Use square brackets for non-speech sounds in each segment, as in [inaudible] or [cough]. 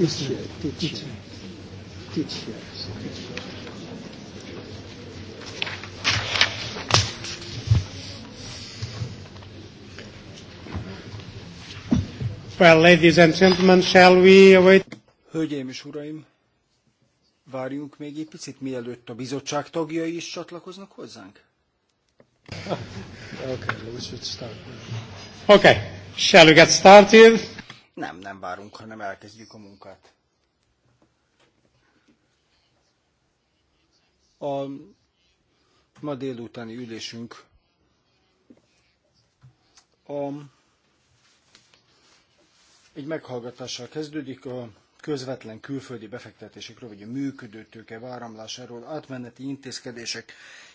Well, ladies and gentlemen, shall we await? Hölgyeim és uraim, várjunk még egy picit, mielőtt a bizottság tagjai is csatlakoznak hozzánk. okay, we should start. Okay, shall we get started? Nem, nem várunk, hanem elkezdjük a munkát. A ma délutáni ülésünk a, egy meghallgatással kezdődik a közvetlen külföldi befektetésekről, vagy a működő tőke váramlásáról, átmeneti intézkedések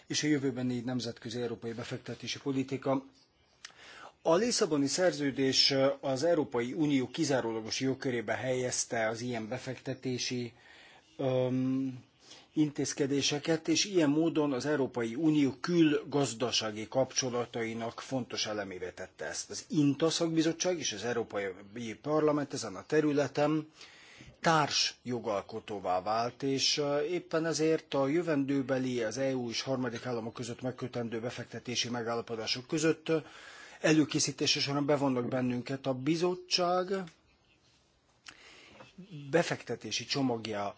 és a jövőbeni nemzetközi európai befektetési politika a Lisszaboni szerződés az Európai Unió kizárólagos jogkörébe helyezte az ilyen befektetési um, intézkedéseket, és ilyen módon az Európai Unió külgazdasági kapcsolatainak fontos elemévé tette ezt. Az INTA szakbizottság és az Európai Parlament ezen a területen társ jogalkotóvá vált, és éppen ezért a jövendőbeli az EU és harmadik államok között megkötendő befektetési megállapodások között előkészítése során bevonnak bennünket. A bizottság befektetési csomagjának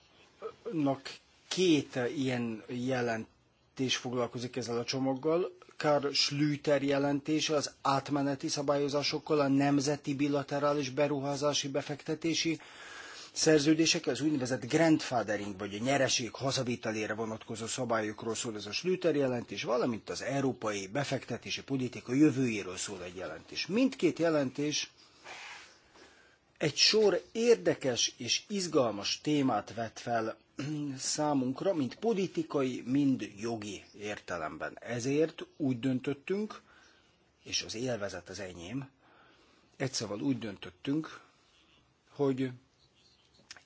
két ilyen jelentés foglalkozik ezzel a csomaggal. Karl Schlüter jelentése az átmeneti szabályozásokkal, a nemzeti bilaterális beruházási befektetési szerződések, az úgynevezett grandfathering, vagy a nyereség hazavételére vonatkozó szabályokról szól ez a Schlüter jelentés, valamint az európai befektetési politika jövőjéről szól egy jelentés. Mindkét jelentés egy sor érdekes és izgalmas témát vet fel számunkra, mind politikai, mind jogi értelemben. Ezért úgy döntöttünk, és az élvezet az enyém, egyszerűen szóval úgy döntöttünk, hogy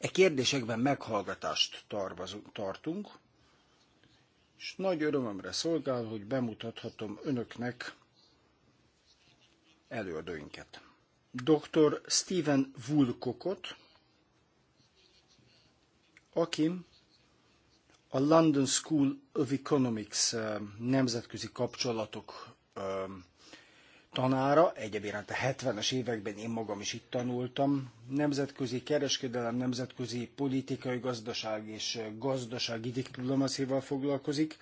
E kérdésekben meghallgatást tartunk, és nagy örömömre szolgál, hogy bemutathatom önöknek előadóinket. Dr. Steven Woolcockot, aki a London School of Economics eh, nemzetközi kapcsolatok eh, tanára, egyébként a 70-es években én magam is itt tanultam, nemzetközi kereskedelem, nemzetközi politikai, gazdaság és gazdasági diplomaciával foglalkozik.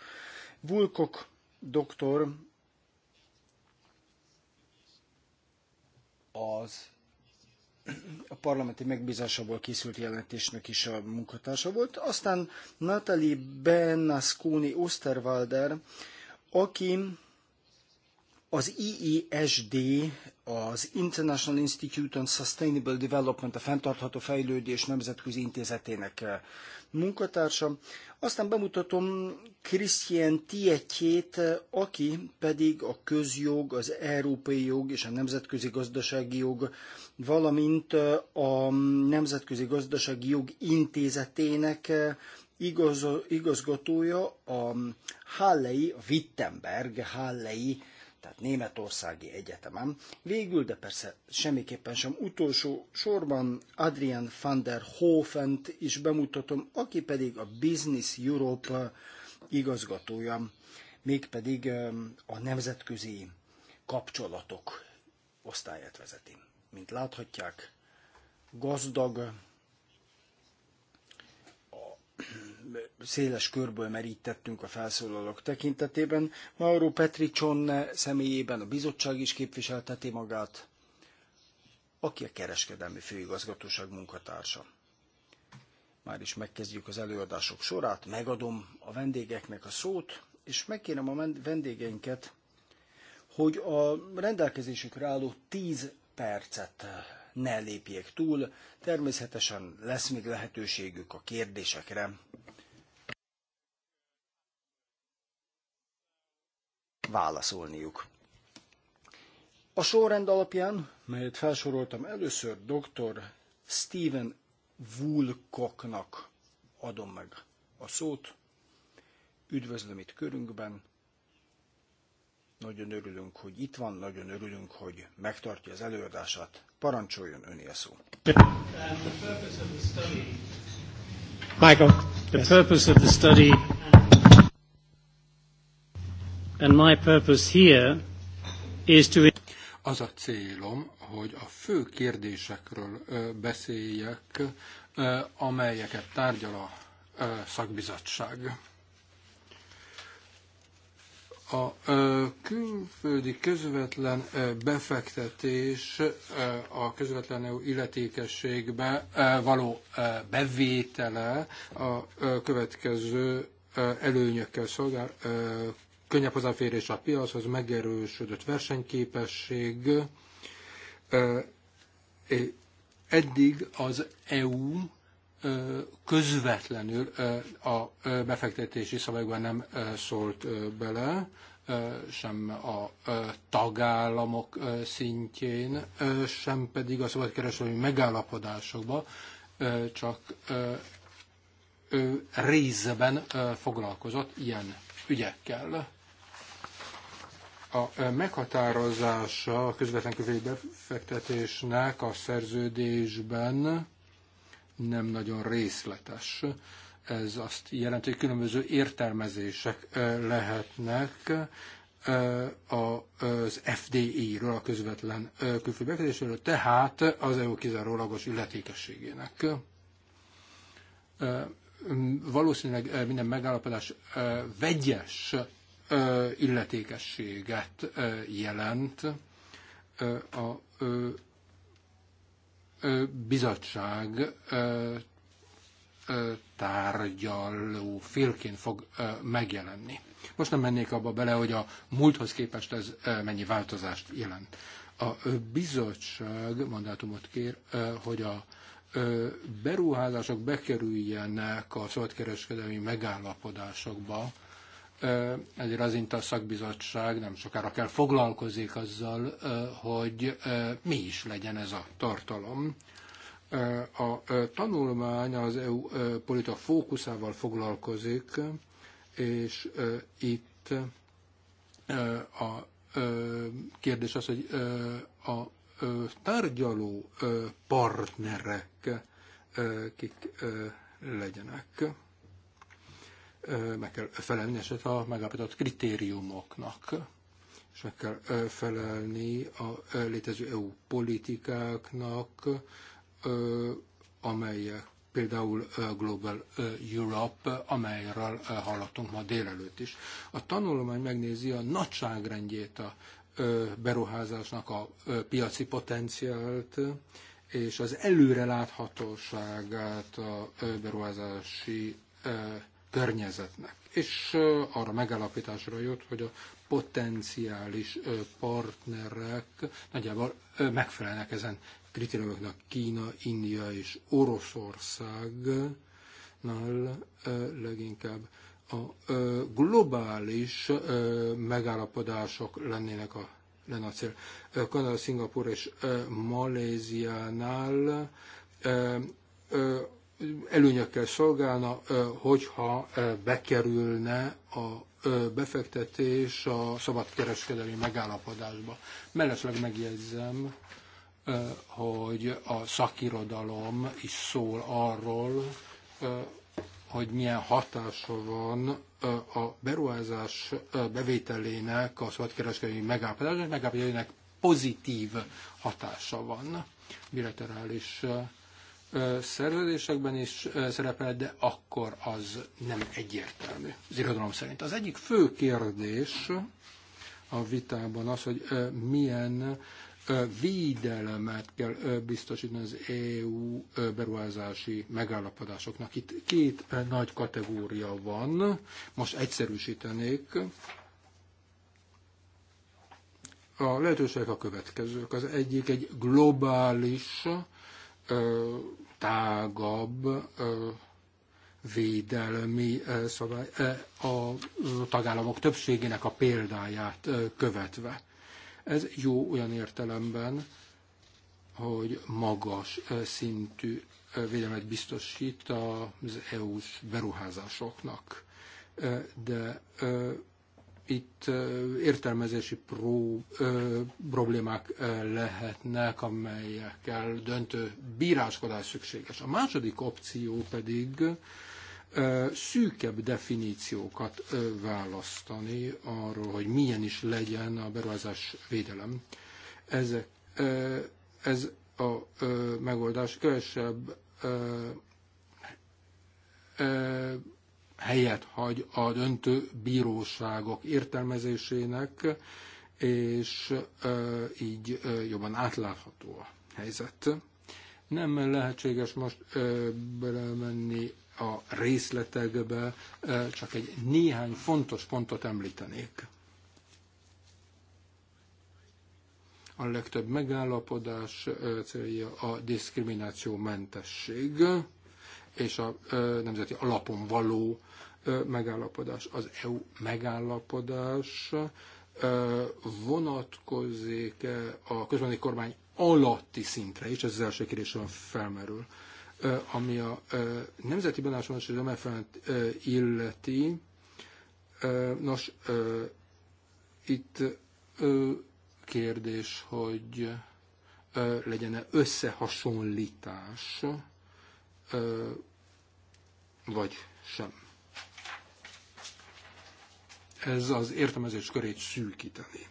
Vulkok doktor az a parlamenti megbízásából készült jelentésnek is a munkatársa volt. Aztán Natalie Benasconi Osterwalder, aki az IISD, e az International Institute on Sustainable Development, a fenntartható Fejlődés Nemzetközi Intézetének eh, munkatársa. Aztán bemutatom Christian Tietjét, eh, aki pedig a közjog, az európai jog és a nemzetközi gazdasági jog, valamint eh, a Nemzetközi Gazdasági Jog Intézetének igaz, igazgatója, a Hallei, a Wittenberg Hallei tehát Németországi Egyetemen. Végül, de persze semmiképpen sem utolsó sorban Adrian van der Hofent is bemutatom, aki pedig a Business Europe igazgatója, mégpedig a nemzetközi kapcsolatok osztályát vezeti. Mint láthatják, gazdag a széles körből merítettünk a felszólalók tekintetében. Mauro Petricson személyében a bizottság is képviselteti magát, aki a kereskedelmi főigazgatóság munkatársa. Már is megkezdjük az előadások sorát, megadom a vendégeknek a szót, és megkérem a vendégeinket, hogy a rendelkezésükre álló 10 percet ne lépjék túl. Természetesen lesz még lehetőségük a kérdésekre. Válaszolniuk. A sorrend alapján, melyet felsoroltam először, dr. Stephen Woolcocknak adom meg a szót. Üdvözlöm itt körünkben, nagyon örülünk, hogy itt van, nagyon örülünk, hogy megtartja az előadását. Parancsoljon öné a szó. Michael, the purpose of the study and my purpose here is to az a célom, hogy a fő kérdésekről beszéljek, amelyeket tárgyal a szakbizottság a külföldi közvetlen befektetés a közvetlen EU illetékességbe való bevétele a következő előnyökkel szolgál. Könnyebb hozzáférés a piachoz, megerősödött versenyképesség. Eddig az EU közvetlenül a befektetési szabályokban nem szólt bele, sem a tagállamok szintjén, sem pedig a szabadkereskedelmi megállapodásokba, csak ő részben foglalkozott ilyen ügyekkel. A meghatározása a közvetlen befektetésnek a szerződésben nem nagyon részletes. Ez azt jelenti, hogy különböző értelmezések lehetnek az FDI-ről, a közvetlen külföldi tehát az EU kizárólagos illetékességének valószínűleg minden megállapodás vegyes illetékességet jelent a bizottság tárgyaló félként fog megjelenni. Most nem mennék abba bele, hogy a múlthoz képest ez mennyi változást jelent. A bizottság mandátumot kér, hogy a beruházások bekerüljenek a szabadkereskedelmi megállapodásokba, ezért az a szakbizottság nem sokára kell foglalkozik azzal, hogy mi is legyen ez a tartalom. A tanulmány az EU politika fókuszával foglalkozik, és itt a kérdés az, hogy a tárgyaló partnerek kik legyenek meg kell felelni eset a megállapított kritériumoknak, és meg kell felelni a létező EU politikáknak, amelyek például Global Europe, amelyről hallottunk ma délelőtt is. A tanulmány megnézi a nagyságrendjét a beruházásnak, a piaci potenciált, és az előreláthatóságát a beruházási környezetnek. És arra megállapításra jut, hogy a potenciális partnerek nagyjából megfelelnek ezen kritériumoknak Kína, India és Oroszországnál leginkább a globális megállapodások lennének a lenne a cél. Kanada, Szingapur és Maléziánál előnyökkel szolgálna, hogyha bekerülne a befektetés a szabadkereskedelmi megállapodásba. Mellesleg megjegyzem, hogy a szakirodalom is szól arról, hogy milyen hatása van a beruházás bevételének, a szabadkereskedelmi megállapodásnak, megállapodásnak pozitív hatása van bilaterális szerződésekben is szerepel, de akkor az nem egyértelmű az irodalom szerint. Az egyik fő kérdés a vitában az, hogy milyen védelmet kell biztosítani az EU beruházási megállapodásoknak. Itt két nagy kategória van, most egyszerűsítenék. A lehetőségek a következők. Az egyik egy globális tágabb védelmi szabály a tagállamok többségének a példáját követve. Ez jó olyan értelemben, hogy magas szintű védelmet biztosít az EU-s beruházásoknak, de itt értelmezési pró, ö, problémák lehetnek, amelyekkel döntő bíráskodás szükséges. A második opció pedig ö, szűkebb definíciókat ö, választani arról, hogy milyen is legyen a beruházás védelem. Ez, ö, ez a ö, megoldás kevesebb ö, ö, helyet hagy a döntő bíróságok értelmezésének, és így jobban átlátható a helyzet. Nem lehetséges most belemenni a részletekbe, csak egy néhány fontos pontot említenék. A legtöbb megállapodás célja a diszkrimináció mentesség és a nemzeti alapon való megállapodás. Az EU megállapodás vonatkozik a központi kormány alatti szintre is, ez az első kérdésben felmerül, ami a nemzeti benásolási emelfelet illeti. Nos, itt kérdés, hogy legyen-e összehasonlítás vagy sem. Ez az értelmezés körét szűkíteni.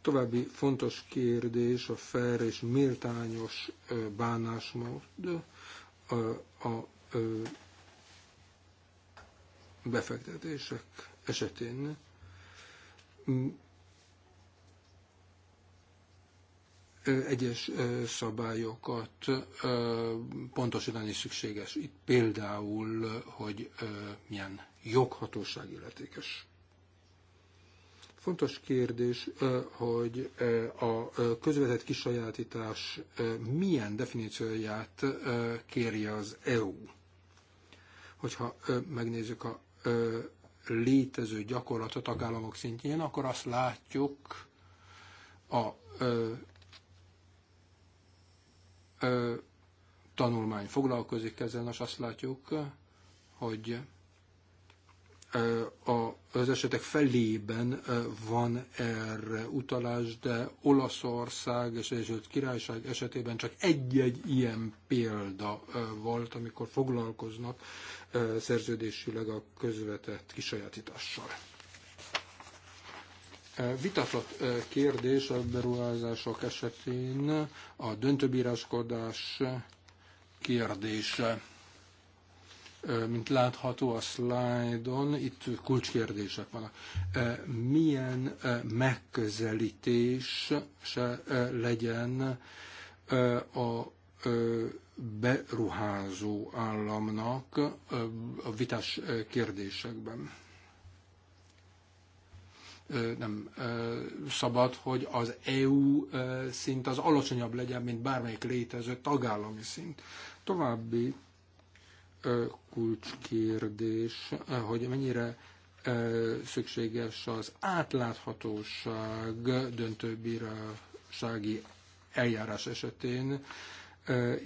További fontos kérdés a fair és méltányos bánásmód a, a befektetések esetén egyes szabályokat pontosítani szükséges. Itt például, hogy milyen joghatóság illetékes. Fontos kérdés, hogy a közvetett kisajátítás milyen definícióját kérje az EU. Hogyha megnézzük a létező gyakorlatot a tagállamok szintjén, akkor azt látjuk a tanulmány foglalkozik ezzel, és azt látjuk, hogy az esetek felében van erre utalás, de Olaszország és Egyesült Királyság esetében csak egy-egy ilyen példa volt, amikor foglalkoznak szerződésileg a közvetett kisajátítással. Vitatott kérdés a beruházások esetén a döntőbíráskodás kérdése. Mint látható a szlájdon, itt kulcskérdések vannak. Milyen megközelítés se legyen a beruházó államnak a vitás kérdésekben? nem szabad, hogy az EU szint az alacsonyabb legyen, mint bármelyik létező tagállami szint. További kulcskérdés, hogy mennyire szükséges az átláthatóság döntőbírósági eljárás esetén,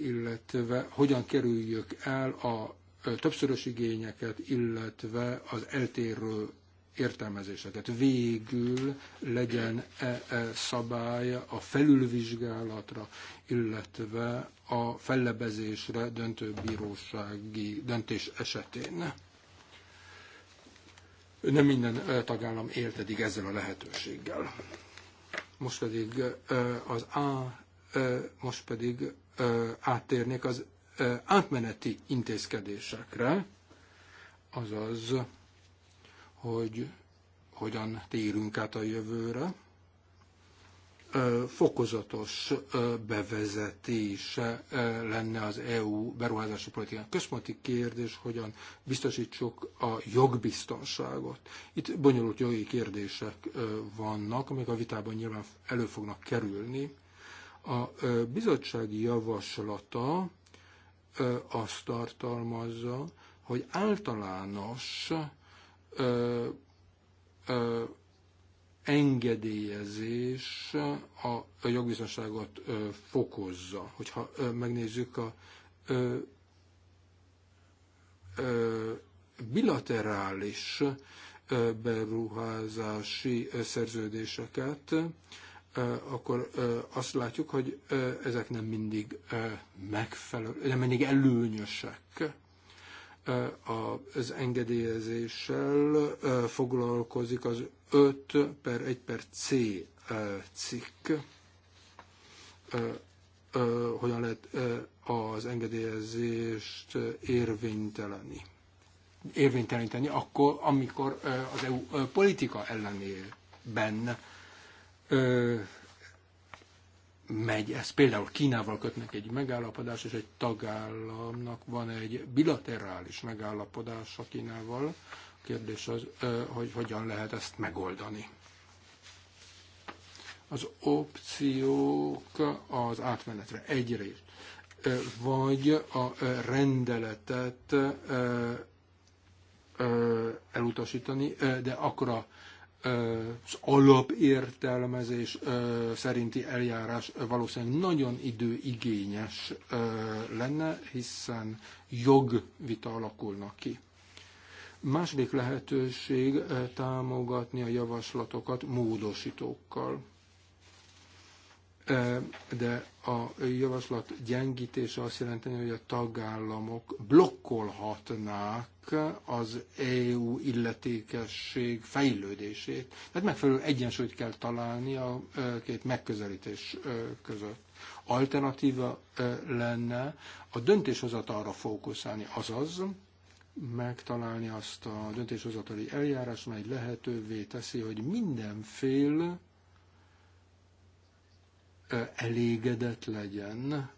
illetve hogyan kerüljük el a többszörös igényeket, illetve az eltérő értelmezésre. Tehát végül legyen -e szabály a felülvizsgálatra, illetve a fellebezésre döntő bírósági döntés esetén. Nem minden e, tagállam élt eddig ezzel a lehetőséggel. Most pedig e, az A, e, most pedig áttérnék az átmeneti intézkedésekre, azaz hogy hogyan térünk át a jövőre. Fokozatos bevezetése lenne az EU beruházási politikán. Központi kérdés, hogyan biztosítsuk a jogbiztonságot. Itt bonyolult jogi kérdések vannak, amik a vitában nyilván elő fognak kerülni. A bizottsági javaslata azt tartalmazza, hogy általános ö, ö, engedélyezés a jogbiztonságot fokozza. Hogyha megnézzük a bilaterális beruházási szerződéseket, akkor azt látjuk, hogy ezek nem mindig megfelelő, nem mindig előnyösek az engedélyezéssel foglalkozik az 5 per 1 per C cikk, hogyan lehet az engedélyezést érvényteleni. Érvényteleníteni akkor, amikor az EU politika ellenében megy ez. Például Kínával kötnek egy megállapodás, és egy tagállamnak van egy bilaterális megállapodás a Kínával. A kérdés az, hogy hogyan lehet ezt megoldani. Az opciók az átmenetre egyrészt, vagy a rendeletet elutasítani, de akkor a az alapértelmezés szerinti eljárás valószínűleg nagyon időigényes lenne, hiszen jogvita alakulna ki. Második lehetőség támogatni a javaslatokat módosítókkal de a javaslat gyengítése azt jelenti, hogy a tagállamok blokkolhatnák az EU illetékesség fejlődését. Tehát megfelelő egyensúlyt kell találni a két megközelítés között. Alternatíva lenne a döntéshozatalra fókuszálni, azaz megtalálni azt a döntéshozatali eljárást, mely lehetővé teszi, hogy minden fél elégedett legyen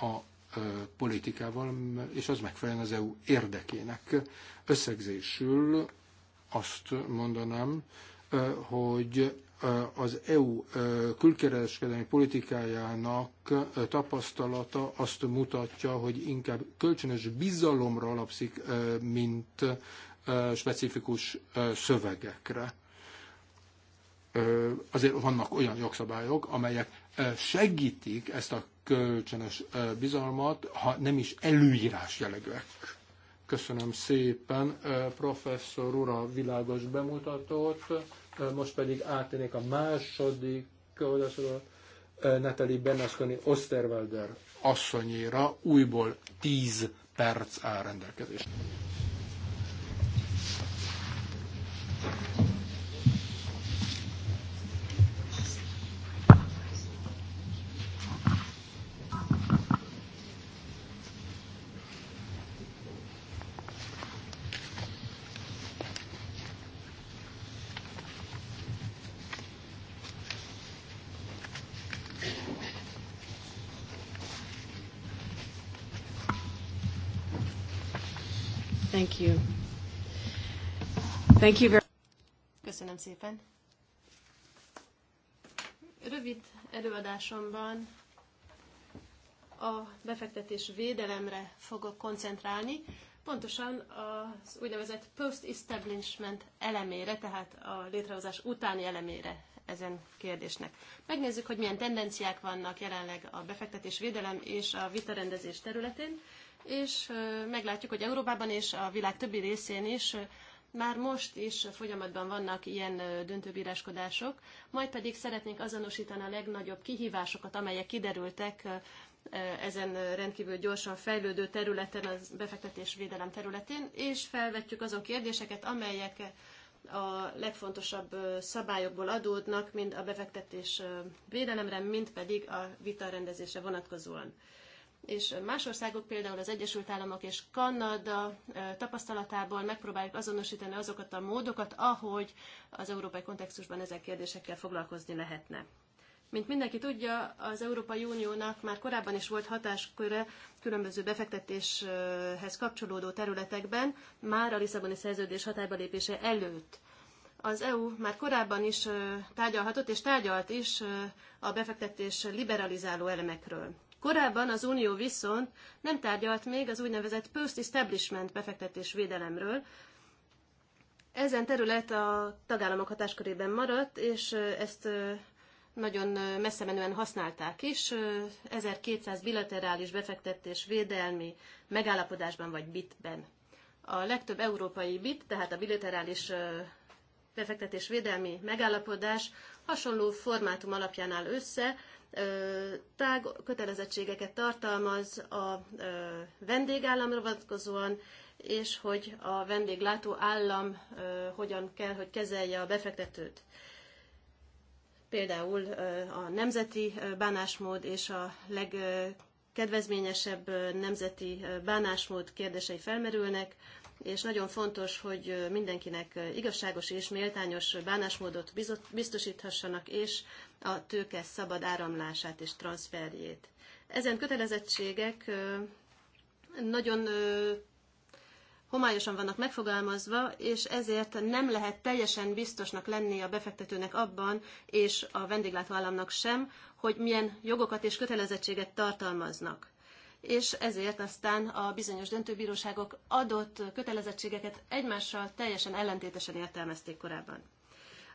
a politikával, és az megfelelően az EU érdekének. Összegzésül azt mondanám, hogy az EU külkereskedelmi politikájának tapasztalata azt mutatja, hogy inkább kölcsönös bizalomra alapszik, mint specifikus szövegekre. Azért vannak olyan jogszabályok, amelyek segítik ezt a kölcsönös bizalmat, ha nem is előírás jellegűek. Köszönöm szépen professzor úr a világos bemutatót, most pedig átérnék a második hozzászóló Natalie Bernasconi Osterwalder asszonyéra, újból 10 perc áll rendelkezésre. Thank you very Köszönöm szépen. Rövid előadásomban a befektetés védelemre fogok koncentrálni, pontosan az úgynevezett post-establishment elemére, tehát a létrehozás utáni elemére ezen kérdésnek. Megnézzük, hogy milyen tendenciák vannak jelenleg a befektetés védelem és a vitarendezés területén, és meglátjuk, hogy Európában és a világ többi részén is már most is folyamatban vannak ilyen döntőbíráskodások, majd pedig szeretnénk azonosítani a legnagyobb kihívásokat, amelyek kiderültek ezen rendkívül gyorsan fejlődő területen, az befektetésvédelem területén, és felvetjük azon kérdéseket, amelyek a legfontosabb szabályokból adódnak, mind a befektetés védelemre, mind pedig a vitarendezésre vonatkozóan és más országok, például az Egyesült Államok és Kanada tapasztalatából megpróbáljuk azonosítani azokat a módokat, ahogy az európai kontextusban ezek kérdésekkel foglalkozni lehetne. Mint mindenki tudja, az Európai Uniónak már korábban is volt hatásköre különböző befektetéshez kapcsolódó területekben, már a Lisszaboni szerződés hatályba lépése előtt. Az EU már korábban is tárgyalhatott, és tárgyalt is a befektetés liberalizáló elemekről. Korábban az Unió viszont nem tárgyalt még az úgynevezett post-establishment védelemről. Ezen terület a tagállamok hatáskörében maradt, és ezt nagyon messze menően használták is. 1200 bilaterális befektetés védelmi megállapodásban vagy bitben. A legtöbb európai bit, tehát a bilaterális befektetés védelmi megállapodás hasonló formátum alapján áll össze, tág kötelezettségeket tartalmaz a vendégállamra vonatkozóan, és hogy a vendéglátó állam hogyan kell, hogy kezelje a befektetőt. Például a nemzeti bánásmód és a legkedvezményesebb nemzeti bánásmód kérdései felmerülnek, és nagyon fontos, hogy mindenkinek igazságos és méltányos bánásmódot biztosíthassanak, és a tőke szabad áramlását és transferjét. Ezen kötelezettségek nagyon homályosan vannak megfogalmazva, és ezért nem lehet teljesen biztosnak lenni a befektetőnek abban, és a vendéglátó államnak sem, hogy milyen jogokat és kötelezettséget tartalmaznak és ezért aztán a bizonyos döntőbíróságok adott kötelezettségeket egymással teljesen ellentétesen értelmezték korábban.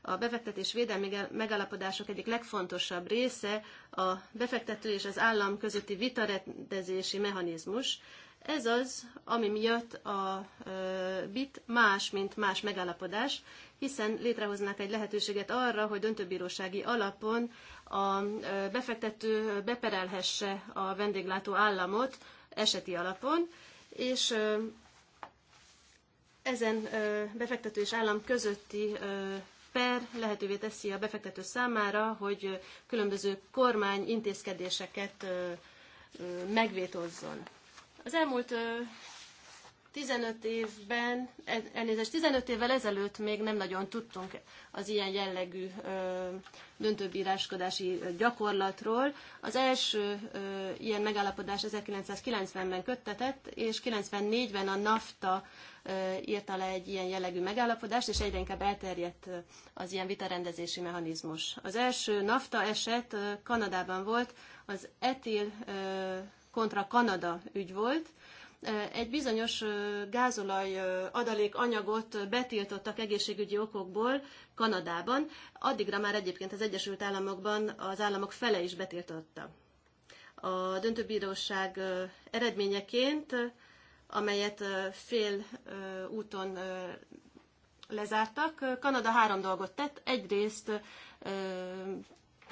A befektetés védelmi megállapodások egyik legfontosabb része a befektető és az állam közötti vitarendezési mechanizmus, ez az, ami miatt a BIT más, mint más megállapodás, hiszen létrehoznak egy lehetőséget arra, hogy döntőbírósági alapon a befektető beperelhesse a vendéglátó államot eseti alapon, és ezen befektető és állam közötti per lehetővé teszi a befektető számára, hogy különböző kormány intézkedéseket megvétózzon. Az elmúlt 15 évben, e, elnézést, 15 évvel ezelőtt még nem nagyon tudtunk az ilyen jellegű döntőbíráskodási gyakorlatról. Az első ilyen megállapodás 1990-ben köttetett, és 94-ben a NAFTA írta le egy ilyen jellegű megállapodást, és egyre inkább elterjedt az ilyen vitarendezési mechanizmus. Az első NAFTA eset Kanadában volt, az etil kontra Kanada ügy volt, egy bizonyos gázolaj adalék anyagot betiltottak egészségügyi okokból Kanadában, addigra már egyébként az Egyesült Államokban az államok fele is betiltotta. A döntőbíróság eredményeként, amelyet fél úton lezártak, Kanada három dolgot tett. Egyrészt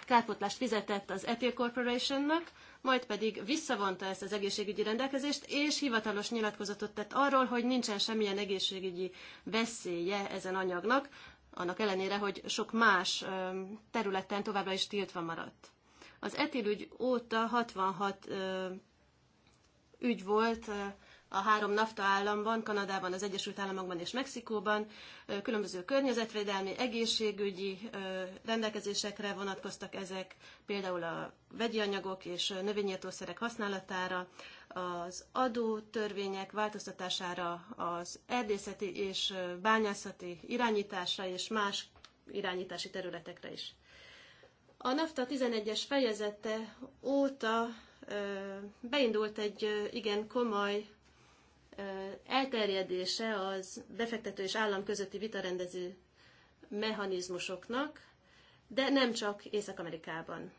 kárpotlást fizetett az Ethyl Corporationnak, majd pedig visszavonta ezt az egészségügyi rendelkezést, és hivatalos nyilatkozatot tett arról, hogy nincsen semmilyen egészségügyi veszélye ezen anyagnak, annak ellenére, hogy sok más területen továbbra is tiltva maradt. Az etilügy óta 66 ügy volt, a három NAFTA államban, Kanadában, az Egyesült Államokban és Mexikóban különböző környezetvédelmi, egészségügyi rendelkezésekre vonatkoztak ezek, például a vegyi anyagok és növényírtószerek használatára, az adótörvények változtatására, az erdészeti és bányászati irányításra és más irányítási területekre is. A NAFTA 11-es fejezete óta beindult egy igen komoly elterjedése az befektető és állam közötti vitarendező mechanizmusoknak, de nem csak Észak-Amerikában.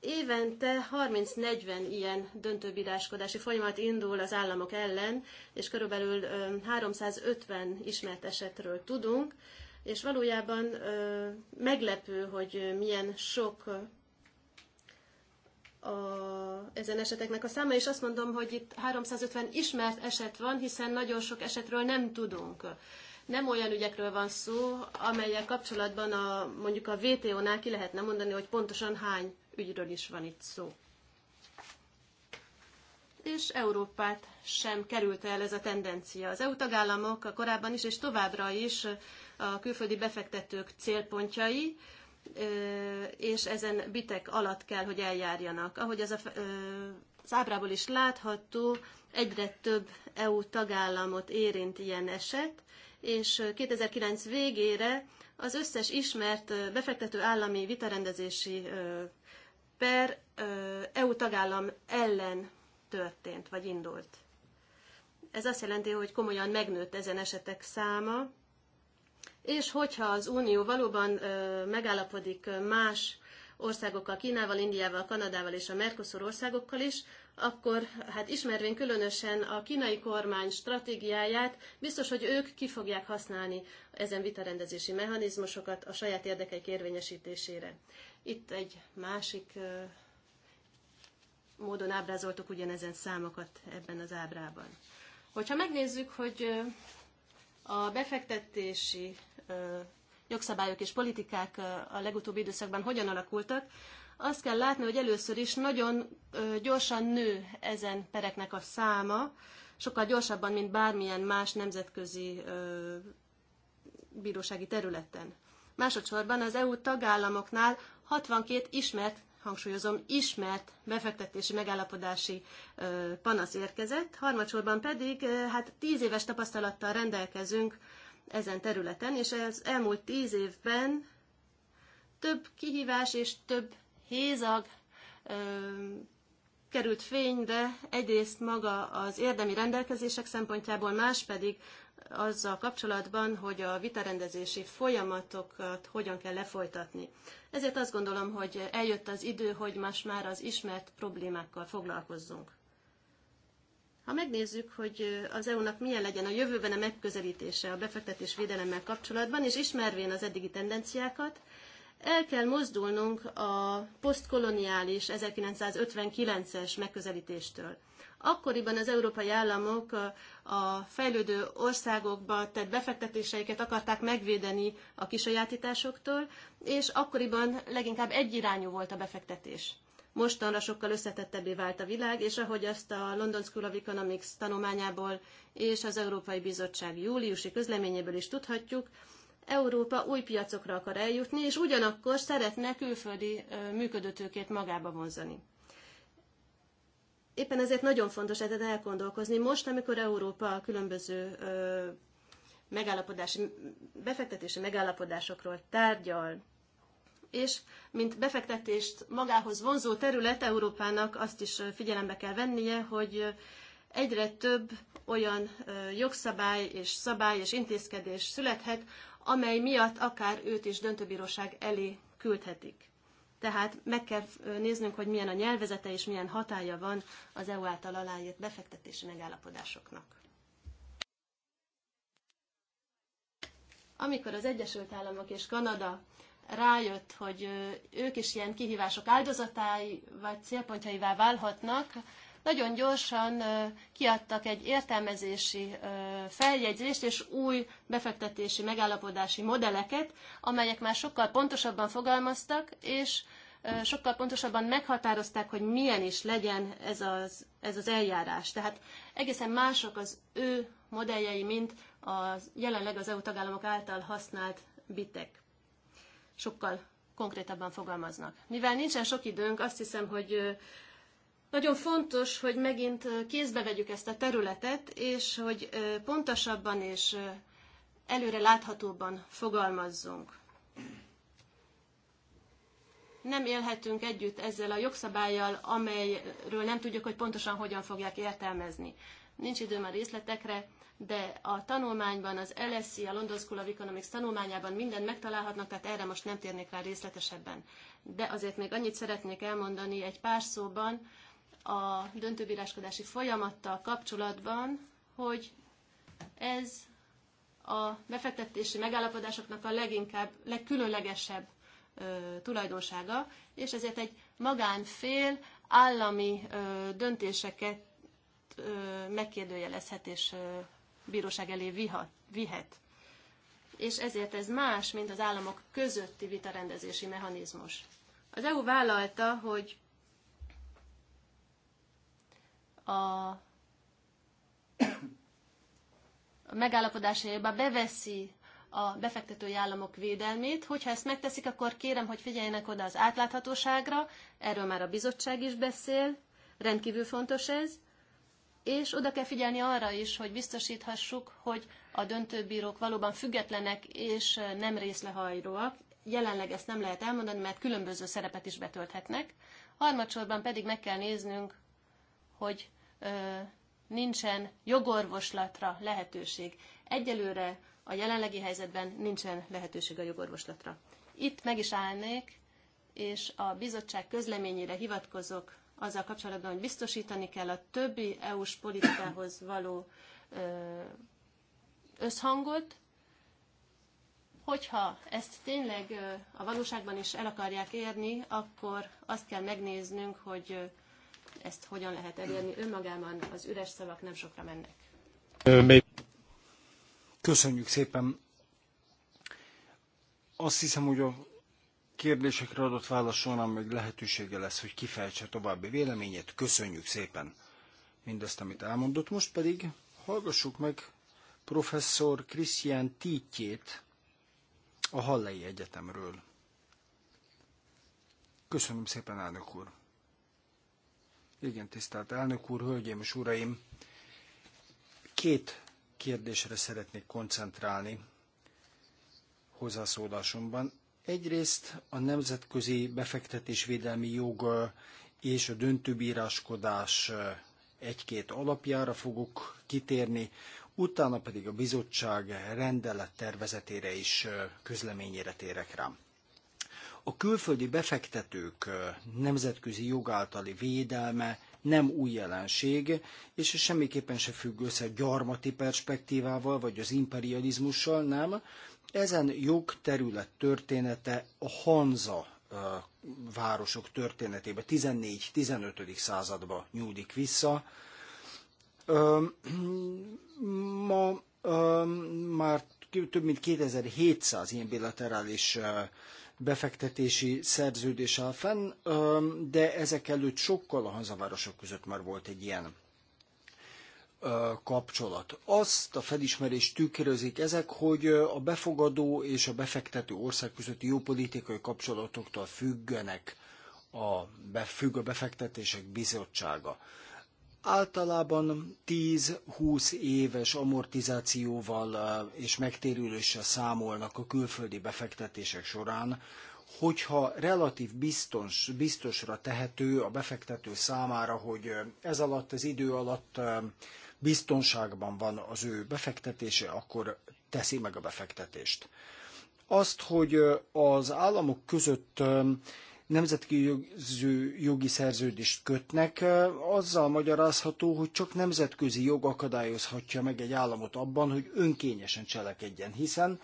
Évente 30-40 ilyen döntőbíráskodási folyamat indul az államok ellen, és körülbelül 350 ismert esetről tudunk, és valójában meglepő, hogy milyen sok a, ezen eseteknek a száma, és azt mondom, hogy itt 350 ismert eset van, hiszen nagyon sok esetről nem tudunk. Nem olyan ügyekről van szó, amelyek kapcsolatban a, mondjuk a VTO-nál ki lehetne mondani, hogy pontosan hány ügyről is van itt szó. És Európát sem került el ez a tendencia. Az EU tagállamok korábban is és továbbra is a külföldi befektetők célpontjai, és ezen bitek alatt kell, hogy eljárjanak. Ahogy az a az ábrából is látható, egyre több EU tagállamot érint ilyen eset, és 2009 végére az összes ismert befektető állami vitarendezési per EU tagállam ellen történt, vagy indult. Ez azt jelenti, hogy komolyan megnőtt ezen esetek száma, és hogyha az Unió valóban megállapodik más országokkal, Kínával, Indiával, Kanadával és a Mercosur országokkal is, akkor hát ismervén különösen a kínai kormány stratégiáját, biztos, hogy ők ki fogják használni ezen vitarendezési mechanizmusokat a saját érdekeik érvényesítésére. Itt egy másik módon ábrázoltuk ugyanezen számokat ebben az ábrában. Hogyha megnézzük, hogy a befektetési jogszabályok és politikák a legutóbbi időszakban hogyan alakultak, azt kell látni, hogy először is nagyon gyorsan nő ezen pereknek a száma, sokkal gyorsabban, mint bármilyen más nemzetközi bírósági területen. Másodszorban az EU tagállamoknál 62 ismert, hangsúlyozom, ismert befektetési megállapodási panasz érkezett, harmadsorban pedig hát 10 éves tapasztalattal rendelkezünk ezen területen, és az elmúlt tíz évben több kihívás és több hézag ö, került fénybe, egyrészt maga az érdemi rendelkezések szempontjából, más pedig azzal kapcsolatban, hogy a vitarendezési folyamatokat hogyan kell lefolytatni. Ezért azt gondolom, hogy eljött az idő, hogy most már az ismert problémákkal foglalkozzunk. Ha megnézzük, hogy az EU-nak milyen legyen a jövőben a megközelítése a befektetés védelemmel kapcsolatban, és ismervén az eddigi tendenciákat, el kell mozdulnunk a posztkoloniális 1959-es megközelítéstől. Akkoriban az európai államok a fejlődő országokba tett befektetéseiket akarták megvédeni a kisajátításoktól, és akkoriban leginkább egyirányú volt a befektetés. Mostanra sokkal összetettebbé vált a világ, és ahogy ezt a London School of Economics tanulmányából és az Európai Bizottság júliusi közleményéből is tudhatjuk, Európa új piacokra akar eljutni, és ugyanakkor szeretne külföldi működőtőkét magába vonzani. Éppen ezért nagyon fontos ezzel elgondolkozni. Most, amikor Európa a különböző megállapodási, befektetési megállapodásokról tárgyal, és mint befektetést magához vonzó terület Európának azt is figyelembe kell vennie, hogy egyre több olyan jogszabály és szabály és intézkedés születhet, amely miatt akár őt is döntőbíróság elé küldhetik. Tehát meg kell néznünk, hogy milyen a nyelvezete és milyen hatája van az EU által aláírt befektetési megállapodásoknak. Amikor az Egyesült Államok és Kanada rájött, hogy ők is ilyen kihívások áldozatái vagy célpontjaivá válhatnak, nagyon gyorsan kiadtak egy értelmezési feljegyzést és új befektetési megállapodási modelleket, amelyek már sokkal pontosabban fogalmaztak, és sokkal pontosabban meghatározták, hogy milyen is legyen ez az, ez az eljárás. Tehát egészen mások az ő modelljei, mint a jelenleg az EU tagállamok által használt bitek sokkal konkrétabban fogalmaznak. Mivel nincsen sok időnk, azt hiszem, hogy nagyon fontos, hogy megint kézbe vegyük ezt a területet, és hogy pontosabban és előre láthatóban fogalmazzunk. Nem élhetünk együtt ezzel a jogszabályjal, amelyről nem tudjuk, hogy pontosan hogyan fogják értelmezni. Nincs időm a részletekre, de a tanulmányban, az LSE, a London School of Economics tanulmányában mindent megtalálhatnak, tehát erre most nem térnék rá részletesebben. De azért még annyit szeretnék elmondani egy pár szóban a döntőbíráskodási folyamattal kapcsolatban, hogy ez a befektetési megállapodásoknak a leginkább, legkülönlegesebb ö, tulajdonsága, és ezért egy magánfél állami ö, döntéseket megkérdőjelezhet és bíróság elé vihet. És ezért ez más, mint az államok közötti vitarendezési mechanizmus. Az EU vállalta, hogy a a megállapodásaiba beveszi a befektetői államok védelmét. Hogyha ezt megteszik, akkor kérem, hogy figyeljenek oda az átláthatóságra, erről már a bizottság is beszél, rendkívül fontos ez, és oda kell figyelni arra is, hogy biztosíthassuk, hogy a döntőbírók valóban függetlenek és eh, nem részlehajlóak. Jelenleg ezt nem lehet elmondani, mert különböző szerepet is betölthetnek. Harmadsorban pedig meg kell néznünk, hogy ö, eh, nincsen jogorvoslatra lehetőség. Egyelőre a jelenlegi helyzetben nincsen lehetőség a jogorvoslatra. Itt meg is állnék, és a bizottság közleményére hivatkozok azzal kapcsolatban, hogy biztosítani kell a többi EU-s politikához való összhangot, hogyha ezt tényleg a valóságban is el akarják érni, akkor azt kell megnéznünk, hogy ezt hogyan lehet elérni. Önmagában az üres szavak nem sokra mennek. Köszönjük szépen. Azt hiszem, hogy a kérdésekre adott válaszon során lehetősége lesz, hogy kifejtse további véleményét. Köszönjük szépen mindezt, amit elmondott. Most pedig hallgassuk meg professzor Krisztián Tietjét a Hallei Egyetemről. Köszönöm szépen, elnök úr! Igen, tisztelt elnök úr, hölgyeim és uraim! Két kérdésre szeretnék koncentrálni hozzászólásomban. Egyrészt a nemzetközi befektetésvédelmi jog és a döntőbíráskodás egy-két alapjára fogok kitérni, utána pedig a bizottság rendelettervezetére is közleményére térek rá. A külföldi befektetők nemzetközi jog általi védelme nem új jelenség, és semmiképpen se függ össze gyarmati perspektívával, vagy az imperializmussal, nem. Ezen jogterület története a Hanza városok történetébe 14-15. századba nyúlik vissza. Ma már több mint 2700 ilyen bilaterális befektetési szerződés áll fenn, de ezek előtt sokkal a hazavárosok között már volt egy ilyen kapcsolat. Azt a felismerést tükrözik ezek, hogy a befogadó és a befektető ország közötti jó politikai kapcsolatoktól függenek a, függ a befektetések bizottsága. Általában 10-20 éves amortizációval és megtérüléssel számolnak a külföldi befektetések során, hogyha relatív biztos, biztosra tehető a befektető számára, hogy ez alatt az idő alatt biztonságban van az ő befektetése, akkor teszi meg a befektetést. Azt, hogy az államok között nemzetközi jogi szerződést kötnek, azzal magyarázható, hogy csak nemzetközi jog akadályozhatja meg egy államot abban, hogy önkényesen cselekedjen, hiszen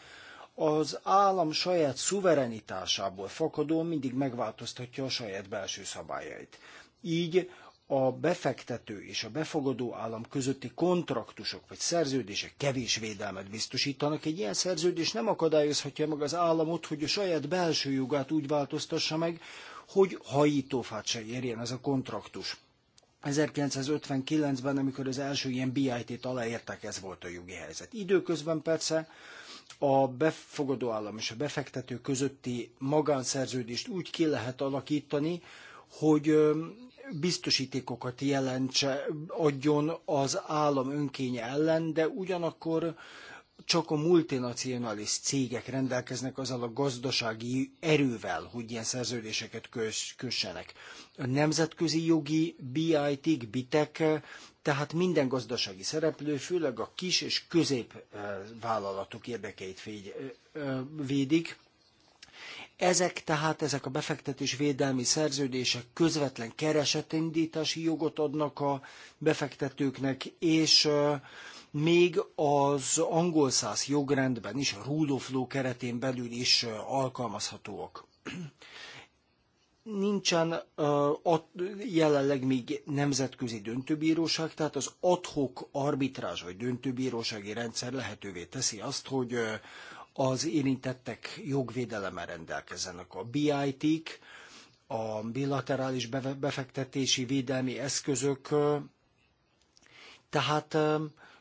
az állam saját szuverenitásából fakadó mindig megváltoztatja a saját belső szabályait. Így a befektető és a befogadó állam közötti kontraktusok vagy szerződések kevés védelmet biztosítanak. Egy ilyen szerződés nem akadályozhatja meg az államot, hogy a saját belső jogát úgy változtassa meg, hogy hajítófát se érjen ez a kontraktus. 1959-ben, amikor az első ilyen BIT-t aláírták, ez volt a jogi helyzet. Időközben persze a befogadó állam és a befektető közötti magánszerződést úgy ki lehet alakítani, hogy biztosítékokat jelentse, adjon az állam önkénye ellen, de ugyanakkor csak a multinacionális cégek rendelkeznek azzal a gazdasági erővel, hogy ilyen szerződéseket kössenek. A nemzetközi jogi BIT-k, BITEK, tehát minden gazdasági szereplő, főleg a kis és középvállalatok eh, érdekeit eh, eh, védik, ezek tehát, ezek a befektetés védelmi szerződések közvetlen keresetindítási jogot adnak a befektetőknek, és még az angol száz jogrendben is, a rule of law keretén belül is alkalmazhatóak. Nincsen jelenleg még nemzetközi döntőbíróság, tehát az adhok arbitrázs vagy döntőbírósági rendszer lehetővé teszi azt, hogy az érintettek jogvédelemmel rendelkezzenek. A BIT-k, a bilaterális befektetési védelmi eszközök, tehát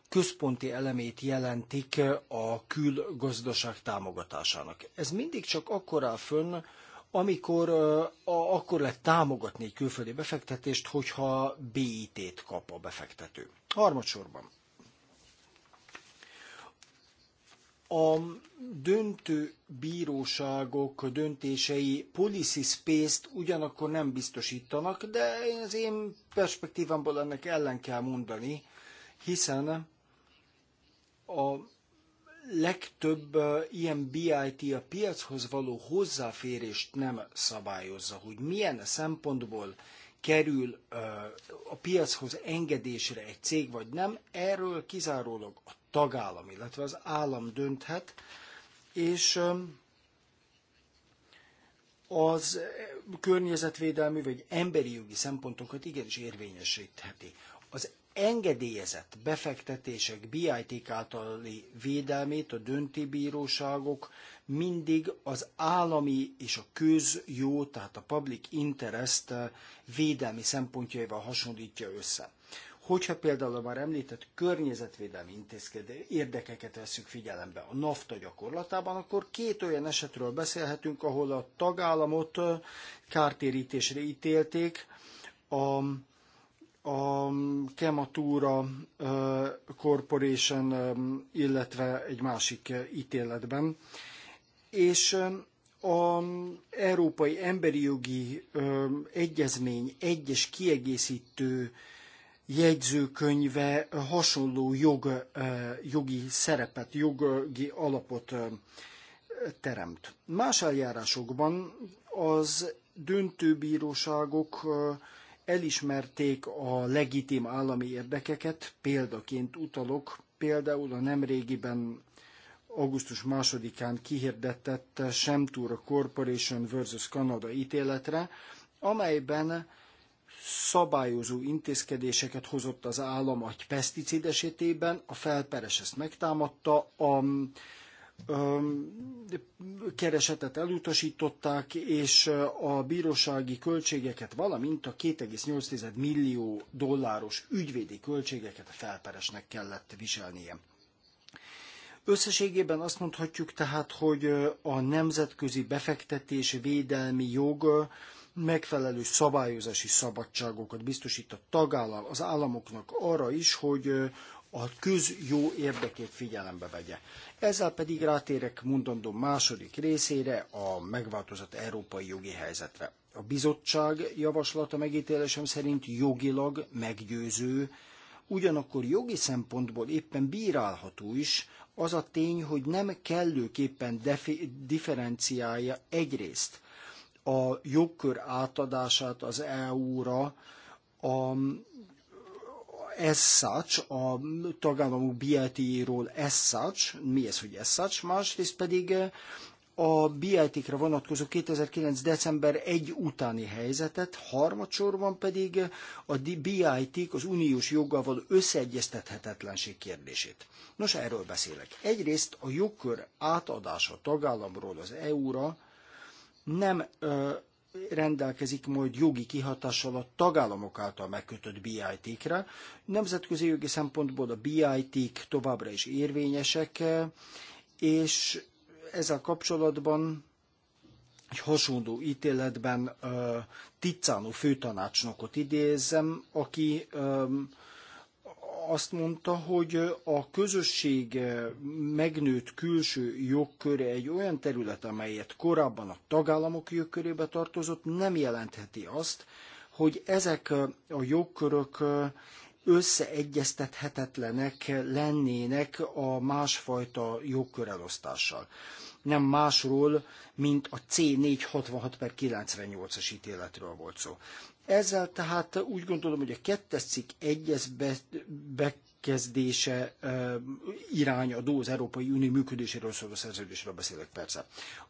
központi elemét jelentik a külgazdaság támogatásának. Ez mindig csak akkor áll fönn, amikor akkor lehet támogatni egy külföldi befektetést, hogyha BIT-t kap a befektető. Harmadsorban a döntő bíróságok döntései policy space-t ugyanakkor nem biztosítanak, de az én perspektívámból ennek ellen kell mondani, hiszen a legtöbb ilyen BIT a piachoz való hozzáférést nem szabályozza, hogy milyen szempontból kerül a piachoz engedésre egy cég vagy nem, erről kizárólag a tagállam, illetve az állam dönthet, és az környezetvédelmi vagy emberi jogi szempontokat igenis érvényesítheti. Az engedélyezett befektetések BIT általi védelmét a döntőbíróságok mindig az állami és a közjó, tehát a public interest eh, védelmi szempontjaival hasonlítja össze. Hogyha például a már említett környezetvédelmi intézkedés érdekeket veszünk figyelembe a NAFTA gyakorlatában, akkor két olyan esetről beszélhetünk, ahol a tagállamot eh, kártérítésre ítélték, a a Kematura eh, Corporation, illetve egy másik ítéletben és az Európai Emberi Jogi Egyezmény egyes kiegészítő jegyzőkönyve hasonló jog, jogi szerepet, jogi alapot teremt. Más eljárásokban az döntőbíróságok elismerték a legitim állami érdekeket, példaként utalok például a nemrégiben augusztus 2-án kihirdetett Semtura Corporation versus Canada ítéletre, amelyben szabályozó intézkedéseket hozott az állam a peszticid esetében, a felperes ezt megtámadta, a keresetet elutasították, és a bírósági költségeket, valamint a 2,8 millió dolláros ügyvédi költségeket a felperesnek kellett viselnie. Összességében azt mondhatjuk tehát, hogy a nemzetközi befektetés védelmi jog megfelelő szabályozási szabadságokat biztosít a tagállam az államoknak arra is, hogy a közjó érdekét figyelembe vegye. Ezzel pedig rátérek mondandom második részére, a megváltozott európai jogi helyzetre. A bizottság javaslata megítélésem szerint jogilag meggyőző, ugyanakkor jogi szempontból éppen bírálható is az a tény, hogy nem kellőképpen differenciálja egyrészt a jogkör átadását az EU-ra, a as such, a tagállamok BLT-ról as such, mi ez, hogy as such, másrészt pedig a BIT-kre vonatkozó 2009. december 1 utáni helyzetet, harmadsorban pedig a BIT-k az uniós joggal való összeegyeztethetetlenség kérdését. Nos, erről beszélek. Egyrészt a jogkör átadása tagállamról az EU-ra nem ö, rendelkezik majd jogi kihatással a tagállamok által megkötött BIT-kre. Nemzetközi jogi szempontból a BIT-k továbbra is érvényesek, és ezzel kapcsolatban egy hasonló ítéletben uh, főtanácsnokot idézem, aki azt mondta, hogy a közösség megnőtt külső jogköre egy olyan terület, amelyet korábban a tagállamok jogkörébe tartozott, nem jelentheti azt, hogy ezek a jogkörök összeegyeztethetetlenek lennének a másfajta jogkörelosztással. Nem másról, mint a C466 per 98-as ítéletről volt szó. Ezzel tehát úgy gondolom, hogy a kettes cikk egyes bekezdése e, irány a az Európai Unió működéséről szóló szerződésről beszélek persze.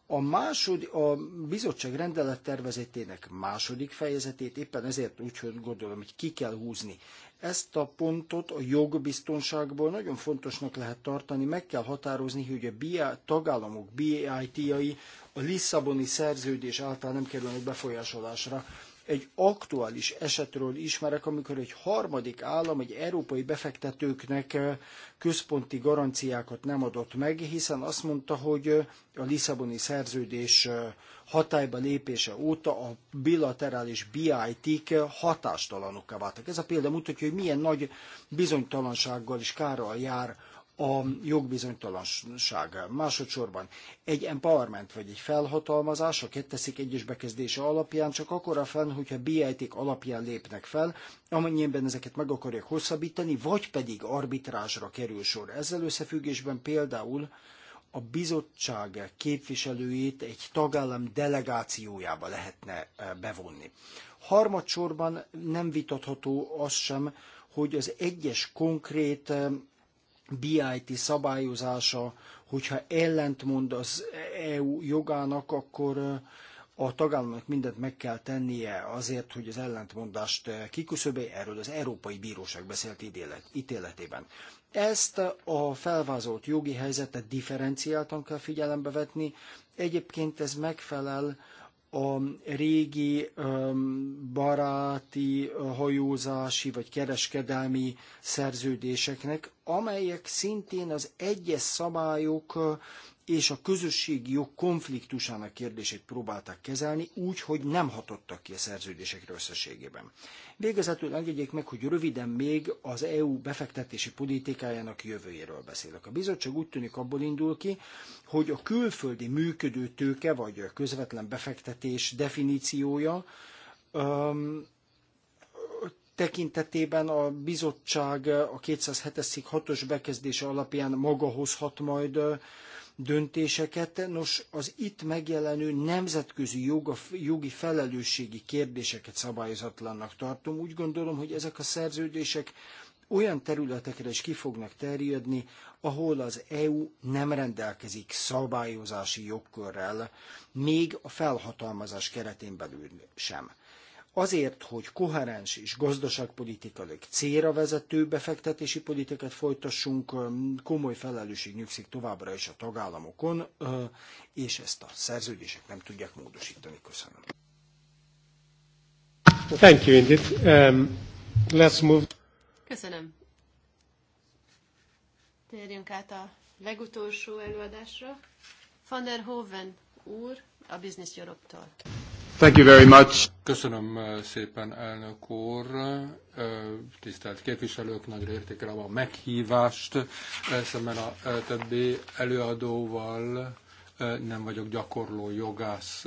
A, másod, a bizottság rendelet tervezetének második fejezetét éppen ezért úgy gondolom, hogy ki kell húzni ezt a pontot a jogbiztonságból nagyon fontosnak lehet tartani, meg kell határozni, hogy a BIA tagállamok BIT-jai a Lisszaboni szerződés által nem kerülnek befolyásolásra egy aktuális esetről ismerek, amikor egy harmadik állam egy európai befektetőknek eh, központi garanciákat nem adott meg, hiszen azt mondta, hogy eh, a Lisszaboni szerződés eh, hatályba lépése óta a bilaterális BIT-k hatástalanokká váltak. Ez a példa mutatja, hogy milyen nagy bizonytalansággal és kárral jár a jogbizonytalanság. Másodszorban egy empowerment vagy egy felhatalmazás a ketteszik egyes bekezdése alapján csak akkor a fenn, hogyha BIT-k alapján lépnek fel, amennyiben ezeket meg akarják hosszabbítani, vagy pedig arbitrázsra kerül sor. Ezzel összefüggésben például a bizottság képviselőjét egy tagállam delegációjába lehetne e, bevonni. Harmadsorban nem vitatható az sem, hogy az egyes konkrét e, BIT szabályozása, hogyha ellentmond az EU jogának, akkor a tagállamnak mindent meg kell tennie azért, hogy az ellentmondást kiküszöbölje, erről az Európai Bíróság beszélt ítélet, ítéletében. Ezt a felvázolt jogi helyzetet differenciáltan kell figyelembe vetni, egyébként ez megfelel a régi baráti hajózási vagy kereskedelmi szerződéseknek, amelyek szintén az egyes szabályok és a közösségi jog konfliktusának kérdését próbálták kezelni úgy, hogy nem hatottak ki a szerződésekre összességében. Végezetül engedjék meg, hogy röviden még az EU befektetési politikájának jövőjéről beszélek. A bizottság úgy tűnik abból indul ki, hogy a külföldi működő tőke vagy a közvetlen befektetés definíciója um, tekintetében a bizottság a 207-es 6-os bekezdése alapján maga hozhat majd döntéseket. Nos, az itt megjelenő nemzetközi joga, jogi felelősségi kérdéseket szabályozatlannak tartom. Úgy gondolom, hogy ezek a szerződések olyan területekre is ki fognak terjedni, ahol az EU nem rendelkezik szabályozási jogkörrel, még a felhatalmazás keretén belül sem. Azért, hogy koherens és gazdaságpolitikailag célra vezető befektetési politikát folytassunk, komoly felelősség nyugszik továbbra is a tagállamokon, és ezt a szerződések nem tudják módosítani. Köszönöm. Thank you, Indit. Um, let's move. Köszönöm. Térjünk át a legutolsó előadásra. Van der Hoven úr a Business Europe-tól. Thank you very much. Köszönöm eh, szépen, elnök úr. Eh, tisztelt képviselők, nagyra értékelem a meghívást eh, szemben a többi előadóval nem vagyok gyakorló jogász,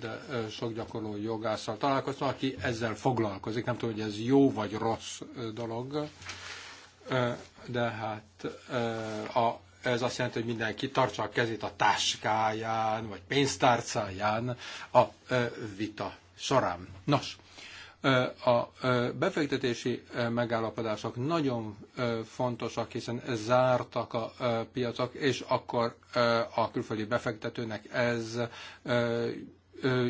de sok gyakorló jogásszal találkoztam, aki ezzel foglalkozik. Nem tudom, hogy ez jó vagy rossz dolog, de hát a ez azt jelenti, hogy mindenki tartsa a kezét a táskáján, vagy pénztárcáján a vita során. Nos, a befektetési megállapodások nagyon fontosak, hiszen zártak a piacok, és akkor a külföldi befektetőnek ez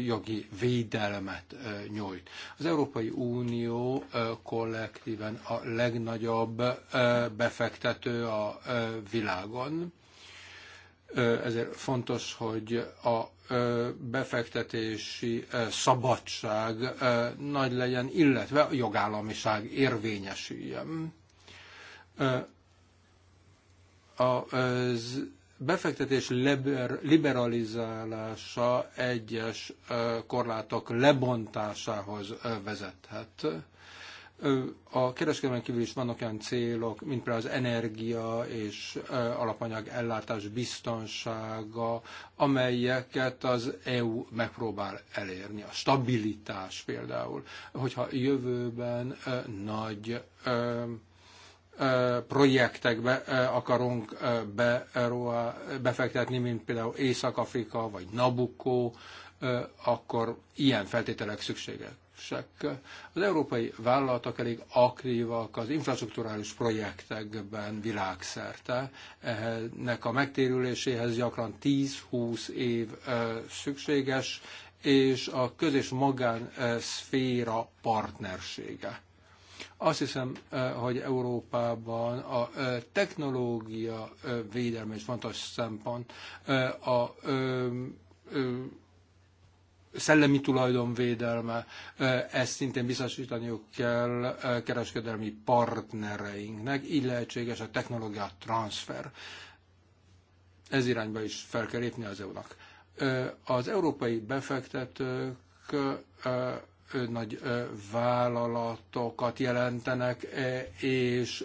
jogi védelmet nyújt. Az Európai Unió kollektíven a legnagyobb befektető a világon, ezért fontos, hogy a befektetési szabadság nagy legyen, illetve a jogállamiság érvényesüljön. Az befektetés liber, liberalizálása egyes korlátok lebontásához vezethet. A kereskedelmen kívül is vannak olyan célok, mint például az energia és alapanyag ellátás biztonsága, amelyeket az EU megpróbál elérni. A stabilitás például, hogyha jövőben nagy projektekbe akarunk befektetni, mint például Észak-Afrika vagy Nabucco, akkor ilyen feltételek szükségesek. Az európai vállalatok elég aktívak az infrastruktúrális projektekben világszerte. Ennek a megtérüléséhez gyakran 10-20 év szükséges, és a közös és magánszféra partnersége azt hiszem, hogy Európában a technológia védelme egy fontos szempont. A szellemi tulajdon védelme, ezt szintén biztosítaniuk kell kereskedelmi partnereinknek, így lehetséges a technológia transfer. Ez irányba is fel kell lépni az EU-nak. Az európai befektetők nagy vállalatokat jelentenek, e, és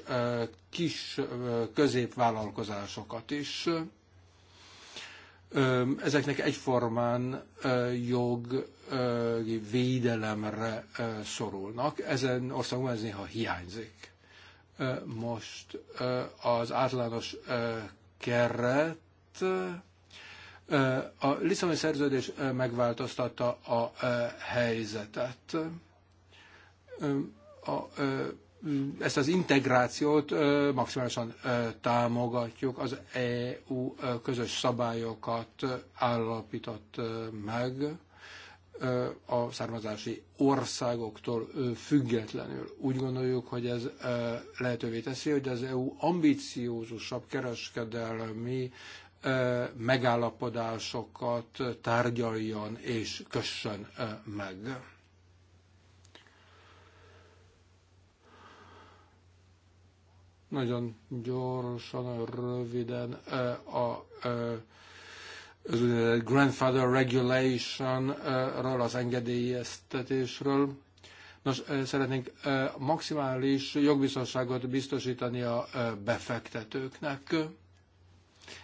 kis középvállalkozásokat is. Ezeknek egyformán jogi védelemre szorulnak. Ezen országban ez néha hiányzik. Most az általános keret a Lisszaboni szerződés megváltoztatta a helyzetet. A, ezt az integrációt maximálisan támogatjuk, az EU közös szabályokat állapított meg a származási országoktól függetlenül. Úgy gondoljuk, hogy ez lehetővé teszi, hogy az EU ambiciózusabb kereskedelmi megállapodásokat tárgyaljon és kössön meg. Nagyon gyorsan, nagyon röviden a Grandfather Regulation grandfather az engedélyeztetésről. Nos, szeretnénk maximális jogbiztonságot biztosítani a befektetőknek.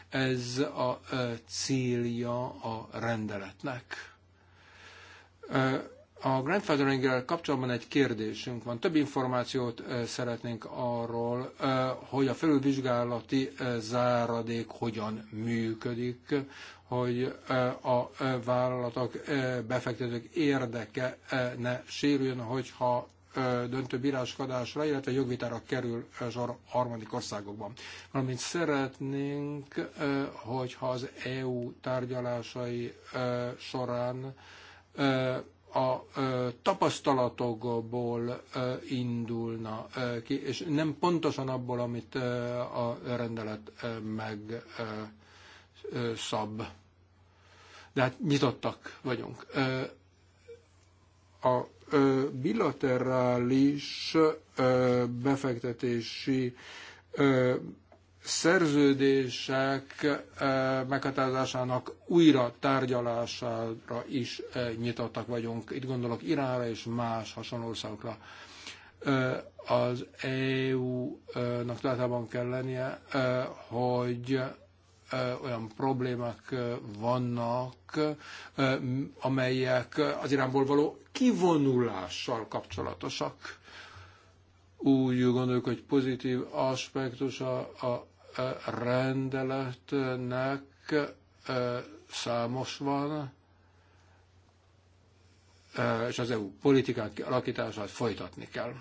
Ez a célja a rendeletnek. A grandfathering kapcsolatban egy kérdésünk van. Több információt szeretnénk arról, hogy a felülvizsgálati záradék hogyan működik, hogy a vállalatok, befektetők érdeke ne sérüljön, hogyha döntő bíráskodásra, illetve jogvitára kerül sor harmadik országokban. Valamint szeretnénk, hogyha az EU tárgyalásai során a tapasztalatokból indulna ki, és nem pontosan abból, amit a rendelet megszab. De hát nyitottak vagyunk. A bilaterális befektetési szerződések meghatározásának újra tárgyalására is nyitottak vagyunk. Itt gondolok Iránra és más hasonló országokra. Az EU-nak tudatában kell lennie, hogy olyan problémák vannak, amelyek az Iránból való kivonulással kapcsolatosak. Úgy gondoljuk, hogy pozitív aspektus a, a rendeletnek számos van, és az EU politikák alakítását folytatni kell.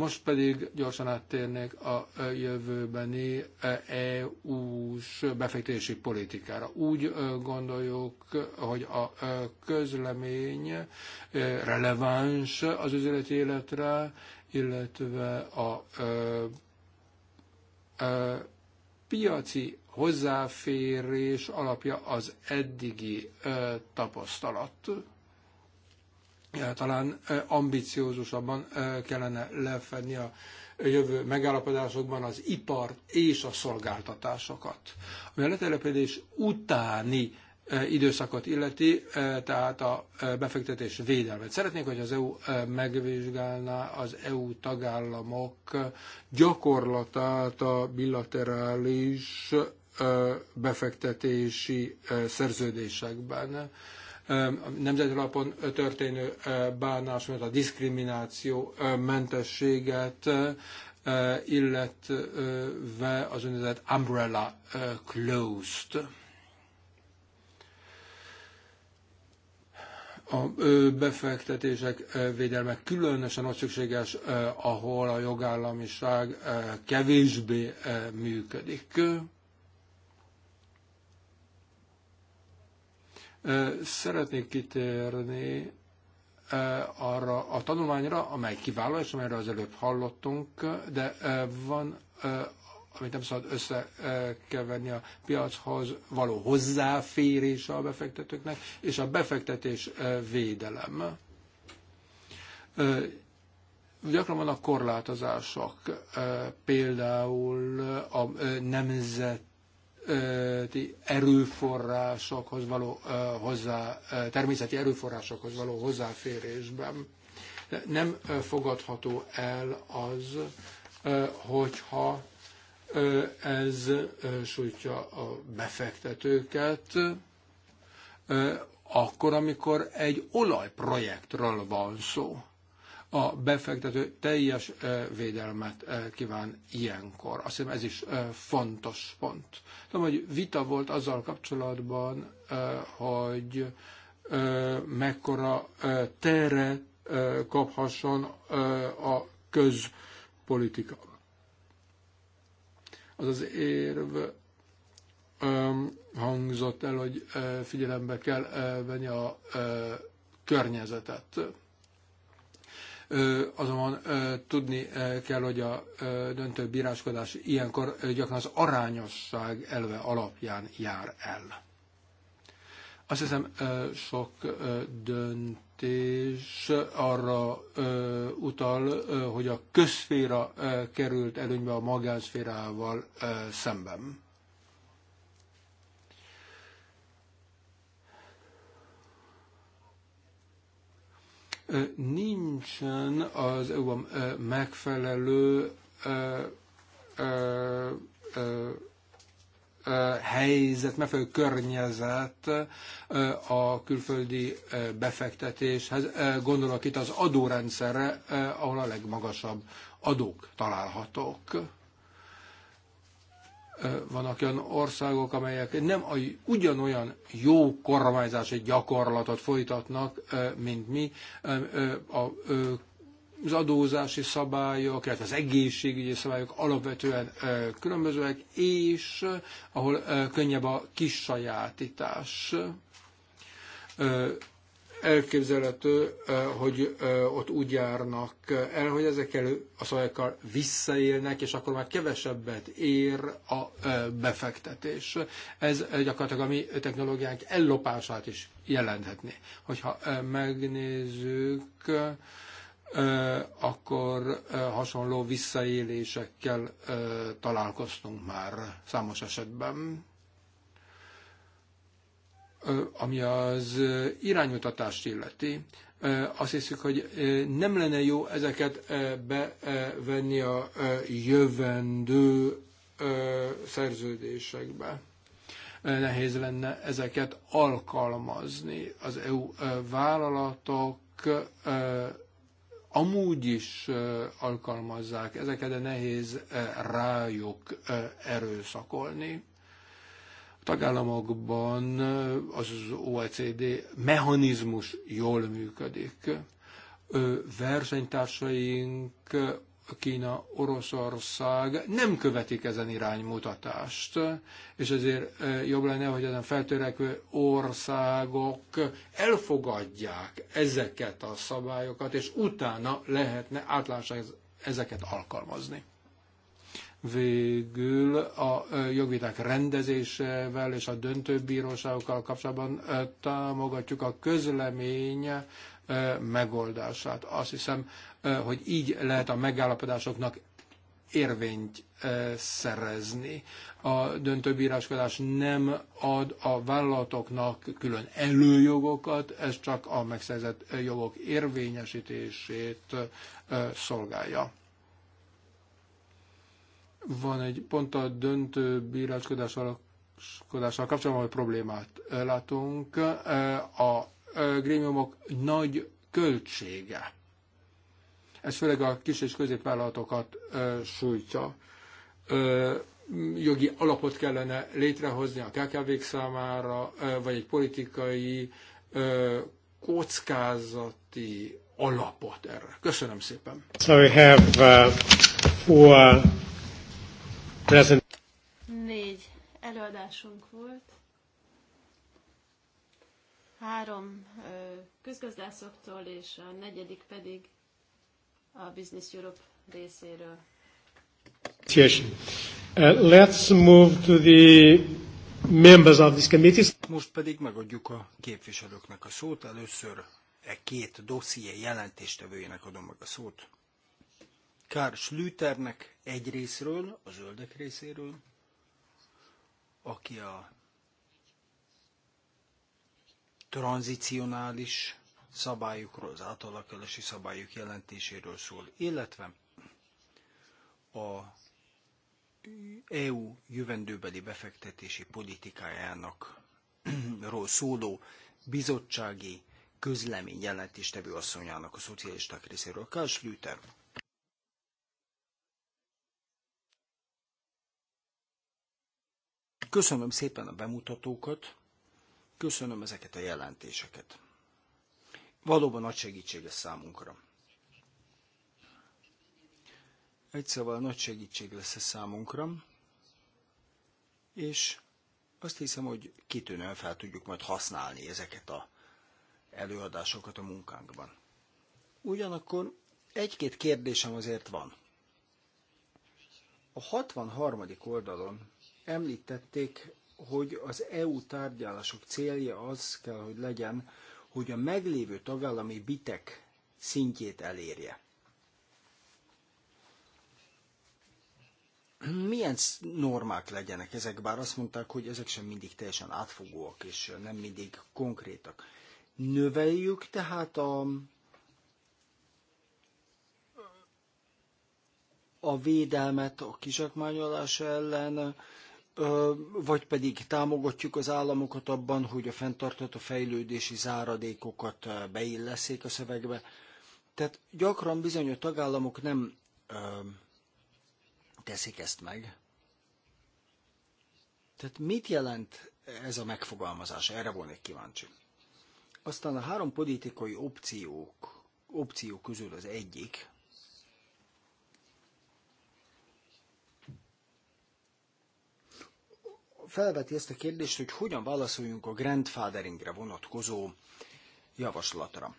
Most pedig gyorsan áttérnék a jövőbeni EU-s befektetési politikára. Úgy gondoljuk, hogy a közlemény releváns az üzleti életre, illetve a piaci hozzáférés alapja az eddigi tapasztalat talán ambiciózusabban kellene lefedni a jövő megállapodásokban az ipart és a szolgáltatásokat. Ami a letelepedés utáni időszakot illeti, tehát a befektetés védelmet. Szeretnék, hogy az EU megvizsgálná az EU tagállamok gyakorlatát a bilaterális befektetési szerződésekben nemzeti alapon történő bánásmód, a diszkrimináció mentességet, illetve az úgynevezett umbrella closed. a befektetések védelme különösen ott szükséges, ahol a jogállamiság kevésbé működik. Szeretnék kitérni arra a tanulmányra, amely kiváló, és amelyről az előbb hallottunk, de van, amit nem szabad összekeverni a piachoz való hozzáférése a befektetőknek, és a befektetés védelem. Gyakran vannak korlátozások, például a nemzet erőforrásokhoz való hozzá, természeti erőforrásokhoz való hozzáférésben. nem fogadható el az, hogyha ez sújtja a befektetőket, akkor, amikor egy olajprojektről van szó. A befektető teljes védelmet kíván ilyenkor. Azt hiszem ez is fontos pont. Tudom, hogy vita volt azzal kapcsolatban, hogy mekkora tere kaphasson a közpolitika. Az az érv hangzott el, hogy figyelembe kell venni a környezetet azonban tudni kell, hogy a döntő bíráskodás ilyenkor gyakran az arányosság elve alapján jár el. Azt hiszem, sok döntés arra utal, hogy a közszféra került előnybe a magánszférával szemben. nincsen az EU-ban megfelelő helyzet, megfelelő környezet a külföldi befektetéshez. Gondolok itt az adórendszerre, ahol a legmagasabb adók találhatók vannak olyan országok, amelyek nem a, ugyanolyan jó kormányzási gyakorlatot folytatnak, mint mi. Az adózási szabályok, illetve az egészségügyi szabályok alapvetően különbözőek, és ahol könnyebb a kis Ö, Elképzelhető, hogy ott úgy járnak el, hogy ezekkel a szajakkal visszaélnek, és akkor már kevesebbet ér a befektetés. Ez gyakorlatilag a mi technológiánk ellopását is jelenthetné. Hogyha megnézzük, akkor hasonló visszaélésekkel találkoztunk már számos esetben ami az irányutatást illeti, azt hiszük, hogy nem lenne jó ezeket bevenni a jövendő szerződésekbe. Nehéz lenne ezeket alkalmazni. Az EU vállalatok amúgy is alkalmazzák ezeket, de nehéz rájuk erőszakolni a tagállamokban az OECD mechanizmus jól működik. Versenytársaink Kína, Oroszország nem követik ezen iránymutatást, és ezért jobb lenne, hogy ezen feltörekvő országok elfogadják ezeket a szabályokat, és utána lehetne általánosan ezeket alkalmazni. Végül a jogviták rendezésével és a döntőbíróságokkal kapcsolatban támogatjuk a közlemény megoldását. Azt hiszem, hogy így lehet a megállapodásoknak érvényt szerezni. A döntőbíráskodás nem ad a vállalatoknak külön előjogokat, ez csak a megszerzett jogok érvényesítését szolgálja. Van egy pont a döntő bíráskodással kapcsolatban problémát látunk. A grémiumok nagy költsége. Ez főleg a kis és középvállalatokat sújtja. Jogi alapot kellene létrehozni a kkv számára, vagy egy politikai kockázati alapot erre. Köszönöm szépen. So we have, uh, four Present. Négy előadásunk volt. Három közgazdászoktól, és a negyedik pedig a Business Europe részéről. Uh, let's move to the members of this committee. Most pedig megadjuk a képviselőknek a szót. Először e két dosszié jelentéstevőjének adom meg a szót. Kár Schlüternek egy részről, a zöldek részéről, aki a tranzicionális szabályokról, az átalakulási szabályok jelentéséről szól, illetve a EU jövendőbeli befektetési politikájának ról szóló bizottsági közlemény jelentéstevő asszonyának a szocialisták részéről. Karl Schlüter Köszönöm szépen a bemutatókat, köszönöm ezeket a jelentéseket. Valóban nagy segítség lesz számunkra. Egy szóval nagy segítség lesz ez számunkra, és azt hiszem, hogy kitűnően fel tudjuk majd használni ezeket a előadásokat a munkánkban. Ugyanakkor egy-két kérdésem azért van. A 63. oldalon Említették, hogy az EU tárgyalások célja az kell, hogy legyen, hogy a meglévő tagállami bitek szintjét elérje. milyen normák legyenek ezek, bár azt mondták, hogy ezek sem mindig teljesen átfogóak, és nem mindig konkrétak. Növeljük tehát a, a védelmet a kizsákmányolás ellen, vagy pedig támogatjuk az államokat abban, hogy a fenntartható fejlődési záradékokat beilleszék a szövegbe. Tehát gyakran bizony a tagállamok nem teszik ezt meg. Tehát mit jelent ez a megfogalmazás? Erre volnék kíváncsi. Aztán a három politikai opciók, opció közül az egyik, felveti ezt a kérdést, hogy hogyan válaszoljunk a grandfatheringre vonatkozó javaslatra.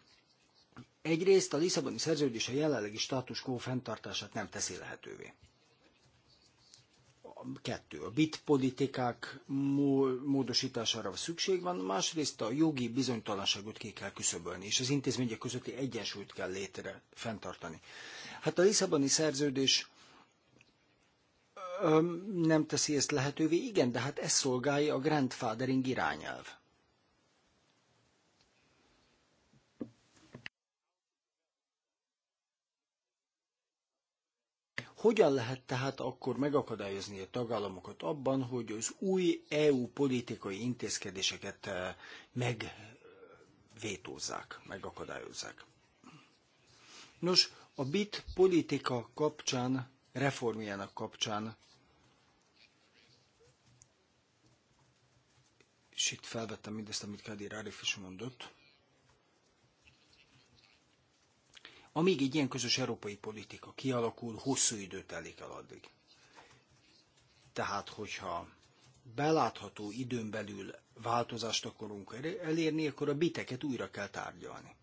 Egyrészt a Lisszaboni szerződés a jelenlegi status quo fenntartását nem teszi lehetővé. Kettő. A bit politikák módosítására szükség van, másrészt a jogi bizonytalanságot ki kell küszöbölni, és az intézmények közötti egyensúlyt kell létre fenntartani. Hát a Lisszaboni szerződés nem teszi ezt lehetővé. Igen, de hát ez szolgálja a grandfathering irányelv. Hogyan lehet tehát akkor megakadályozni a tagállamokat abban, hogy az új EU politikai intézkedéseket megvétózzák, megakadályozzák? Nos, a bit politika kapcsán, reformjának kapcsán és itt felvettem mindezt, amit Kadir Arif is mondott, amíg egy ilyen közös európai politika kialakul, hosszú idő telik el addig. Tehát, hogyha belátható időn belül változást akarunk elérni, akkor a biteket újra kell tárgyalni.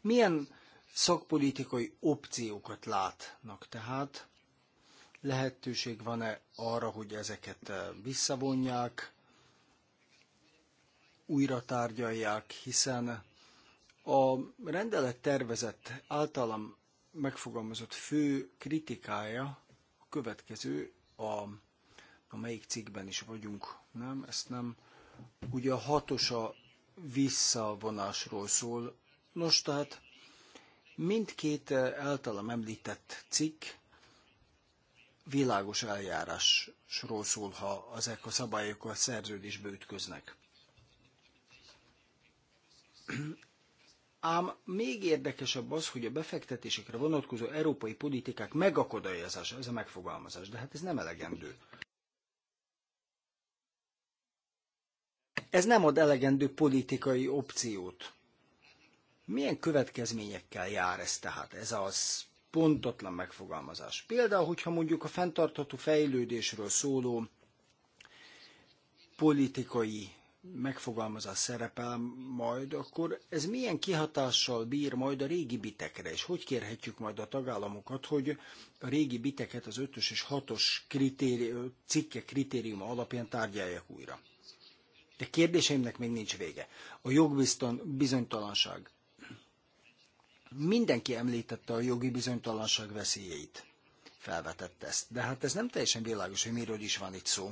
Milyen szakpolitikai opciókat látnak tehát. Lehetőség van-e arra, hogy ezeket eh, visszavonják, újra tárgyalják, hiszen a rendelet tervezett általam megfogalmazott fő kritikája a következő, a, a melyik cikkben is vagyunk, nem, ezt nem, ugye a hatosa visszavonásról szól. Nos, tehát Mindkét eh, általam említett cikk világos eljárásról szól, ha ezek a szabályok a szerződésbe ütköznek. Ám még érdekesebb az, hogy a befektetésekre vonatkozó európai politikák megakadályozása, ez a megfogalmazás, de hát ez nem elegendő. Ez nem ad elegendő politikai opciót milyen következményekkel jár ez tehát, ez az pontotlan megfogalmazás? Például, hogyha mondjuk a fenntartható fejlődésről szóló politikai megfogalmazás szerepel majd, akkor ez milyen kihatással bír majd a régi bitekre, és hogy kérhetjük majd a tagállamokat, hogy a régi biteket az 5-ös és 6-os kritéri- cikke kritériuma alapján tárgyalják újra. De kérdéseimnek még nincs vége. A jogbizonytalanság, Mindenki említette a jogi bizonytalanság veszélyeit. Felvetette ezt. De hát ez nem teljesen világos, hogy miről is van itt szó.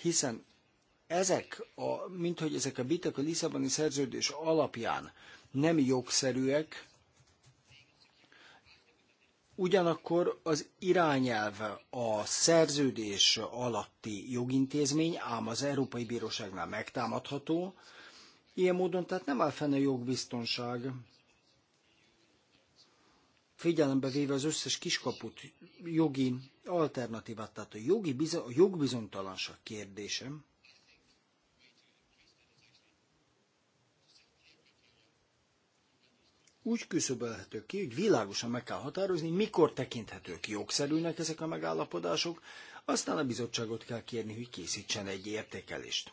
Hiszen ezek, a, mint hogy ezek a bitek a Lisszaboni szerződés alapján nem jogszerűek, ugyanakkor az irányelv a szerződés alatti jogintézmény, ám az Európai Bíróságnál megtámadható, ilyen módon tehát nem áll fenn a jogbiztonság, figyelembe véve az összes kiskaput jogi alternatívát, tehát a, jogi biz a jogbizonytalanság kérdésem, úgy küszöbölhető ki, hogy világosan meg kell határozni, mikor tekinthetők jogszerűnek ezek a megállapodások, aztán a bizottságot kell kérni, hogy készítsen egy értékelést.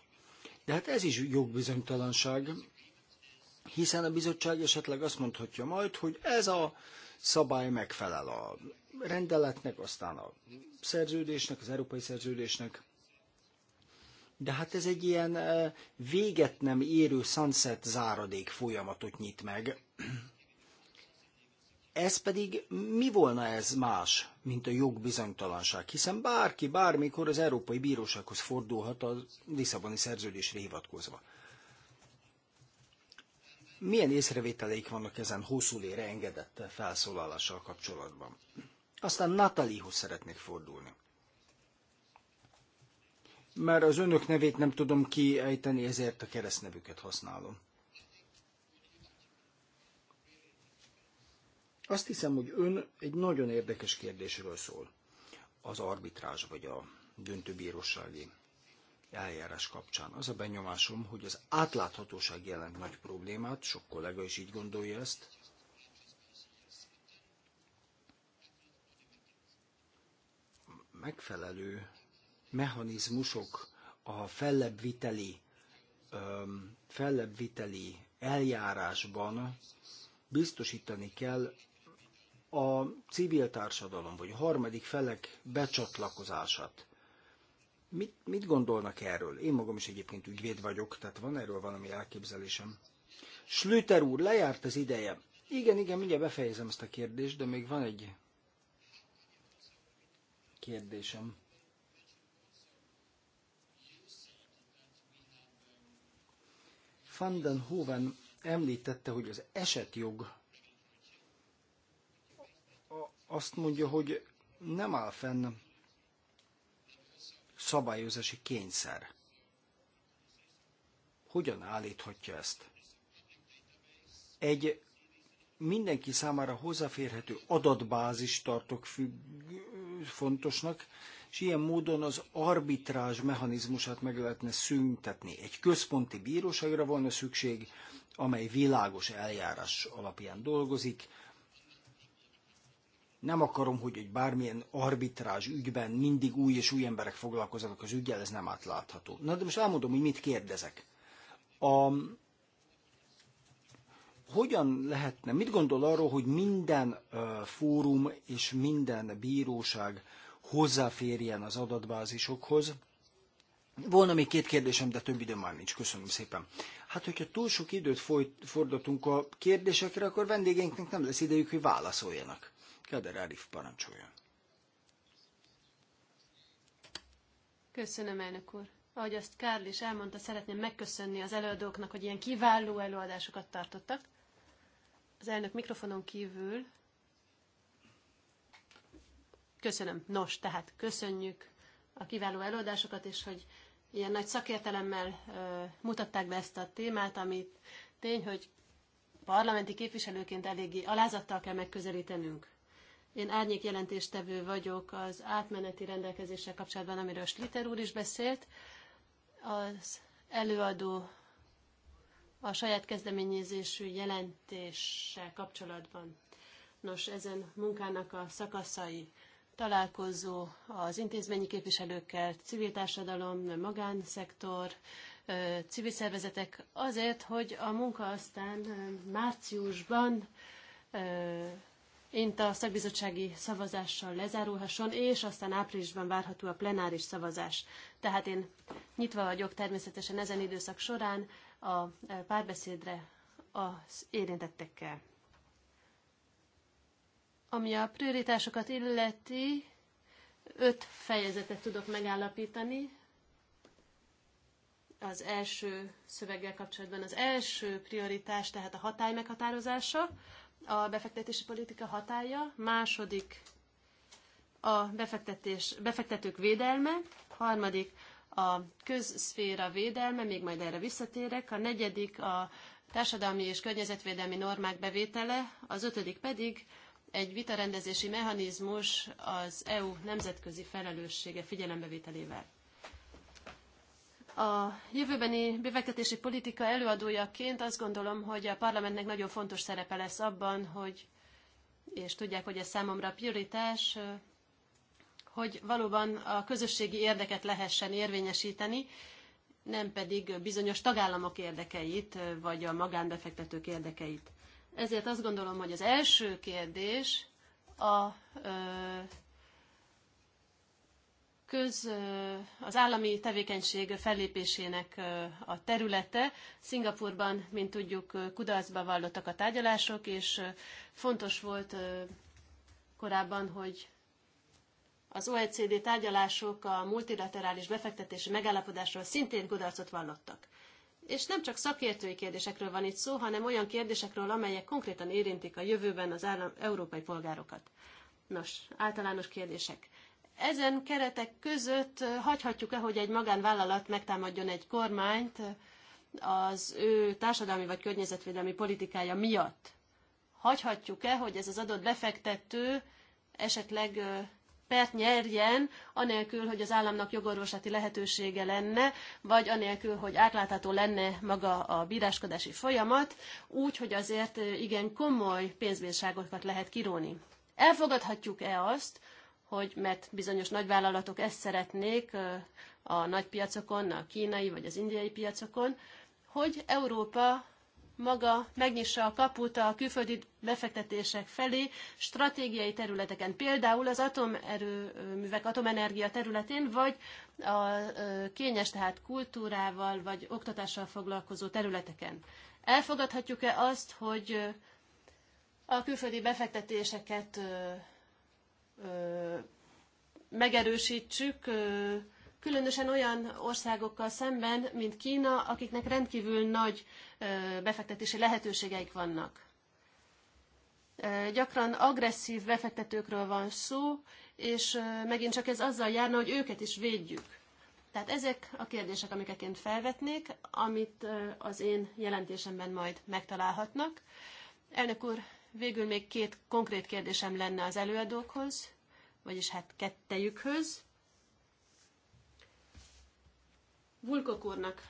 De hát ez is jogbizonytalanság, hiszen a bizottság esetleg azt mondhatja majd, hogy ez a szabály megfelel a rendeletnek, aztán a szerződésnek, az európai szerződésnek. De hát ez egy ilyen véget nem érő sunset záradék folyamatot nyit meg. Ez pedig mi volna ez más, mint a jogbizonytalanság, hiszen bárki bármikor az Európai Bírósághoz fordulhat a Lisszaboni szerződésre hivatkozva. Milyen észrevételeik vannak ezen hosszúlére engedett felszólalással kapcsolatban? Aztán Natalihoz szeretnék fordulni. Mert az önök nevét nem tudom kiejteni, ezért a keresztnevüket használom. Azt hiszem, hogy ön egy nagyon érdekes kérdésről szól. Az arbitrás vagy a döntőbírósági eljárás kapcsán. Az a benyomásom, hogy az átláthatóság jelent nagy problémát, sok kollega is így gondolja ezt. Megfelelő mechanizmusok a fellebbviteli, fellebbviteli eljárásban biztosítani kell a civil társadalom vagy a harmadik felek becsatlakozását. Mit, mit gondolnak erről? Én magam is egyébként ügyvéd vagyok, tehát van erről valami elképzelésem. Slüter úr, lejárt az ideje. Igen, igen, mindjárt befejezem ezt a kérdést, de még van egy kérdésem. Van den Hoven említette, hogy az esetjog azt mondja, hogy nem áll fenn szabályozási kényszer. Hogyan állíthatja ezt? Egy mindenki számára hozzáférhető adatbázis tartok függ, fontosnak, és ilyen módon az arbitrázs mechanizmusát meg lehetne szüntetni. Egy központi bíróságra volna szükség, amely világos eljárás alapján dolgozik, nem akarom, hogy egy bármilyen arbitrázs ügyben mindig új és új emberek foglalkozzanak az ügyel, ez nem átlátható. Na de most elmondom, hogy mit kérdezek. A, hogyan lehetne, mit gondol arról, hogy minden uh, fórum és minden bíróság hozzáférjen az adatbázisokhoz? Volna még két kérdésem, de több időm már nincs. Köszönöm szépen. Hát, hogyha túl sok időt folyt, fordatunk a kérdésekre, akkor vendégeinknek nem lesz idejük, hogy válaszoljanak. Kader Arif parancsoljon. Köszönöm, elnök úr. Ahogy azt Kárl is elmondta, szeretném megköszönni az előadóknak, hogy ilyen kiváló előadásokat tartottak. Az elnök mikrofonon kívül köszönöm. Nos, tehát köszönjük a kiváló előadásokat, és hogy ilyen nagy szakértelemmel ö, mutatták be ezt a témát, amit tény, hogy parlamenti képviselőként eléggé alázattal kell megközelítenünk. Én árnyék jelentéstevő vagyok az átmeneti rendelkezéssel kapcsolatban, amiről Sliter úr is beszélt. Az előadó a saját kezdeményezésű jelentéssel kapcsolatban. Nos, ezen munkának a szakaszai találkozó az intézményi képviselőkkel, civil társadalom, magánszektor, civil szervezetek azért, hogy a munka aztán márciusban a szakbizottsági szavazással lezárulhasson, és aztán áprilisban várható a plenáris szavazás. Tehát én nyitva vagyok természetesen ezen időszak során a párbeszédre az érintettekkel. Ami a prioritásokat illeti, öt fejezetet tudok megállapítani. Az első szöveggel kapcsolatban az első prioritás, tehát a hatály meghatározása a befektetési politika hatája, második a befektetés, befektetők védelme, harmadik a közszféra védelme, még majd erre visszatérek, a negyedik a társadalmi és környezetvédelmi normák bevétele, az ötödik pedig egy vitarendezési mechanizmus az EU nemzetközi felelőssége figyelembevételével. A jövőbeni befektetési politika előadójaként azt gondolom, hogy a parlamentnek nagyon fontos szerepe lesz abban, hogy, és tudják, hogy ez számomra prioritás, hogy valóban a közösségi érdeket lehessen érvényesíteni, nem pedig bizonyos tagállamok érdekeit, vagy a magánbefektetők érdekeit. Ezért azt gondolom, hogy az első kérdés a köz, az állami tevékenység fellépésének a területe. Szingapurban, mint tudjuk, kudarcba vallottak a tárgyalások, és fontos volt korábban, hogy az OECD tárgyalások a multilaterális befektetési megállapodásról szintén kudarcot vallottak. És nem csak szakértői kérdésekről van itt szó, hanem olyan kérdésekről, amelyek konkrétan érintik a jövőben az állam, európai polgárokat. Nos, általános kérdések. Ezen keretek között hagyhatjuk-e, hogy egy magánvállalat megtámadjon egy kormányt az ő társadalmi vagy környezetvédelmi politikája miatt? Hagyhatjuk-e, hogy ez az adott befektető esetleg pert nyerjen, anélkül, hogy az államnak jogorvoslati lehetősége lenne, vagy anélkül, hogy átlátható lenne maga a bíráskodási folyamat, úgy, hogy azért igen komoly pénzbírságokat lehet kiróni. Elfogadhatjuk-e azt, hogy mert bizonyos nagyvállalatok ezt szeretnék a nagy piacokon, a kínai vagy az indiai piacokon, hogy Európa maga megnyissa a kaput a külföldi befektetések felé stratégiai területeken, például az atomerőművek, atomenergia területén, vagy a kényes, tehát kultúrával, vagy oktatással foglalkozó területeken. Elfogadhatjuk-e azt, hogy a külföldi befektetéseket megerősítsük, különösen olyan országokkal szemben, mint Kína, akiknek rendkívül nagy befektetési lehetőségeik vannak. Gyakran agresszív befektetőkről van szó, és megint csak ez azzal járna, hogy őket is védjük. Tehát ezek a kérdések, amiket én felvetnék, amit az én jelentésemben majd megtalálhatnak. Elnök úr, Végül még két konkrét kérdésem lenne az előadókhoz, vagyis hát kettejükhöz. Vulkok úrnak,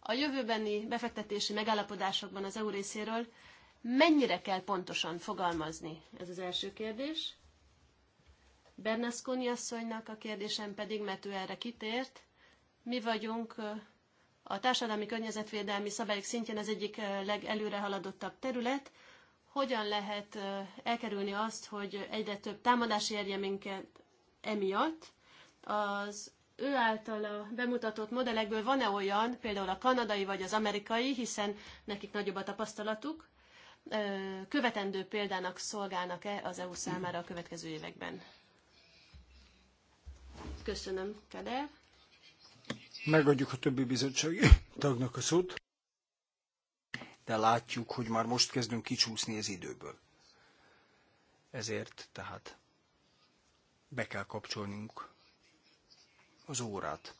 a jövőbeni befektetési megállapodásokban az EU részéről mennyire kell pontosan fogalmazni? Ez az első kérdés. Bernasconi asszonynak a kérdésem pedig, mert ő erre kitért. Mi vagyunk a társadalmi környezetvédelmi szabályok szintjén az egyik legelőre haladottabb terület, hogyan lehet elkerülni azt, hogy egyre több támadás érje minket emiatt. Az ő általa bemutatott modellekből van-e olyan, például a kanadai vagy az amerikai, hiszen nekik nagyobb a tapasztalatuk, követendő példának szolgálnak-e az EU számára a következő években? Köszönöm, Kader. Megadjuk a többi bizottsági tagnak a szót de látjuk, hogy már most kezdünk kicsúszni az időből. Ezért tehát be kell kapcsolnunk az órát.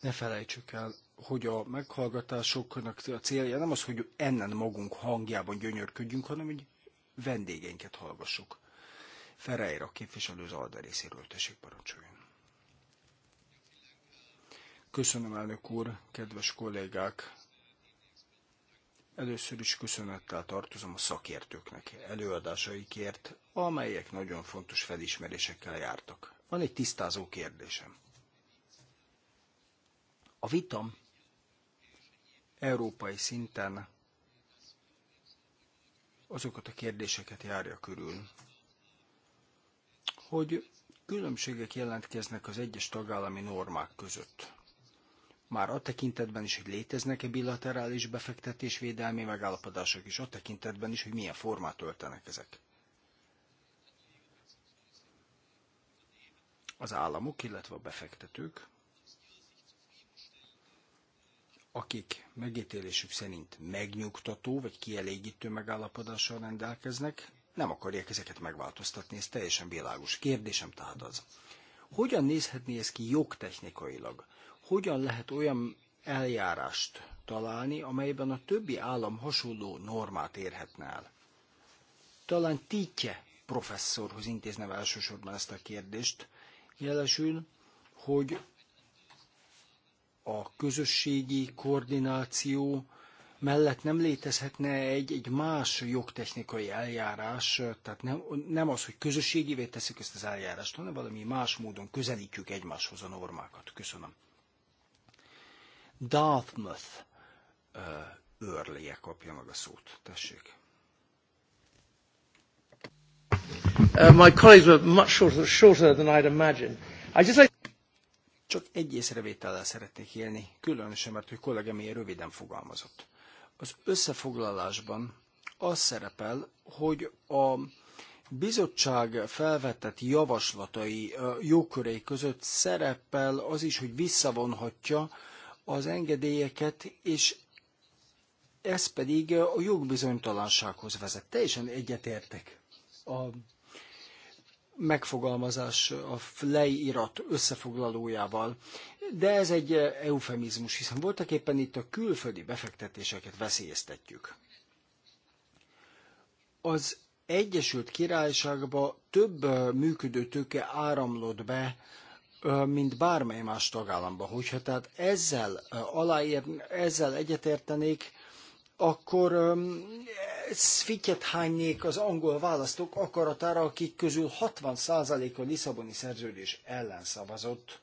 Ne felejtsük el, hogy a meghallgatásoknak a célja nem az, hogy ennen magunk hangjában gyönyörködjünk, hanem hogy vendégeinket hallgassuk. Ferejra képviselő az Alda részéről tessék parancsoljon. Köszönöm, elnök úr, kedves kollégák! Először is köszönettel tartozom a szakértőknek előadásaikért, amelyek nagyon fontos felismerésekkel jártak. Van egy tisztázó kérdésem. A vitam európai szinten azokat a kérdéseket járja körül, hogy különbségek jelentkeznek az egyes tagállami normák között már a tekintetben is, hogy léteznek-e bilaterális befektetésvédelmi megállapodások, és a tekintetben is, hogy milyen formát öltenek ezek. Az államok, illetve a befektetők, akik megítélésük szerint megnyugtató vagy kielégítő megállapodással rendelkeznek, nem akarják ezeket megváltoztatni, ez teljesen világos. Kérdésem tehát az, hogyan nézhetné ez ki jogtechnikailag? hogyan lehet olyan eljárást találni, amelyben a többi állam hasonló normát érhetne el. Talán Tietje professzorhoz intézne elsősorban ezt a kérdést, jelesül, hogy a közösségi koordináció mellett nem létezhetne egy, egy más jogtechnikai eljárás, tehát nem, nem az, hogy közösségivé teszük ezt az eljárást, hanem valami más módon közelítjük egymáshoz a normákat. Köszönöm. Dartmouth őrléje kapja meg a szót. Tessék. Uh, my colleagues were much shorter, shorter than I'd imagined. I just like... Csak egy észrevétellel szeretnék élni, különösen, mert hogy kollégám ilyen röviden fogalmazott. Az összefoglalásban az szerepel, hogy a bizottság felvetett javaslatai jogkörei között szerepel az is, hogy visszavonhatja az engedélyeket, és ez pedig a jogbizonytalansághoz vezet. Teljesen egyetértek a megfogalmazás a leírat összefoglalójával, de ez egy eufemizmus, hiszen voltak éppen itt a külföldi befektetéseket veszélyeztetjük. Az Egyesült Királyságba több működő tőke áramlott be mint bármely más tagállamban. Hogyha tehát ezzel, aláér, ezzel egyetértenék, akkor um, fityet hánynék az angol választók akaratára, akik közül 60%-a Lisszaboni szerződés ellen szavazott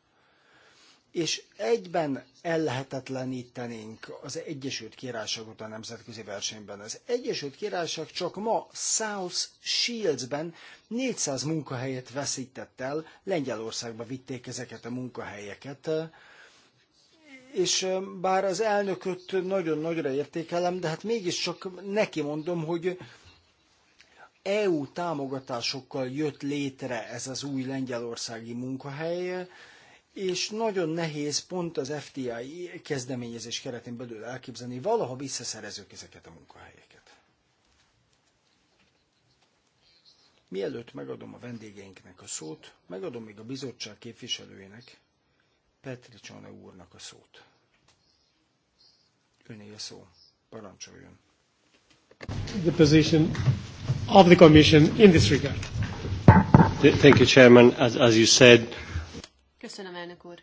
és egyben ellehetetlenítenénk az Egyesült Királyságot a nemzetközi versenyben. Az Egyesült Királyság csak ma South Shields-ben 400 munkahelyet veszített el, Lengyelországba vitték ezeket a munkahelyeket, és bár az elnököt nagyon nagyra értékelem, de hát mégiscsak neki mondom, hogy EU támogatásokkal jött létre ez az új lengyelországi munkahely, és nagyon nehéz pont az FTI kezdeményezés keretén belül elképzelni, valaha visszaszerezők ezeket a munkahelyeket. Mielőtt megadom a vendégeinknek a szót, megadom még a bizottság képviselőjének, Petri Csane úrnak a szót. Öné a szó. Parancsoljon. The position of the Commission in this regard. Thank you, Chairman. As, as you said, Köszönöm, elnök úr.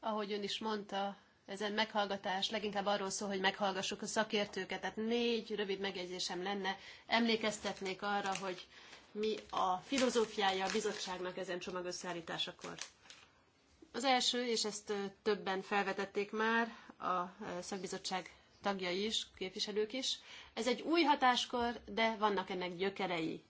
Ahogy ön is mondta, ezen meghallgatás leginkább arról szól, hogy meghallgassuk a szakértőket. Tehát négy rövid megjegyzésem lenne. Emlékeztetnék arra, hogy mi a filozófiája a bizottságnak ezen csomag összeállításakor. Az első, és ezt többen felvetették már, a szakbizottság tagjai is, képviselők is. Ez egy új hatáskor, de vannak ennek gyökerei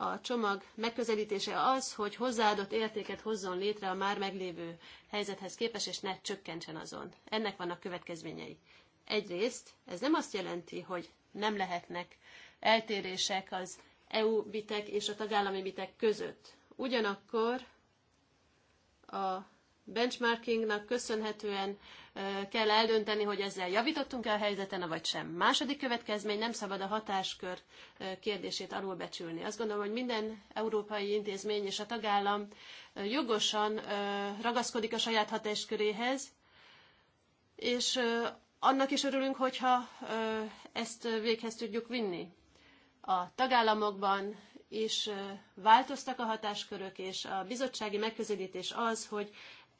a csomag megközelítése az, hogy hozzáadott értéket hozzon létre a már meglévő helyzethez képes, és ne csökkentsen azon. Ennek vannak következményei. Egyrészt ez nem azt jelenti, hogy nem lehetnek eltérések az EU bitek és a tagállami bitek között. Ugyanakkor a benchmarkingnak köszönhetően kell eldönteni, hogy ezzel javítottunk el a helyzeten, vagy sem. Második következmény, nem szabad a hatáskör kérdését alulbecsülni. Azt gondolom, hogy minden európai intézmény és a tagállam jogosan ragaszkodik a saját hatásköréhez, és annak is örülünk, hogyha ezt véghez tudjuk vinni. A tagállamokban is változtak a hatáskörök, és a bizottsági megközelítés az, hogy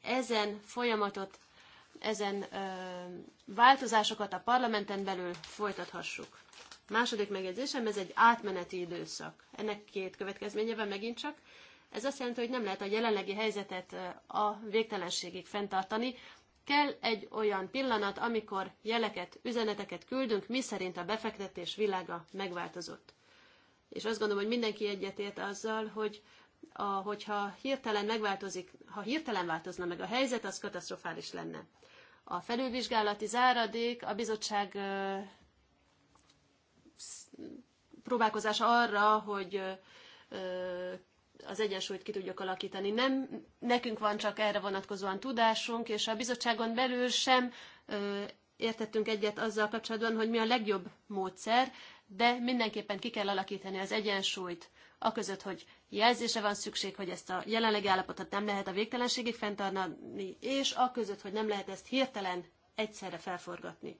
ezen folyamatot ezen változásokat a parlamenten belül folytathassuk. Második megjegyzésem, ez egy átmeneti időszak. Ennek két következménye van megint csak. Ez azt jelenti, hogy nem lehet a jelenlegi helyzetet a végtelenségig fenntartani. Kell egy olyan pillanat, amikor jeleket, üzeneteket küldünk, mi szerint a befektetés világa megváltozott. És azt gondolom, hogy mindenki egyetért azzal, hogy a, hogyha hirtelen megváltozik, ha hirtelen változna meg a helyzet, az katasztrofális lenne. A felülvizsgálati záradék a bizottság próbálkozása arra, hogy az egyensúlyt ki tudjuk alakítani. Nem nekünk van csak erre vonatkozóan tudásunk, és a bizottságon belül sem értettünk egyet azzal kapcsolatban, hogy mi a legjobb módszer, de mindenképpen ki kell alakítani az egyensúlyt aközött, hogy jelzése van szükség, hogy ezt a jelenlegi állapotot nem lehet a végtelenségig fenntartani, és aközött, hogy nem lehet ezt hirtelen egyszerre felforgatni.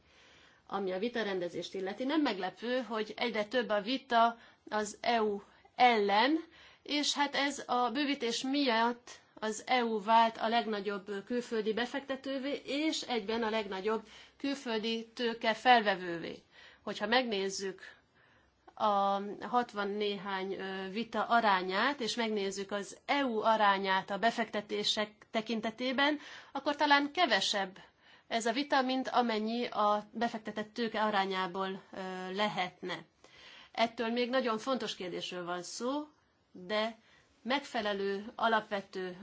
Ami a vitarendezést illeti, nem meglepő, hogy egyre több a vita az EU ellen, és hát ez a bővítés miatt az EU vált a legnagyobb külföldi befektetővé, és egyben a legnagyobb külföldi tőke felvevővé. Hogyha megnézzük a 60 néhány vita arányát, és megnézzük az EU arányát a befektetések tekintetében, akkor talán kevesebb ez a vita, mint amennyi a befektetett tőke arányából lehetne. Ettől még nagyon fontos kérdésről van szó, de megfelelő, alapvető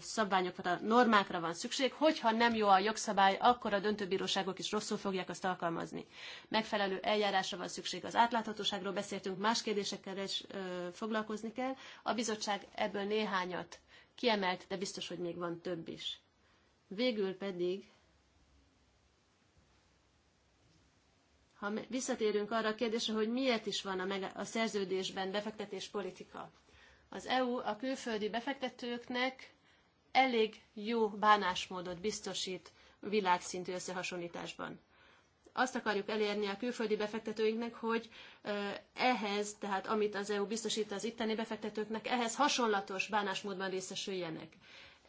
szabványokra, normákra van szükség. Hogyha nem jó a jogszabály, akkor a döntőbíróságok is rosszul fogják azt alkalmazni. Megfelelő eljárásra van szükség. Az átláthatóságról beszéltünk, más kérdésekkel is foglalkozni kell. A bizottság ebből néhányat kiemelt, de biztos, hogy még van több is. Végül pedig, ha visszatérünk arra a kérdésre, hogy miért is van a, meg, a szerződésben befektetés politika az EU a külföldi befektetőknek elég jó bánásmódot biztosít világszintű összehasonlításban. Azt akarjuk elérni a külföldi befektetőinknek, hogy ehhez, tehát amit az EU biztosít az itteni befektetőknek, ehhez hasonlatos bánásmódban részesüljenek.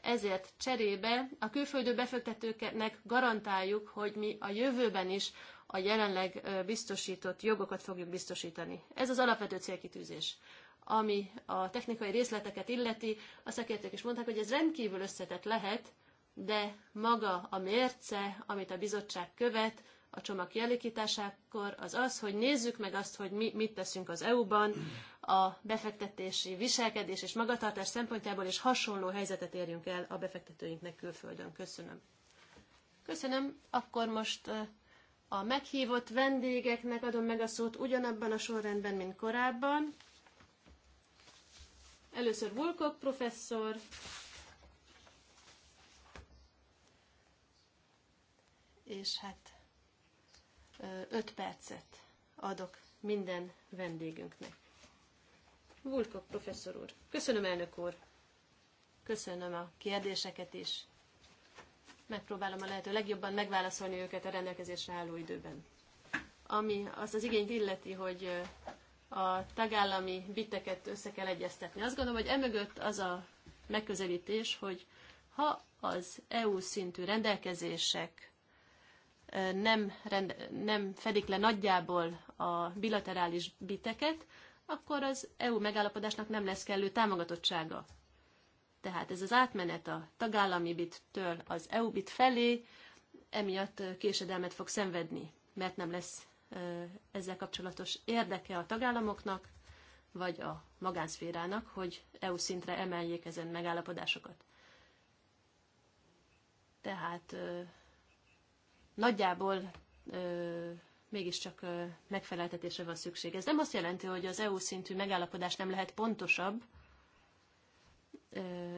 Ezért cserébe a külföldi befektetőknek garantáljuk, hogy mi a jövőben is a jelenleg biztosított jogokat fogjuk biztosítani. Ez az alapvető célkitűzés. Ami a technikai részleteket illeti, a szakértők is mondták, hogy ez rendkívül összetett lehet, de maga a mérce, amit a bizottság követ a csomag kialakításakor, az az, hogy nézzük meg azt, hogy mi mit teszünk az EU-ban, a befektetési viselkedés és magatartás szempontjából, és hasonló helyzetet érjünk el a befektetőinknek külföldön. Köszönöm. Köszönöm. Akkor most a meghívott vendégeknek adom meg a szót ugyanabban a sorrendben, mint korábban. Először Volkok professzor, és hát 5 percet adok minden vendégünknek. Vulkov professzor úr, köszönöm elnök úr, köszönöm a kérdéseket is. Megpróbálom a lehető legjobban megválaszolni őket a rendelkezésre álló időben. Ami azt az igényt illeti, hogy a tagállami biteket össze kell egyeztetni. Azt gondolom, hogy emögött az a megközelítés, hogy ha az EU szintű rendelkezések nem, rende, nem fedik le nagyjából a bilaterális biteket, akkor az EU megállapodásnak nem lesz kellő támogatottsága. Tehát ez az átmenet a tagállami bittől az EU bit felé emiatt késedelmet fog szenvedni, mert nem lesz ezzel kapcsolatos érdeke a tagállamoknak, vagy a magánszférának, hogy EU szintre emeljék ezen megállapodásokat. Tehát nagyjából mégiscsak megfeleltetésre van szükség. Ez nem azt jelenti, hogy az EU szintű megállapodás nem lehet pontosabb,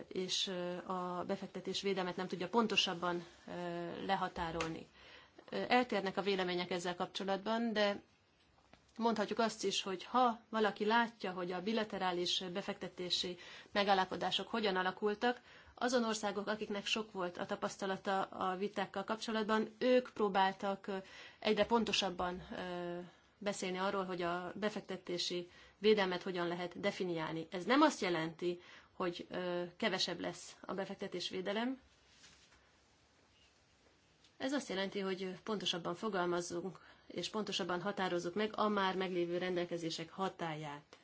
és a befektetés védelmet nem tudja pontosabban lehatárolni eltérnek a vélemények ezzel kapcsolatban, de mondhatjuk azt is, hogy ha valaki látja, hogy a bilaterális befektetési megállapodások hogyan alakultak, azon országok, akiknek sok volt a tapasztalata a vitákkal kapcsolatban, ők próbáltak egyre pontosabban beszélni arról, hogy a befektetési védelmet hogyan lehet definiálni. Ez nem azt jelenti, hogy kevesebb lesz a befektetés védelem, ez azt jelenti, hogy pontosabban fogalmazzunk és pontosabban határozzuk meg a már meglévő rendelkezések hatáját.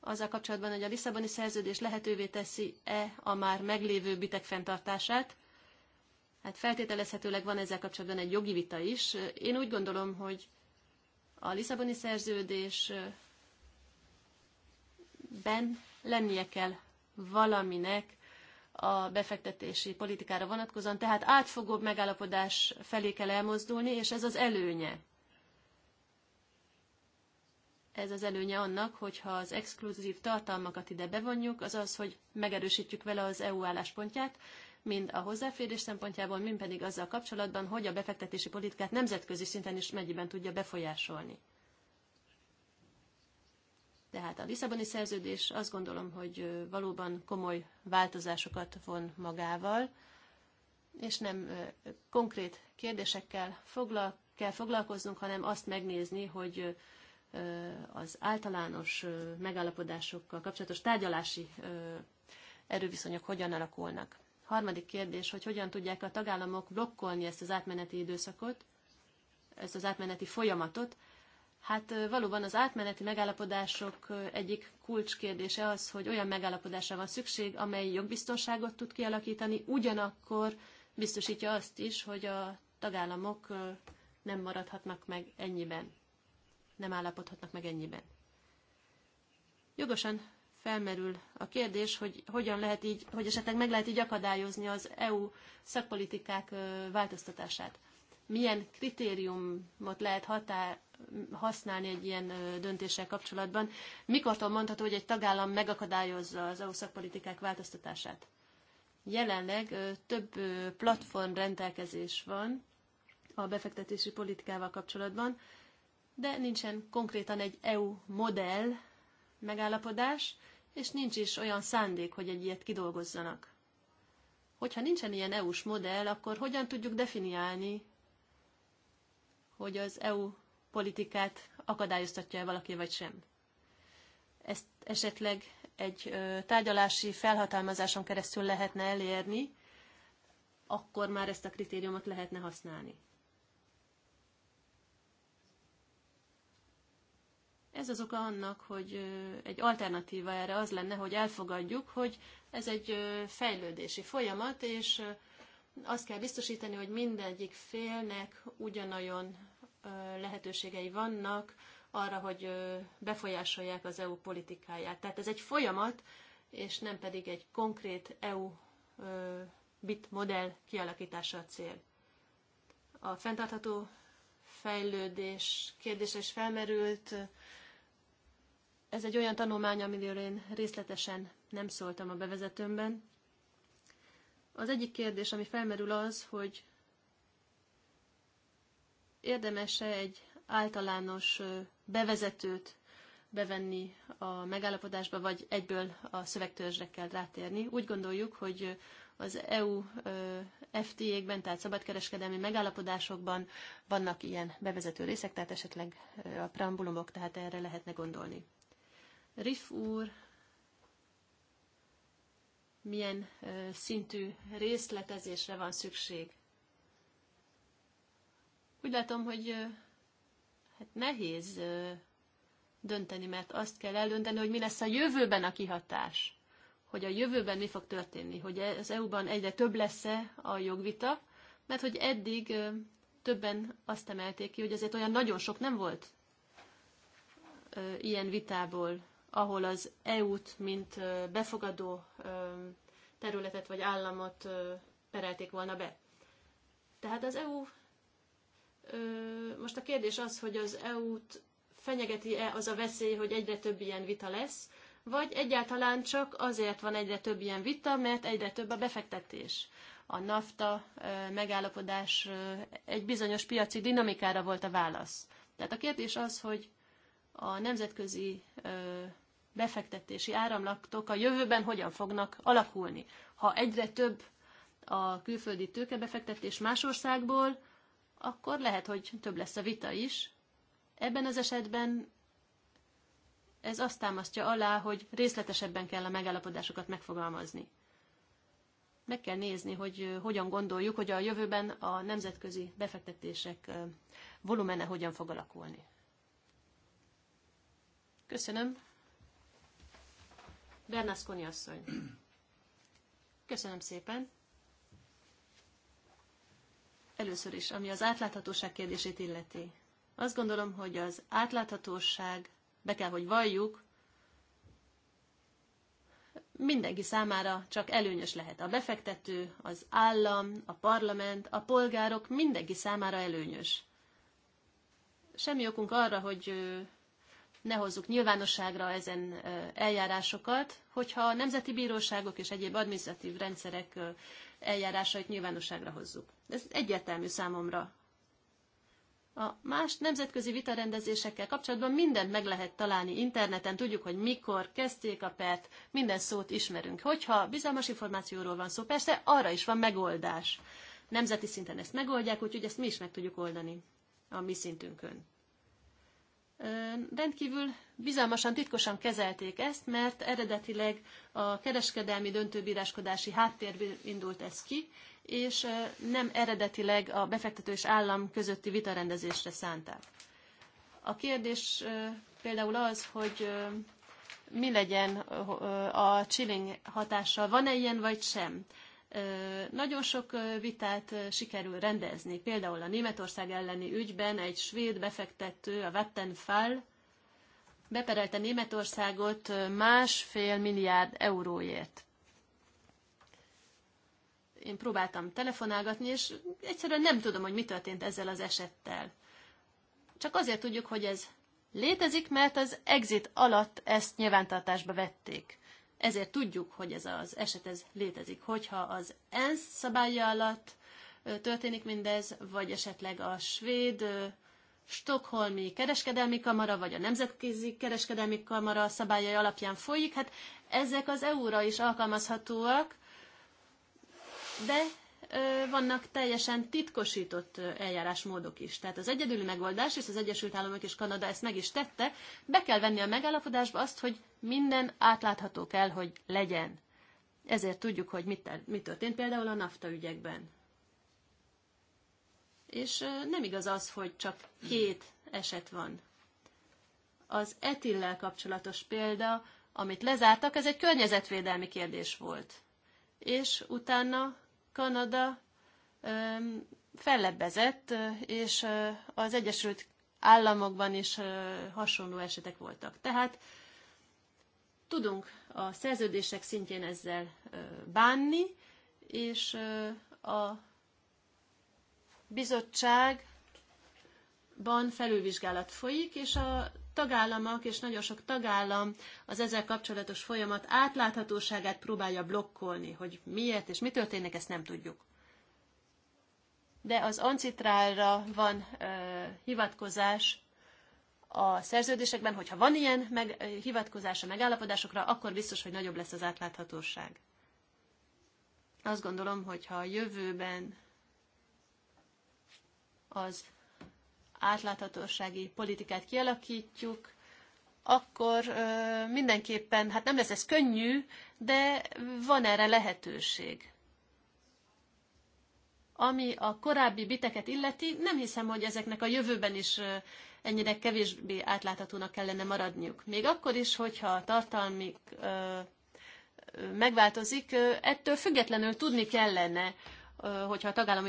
Azzal kapcsolatban, hogy a Lisszaboni szerződés lehetővé teszi-e a már meglévő bitek fenntartását, hát feltételezhetőleg van ezzel kapcsolatban egy jogi vita is. Én úgy gondolom, hogy a Lisszaboni ben lennie kell valaminek, a befektetési politikára vonatkozóan, tehát átfogóbb megállapodás felé kell elmozdulni, és ez az előnye. Ez az előnye annak, hogyha az exkluzív tartalmakat ide bevonjuk, az az, hogy megerősítjük vele az EU álláspontját, mind a hozzáférés szempontjából, mind pedig azzal kapcsolatban, hogy a befektetési politikát nemzetközi szinten is mennyiben tudja befolyásolni. Tehát a Lisszaboni szerződés azt gondolom, hogy valóban komoly változásokat von magával, és nem konkrét kérdésekkel foglal, kell foglalkoznunk, hanem azt megnézni, hogy az általános megállapodásokkal kapcsolatos tárgyalási erőviszonyok hogyan alakulnak. Harmadik kérdés, hogy hogyan tudják a tagállamok blokkolni ezt az átmeneti időszakot, ezt az átmeneti folyamatot, Hát valóban az átmeneti megállapodások egyik kulcskérdése az, hogy olyan megállapodásra van szükség, amely jogbiztonságot tud kialakítani, ugyanakkor biztosítja azt is, hogy a tagállamok nem maradhatnak meg ennyiben, nem állapodhatnak meg ennyiben. Jogosan felmerül a kérdés, hogy hogyan lehet így, hogy esetleg meg lehet így akadályozni az EU szakpolitikák változtatását milyen kritériumot lehet határ, használni egy ilyen döntéssel kapcsolatban. Mikortól mondható, hogy egy tagállam megakadályozza az EU szakpolitikák változtatását? Jelenleg több platform rendelkezés van a befektetési politikával kapcsolatban, de nincsen konkrétan egy EU modell megállapodás, és nincs is olyan szándék, hogy egy ilyet kidolgozzanak. Hogyha nincsen ilyen EU-s modell, akkor hogyan tudjuk definiálni hogy az EU politikát akadályoztatja-e valaki, vagy sem. Ezt esetleg egy tárgyalási felhatalmazáson keresztül lehetne elérni, akkor már ezt a kritériumot lehetne használni. Ez az oka annak, hogy egy alternatíva erre az lenne, hogy elfogadjuk, hogy ez egy fejlődési folyamat, és azt kell biztosítani, hogy mindegyik félnek ugyanolyan lehetőségei vannak arra, hogy befolyásolják az EU politikáját. Tehát ez egy folyamat, és nem pedig egy konkrét EU bit modell kialakítása a cél. A fenntartható fejlődés kérdése is felmerült. Ez egy olyan tanulmány, amiről én részletesen nem szóltam a bevezetőmben, az egyik kérdés, ami felmerül az, hogy érdemes-e egy általános bevezetőt bevenni a megállapodásba, vagy egyből a szövegtörzsre kell rátérni. Úgy gondoljuk, hogy az EU FTA-kben, tehát szabadkereskedelmi megállapodásokban vannak ilyen bevezető részek, tehát esetleg a preambulumok, tehát erre lehetne gondolni. Riff úr milyen szintű részletezésre van szükség. Úgy látom, hogy hát nehéz dönteni, mert azt kell eldönteni, hogy mi lesz a jövőben a kihatás. Hogy a jövőben mi fog történni, hogy e-, az EU-ban egyre több lesz-e a jogvita, mert hogy eddig többen azt emelték ki, hogy azért olyan nagyon sok nem volt ilyen vitából ahol az EU-t, mint befogadó területet vagy államot perelték volna be. Tehát az EU, most a kérdés az, hogy az EU-t fenyegeti-e az a veszély, hogy egyre több ilyen vita lesz, vagy egyáltalán csak azért van egyre több ilyen vita, mert egyre több a befektetés. A NAFTA megállapodás egy bizonyos piaci dinamikára volt a válasz. Tehát a kérdés az, hogy a nemzetközi befektetési áramlatok a jövőben hogyan fognak alakulni. Ha egyre több a külföldi tőkebefektetés más országból, akkor lehet, hogy több lesz a vita is. Ebben az esetben ez azt támasztja alá, hogy részletesebben kell a megállapodásokat megfogalmazni. Meg kell nézni, hogy hogyan gondoljuk, hogy a jövőben a nemzetközi befektetések volumene hogyan fog alakulni. Köszönöm. Bernasconi asszony. Köszönöm szépen. Először is, ami az átláthatóság kérdését illeti. Azt gondolom, hogy az átláthatóság, be kell, hogy valljuk, mindenki számára csak előnyös lehet. A befektető, az állam, a parlament, a polgárok, mindenki számára előnyös. Semmi okunk arra, hogy ne hozzuk nyilvánosságra ezen eljárásokat, hogyha a nemzeti bíróságok és egyéb administratív rendszerek eljárásait nyilvánosságra hozzuk. Ez egyértelmű számomra. A más nemzetközi vitarendezésekkel kapcsolatban mindent meg lehet találni interneten, tudjuk, hogy mikor kezdték a pert, minden szót ismerünk. Hogyha bizalmas információról van szó, persze arra is van megoldás. Nemzeti szinten ezt megoldják, úgyhogy ezt mi is meg tudjuk oldani a mi szintünkön rendkívül bizalmasan, titkosan kezelték ezt, mert eredetileg a kereskedelmi döntőbíráskodási háttérből indult ez ki, és nem eredetileg a befektető és állam közötti vitarendezésre szánták. A kérdés például az, hogy mi legyen a chilling hatással, van-e ilyen vagy sem. Nagyon sok vitát sikerül rendezni. Például a Németország elleni ügyben egy svéd befektető, a Vattenfall, beperelte Németországot másfél milliárd euróért. Én próbáltam telefonálgatni, és egyszerűen nem tudom, hogy mi történt ezzel az esettel. Csak azért tudjuk, hogy ez létezik, mert az exit alatt ezt nyilvántartásba vették. Ezért tudjuk, hogy ez az eset ez létezik. Hogyha az ENSZ szabálya alatt történik mindez, vagy esetleg a svéd Stockholmi Kereskedelmi Kamara, vagy a Nemzetközi Kereskedelmi Kamara szabályai alapján folyik, hát ezek az EU-ra is alkalmazhatóak, de vannak teljesen titkosított eljárásmódok is. Tehát az egyedüli megoldás, és az Egyesült Államok és Kanada ezt meg is tette, be kell venni a megállapodásba azt, hogy minden átlátható kell, hogy legyen. Ezért tudjuk, hogy mit, mit történt például a NAFTA ügyekben. És nem igaz az, hogy csak két eset van. Az etillel kapcsolatos példa, amit lezártak, ez egy környezetvédelmi kérdés volt. És utána Kanada fellebbezett, és az Egyesült Államokban is hasonló esetek voltak. Tehát tudunk a szerződések szintjén ezzel bánni, és a bizottságban felülvizsgálat folyik, és a tagállamok és nagyon sok tagállam az ezzel kapcsolatos folyamat átláthatóságát próbálja blokkolni, hogy miért és mi történik, ezt nem tudjuk. De az ancitrálra van ö, hivatkozás a szerződésekben, hogyha van ilyen meg, ö, hivatkozás a megállapodásokra, akkor biztos, hogy nagyobb lesz az átláthatóság. Azt gondolom, hogy ha a jövőben az átláthatósági politikát kialakítjuk, akkor mindenképpen, hát nem lesz ez könnyű, de van erre lehetőség. Ami a korábbi biteket illeti, nem hiszem, hogy ezeknek a jövőben is ennyire kevésbé átláthatónak kellene maradniuk. Még akkor is, hogyha a tartalmik megváltozik, ettől függetlenül tudni kellene, hogyha a tagállam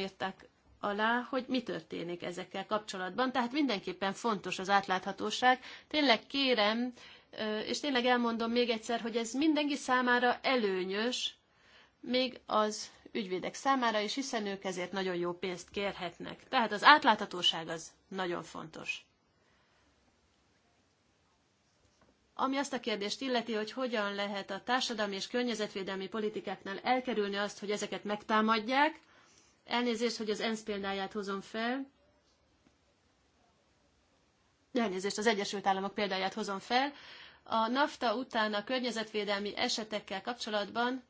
alá, hogy mi történik ezekkel kapcsolatban. Tehát mindenképpen fontos az átláthatóság. Tényleg kérem, és tényleg elmondom még egyszer, hogy ez mindenki számára előnyös, még az ügyvédek számára is, hiszen ők ezért nagyon jó pénzt kérhetnek. Tehát az átláthatóság az nagyon fontos. Ami azt a kérdést illeti, hogy hogyan lehet a társadalmi és környezetvédelmi politikáknál elkerülni azt, hogy ezeket megtámadják, Elnézést, hogy az ENSZ példáját hozom fel. Elnézést, az Egyesült Államok példáját hozom fel. A NAFTA után a környezetvédelmi esetekkel kapcsolatban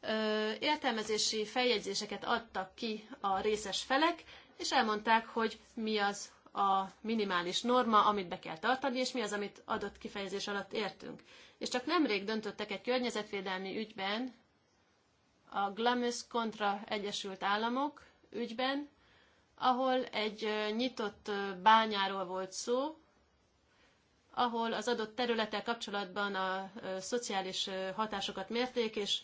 ö, értelmezési feljegyzéseket adtak ki a részes felek, és elmondták, hogy mi az a minimális norma, amit be kell tartani, és mi az, amit adott kifejezés alatt értünk. És csak nemrég döntöttek egy környezetvédelmi ügyben, a Glamis kontra Egyesült Államok ügyben, ahol egy nyitott bányáról volt szó, ahol az adott területtel kapcsolatban a szociális hatásokat mérték, és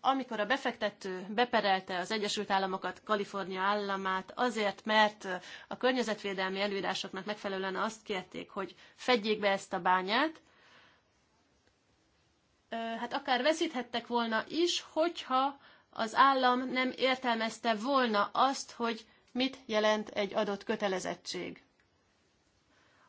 amikor a befektető beperelte az Egyesült Államokat, Kalifornia államát, azért, mert a környezetvédelmi előírásoknak megfelelően azt kérték, hogy fedjék be ezt a bányát, hát akár veszíthettek volna is, hogyha az állam nem értelmezte volna azt, hogy mit jelent egy adott kötelezettség.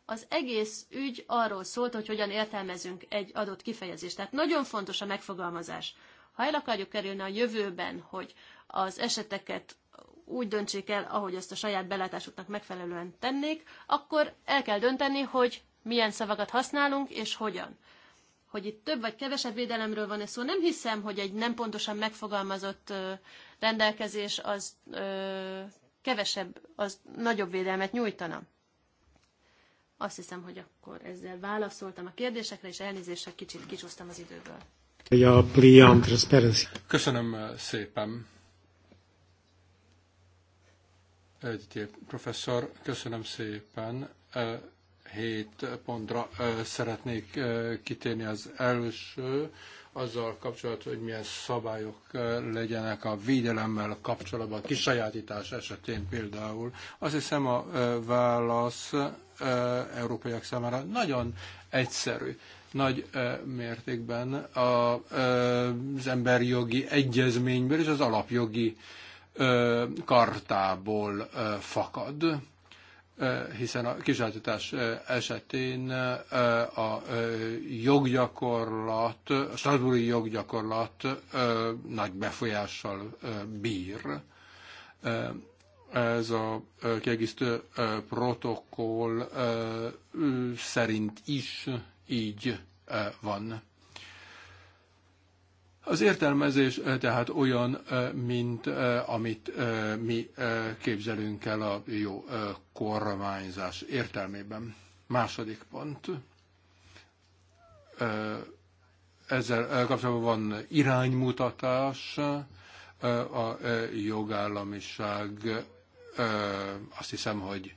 Az egész ügy arról szólt, hogy hogyan értelmezünk egy adott kifejezést. Tehát nagyon fontos a megfogalmazás. Ha el akarjuk kerülni a jövőben, hogy az eseteket úgy döntsék el, ahogy azt a saját belátásuknak megfelelően tennék, akkor el kell dönteni, hogy milyen szavakat használunk és hogyan hogy itt több vagy kevesebb védelemről van ez szó. Nem hiszem, hogy egy nem pontosan megfogalmazott rendelkezés az kevesebb, az nagyobb védelmet nyújtana. Azt hiszem, hogy akkor ezzel válaszoltam a kérdésekre, és elnézéssel kicsit kicsúsztam az időből. Köszönöm szépen. Egyéb professzor, köszönöm szépen hét pontra szeretnék kitérni. Az első azzal kapcsolatban, hogy milyen szabályok legyenek a védelemmel kapcsolatban, a kisajátítás esetén például. Azt hiszem a válasz európaiak számára nagyon egyszerű. Nagy mértékben az emberi jogi egyezményből és az alapjogi kartából fakad Eh, hiszen a kisáltatás eh, esetén eh, a joggyakorlat, a Strasbourgi joggyakorlat nagy befolyással bír. Ez a kiegészítő protokoll szerint is így van. Az értelmezés eh, tehát olyan, eh, mint eh, amit mi képzelünk el a jó kormányzás értelmében. Második pont. Ezzel kapcsolatban van iránymutatás, a jogállamiság azt hiszem, hogy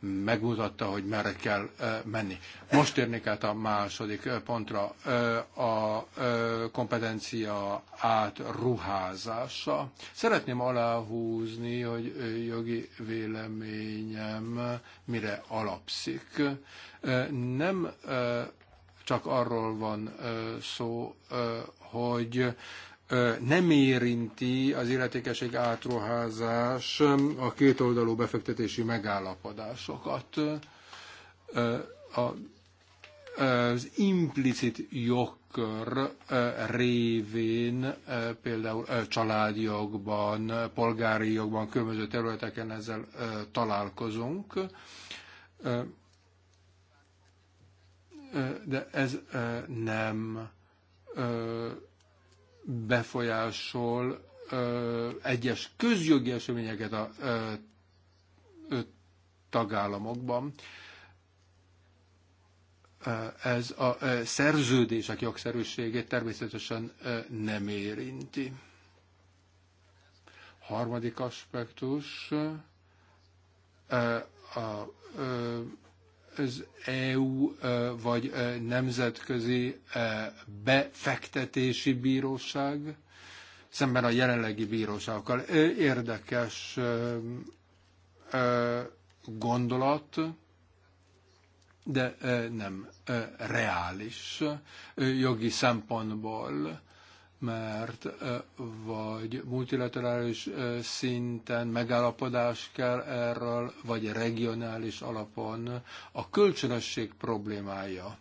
megmutatta, hogy merre kell menni. Most érnék át a második pontra, a kompetencia átruházása. Szeretném aláhúzni, hogy jogi véleményem mire alapszik. Nem csak arról van szó, hogy nem érinti az illetékeség átruházás a kétoldalú befektetési megállapodásokat. Az implicit jogkör révén például családjogban, polgári jogban, különböző területeken ezzel találkozunk de ez nem befolyásol ö, egyes közjogi eseményeket a ö, ö, tagállamokban. Ez a szerződések jogszerűségét természetesen nem érinti. Harmadik aspektus a az EU e, vagy e, nemzetközi e, befektetési bíróság szemben a jelenlegi bírósággal Érdekes gondolat, de nem reális jogi szempontból mert vagy multilaterális szinten megállapodás kell erről, vagy regionális alapon. A kölcsönösség problémája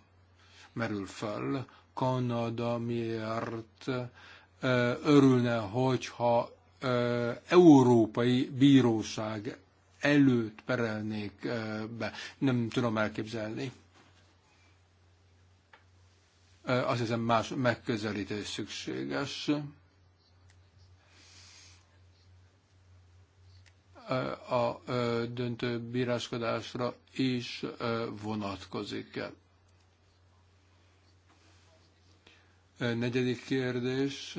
merül fel. Kanada miért örülne, hogyha európai bíróság előtt perelnék be. Nem tudom elképzelni. Azt hiszem más megközelítés szükséges. A döntő bíráskodásra is vonatkozik el. Negyedik kérdés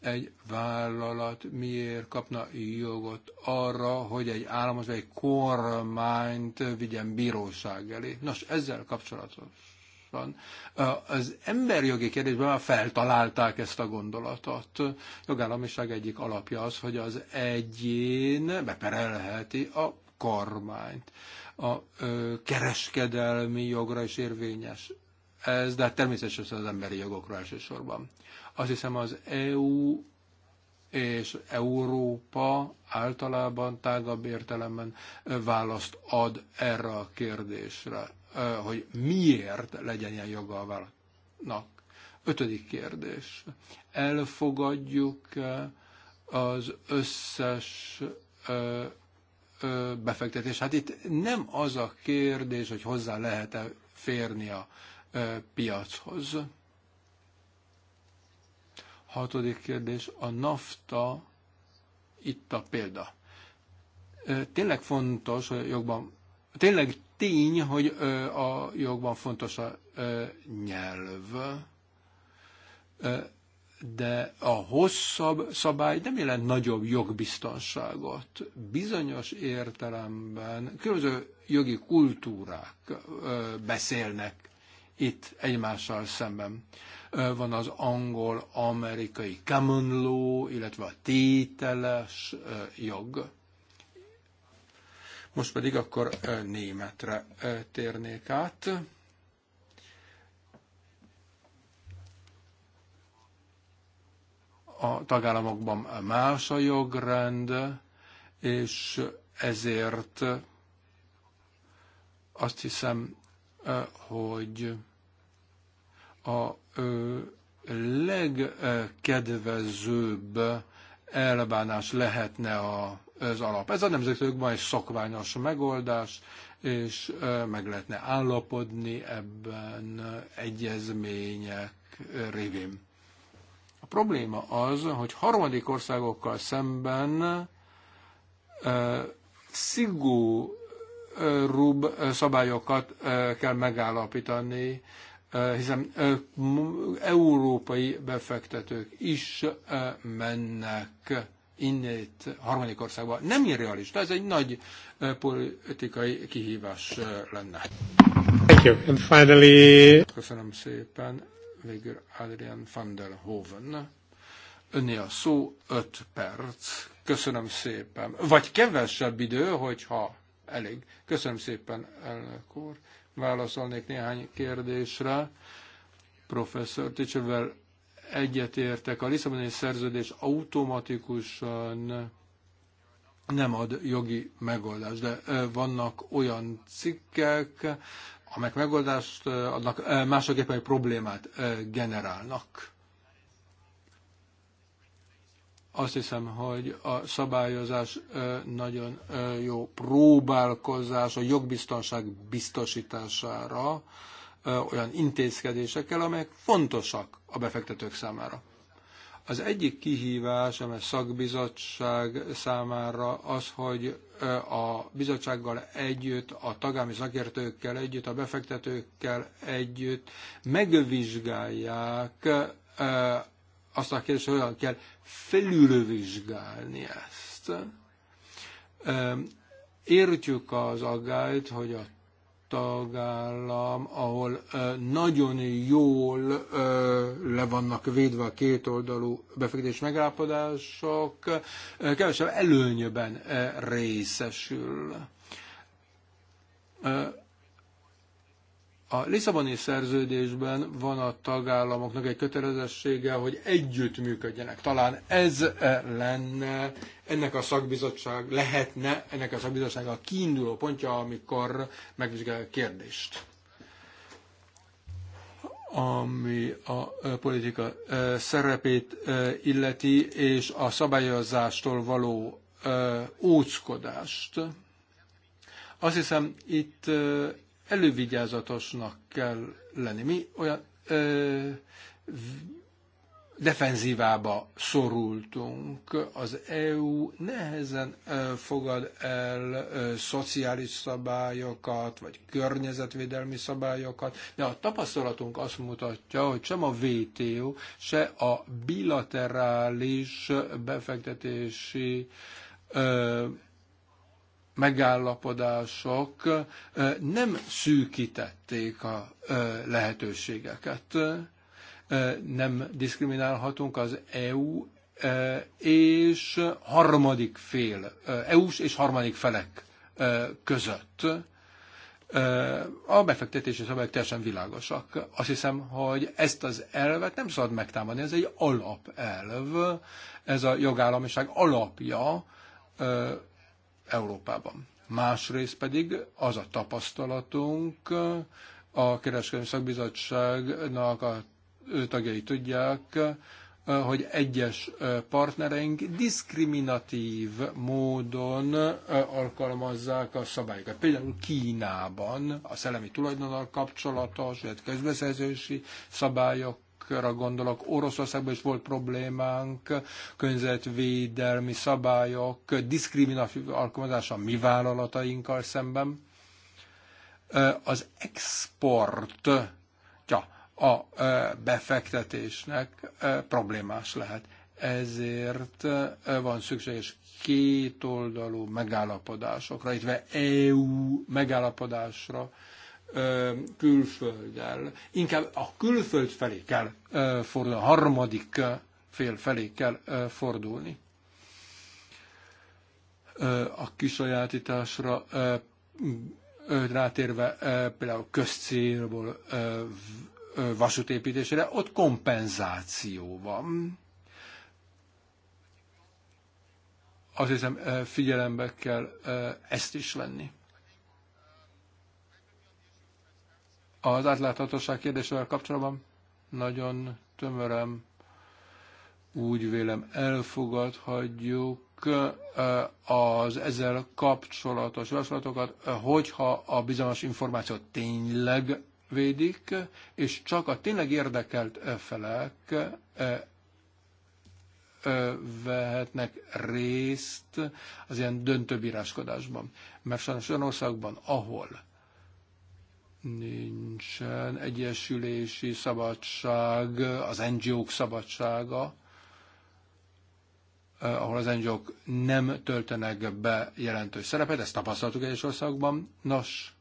egy vállalat miért kapna jogot arra, hogy egy államot vagy egy kormányt vigyen bíróság elé. Nos, ezzel kapcsolatosan az emberjogi kérdésben már feltalálták ezt a gondolatot. Jogállamiság egyik alapja az, hogy az egyén beperelheti a kormányt. A ö, kereskedelmi jogra is érvényes ez, de természetesen az emberi jogokra elsősorban azt hiszem az EU és Európa általában tágabb értelemben választ ad erre a kérdésre, hogy miért legyen ilyen joga a vállalatnak. Ötödik kérdés. Elfogadjuk az összes befektetés. Hát itt nem az a kérdés, hogy hozzá lehet-e férni a piachoz Hatodik kérdés, a NAFTA itt a példa. Tényleg fontos, hogy a jogban, tényleg tény, hogy a jogban fontos a nyelv, de a hosszabb szabály nem jelent nagyobb jogbiztonságot. Bizonyos értelemben különböző jogi kultúrák beszélnek itt egymással szemben. Van az angol-amerikai common law, illetve a tételes jog. Most pedig akkor németre térnék át. A tagállamokban más a jogrend, és ezért azt hiszem, hogy a legkedvezőbb elbánás lehetne a, az alap. Ez a nemzetközi egy szokványos megoldás, és meg lehetne állapodni ebben egyezmények révén. A probléma az, hogy harmadik országokkal szemben szigorúbb szabályokat kell megállapítani, Eh, hiszen eh, európai befektetők is eh, mennek innét harmadik országba. Nem irrealista, ez egy nagy politikai kihívás lenne. Thank you. And finally... Köszönöm szépen. Végül Adrian van der Hoven. Önné a szó 5 perc. Köszönöm szépen. Vagy kevesebb idő, hogyha elég. Köszönöm szépen, elnök úr válaszolnék néhány kérdésre. Professzor Ticsővel egyetértek. A Lisszaboni szerződés automatikusan nem ad jogi megoldást, de vannak olyan cikkek, amelyek megoldást adnak, mások éppen problémát generálnak. Azt hiszem, hogy a szabályozás nagyon jó próbálkozás a jogbiztonság biztosítására olyan intézkedésekkel, amelyek fontosak a befektetők számára. Az egyik kihívás a szakbizottság számára az, hogy a bizottsággal együtt, a tagámi szakértőkkel együtt, a befektetőkkel együtt megvizsgálják azt a kérdést, olyan kell felülvizsgálni ezt. Értjük az aggályt, hogy a tagállam, ahol nagyon jól le vannak védve a kétoldalú befektetés megállapodások, kevesebb előnyöben részesül a Lisszaboni szerződésben van a tagállamoknak egy kötelezettsége, hogy együttműködjenek. Talán ez lenne, ennek a szakbizottság lehetne, ennek a szakbizottság a kiinduló pontja, amikor megvizsgálja a kérdést ami a politika szerepét illeti, és a szabályozástól való óckodást. Azt hiszem, itt elővigyázatosnak kell lenni. Mi olyan ö, defenzívába szorultunk. Az EU nehezen fogad el szociális szabályokat, vagy környezetvédelmi szabályokat, de a tapasztalatunk azt mutatja, hogy sem a WTO, se a bilaterális befektetési megállapodások nem szűkítették a lehetőségeket. Nem diszkriminálhatunk az EU és harmadik fél, EU-s és harmadik felek között. A befektetési szabályok teljesen világosak. Azt hiszem, hogy ezt az elvet nem szabad megtámadni, ez egy alapelv, ez a jogállamiság alapja, Európában. Másrészt pedig az a tapasztalatunk, a kereskedelmi szakbizottságnak a tagjai tudják, hogy egyes partnereink diszkriminatív módon alkalmazzák a szabályokat. Például Kínában a szellemi tulajdonnal kapcsolatos, vagy közbeszerzési szabályok problémákra gondolok. Oroszországban is volt problémánk, környezetvédelmi szabályok, diszkriminatív alkalmazása mi vállalatainkkal szemben. Az export ja, a befektetésnek problémás lehet. Ezért van szükséges kétoldalú megállapodásokra, illetve EU megállapodásra, külfölddel. Inkább a külföld felé kell fordulni, a harmadik fél felé kell fordulni. A kisajátításra rátérve például közcélból vasútépítésére, ott kompenzáció van. Azt hiszem, figyelembe kell ezt is lenni. Az átláthatóság kérdésével kapcsolatban nagyon tömörem úgy vélem elfogadhatjuk eh, az ezzel kapcsolatos javaslatokat, eh, hogyha a bizonyos információt tényleg védik, és csak a tényleg érdekelt eh, felek vehetnek részt az ilyen döntőbíráskodásban. Mert sajnos olyan országban, ahol nincsen egyesülési szabadság, az NGO-k szabadsága, eh, ahol az ngo nem töltenek be jelentős szerepet, ezt tapasztaltuk egyes országban. Nos,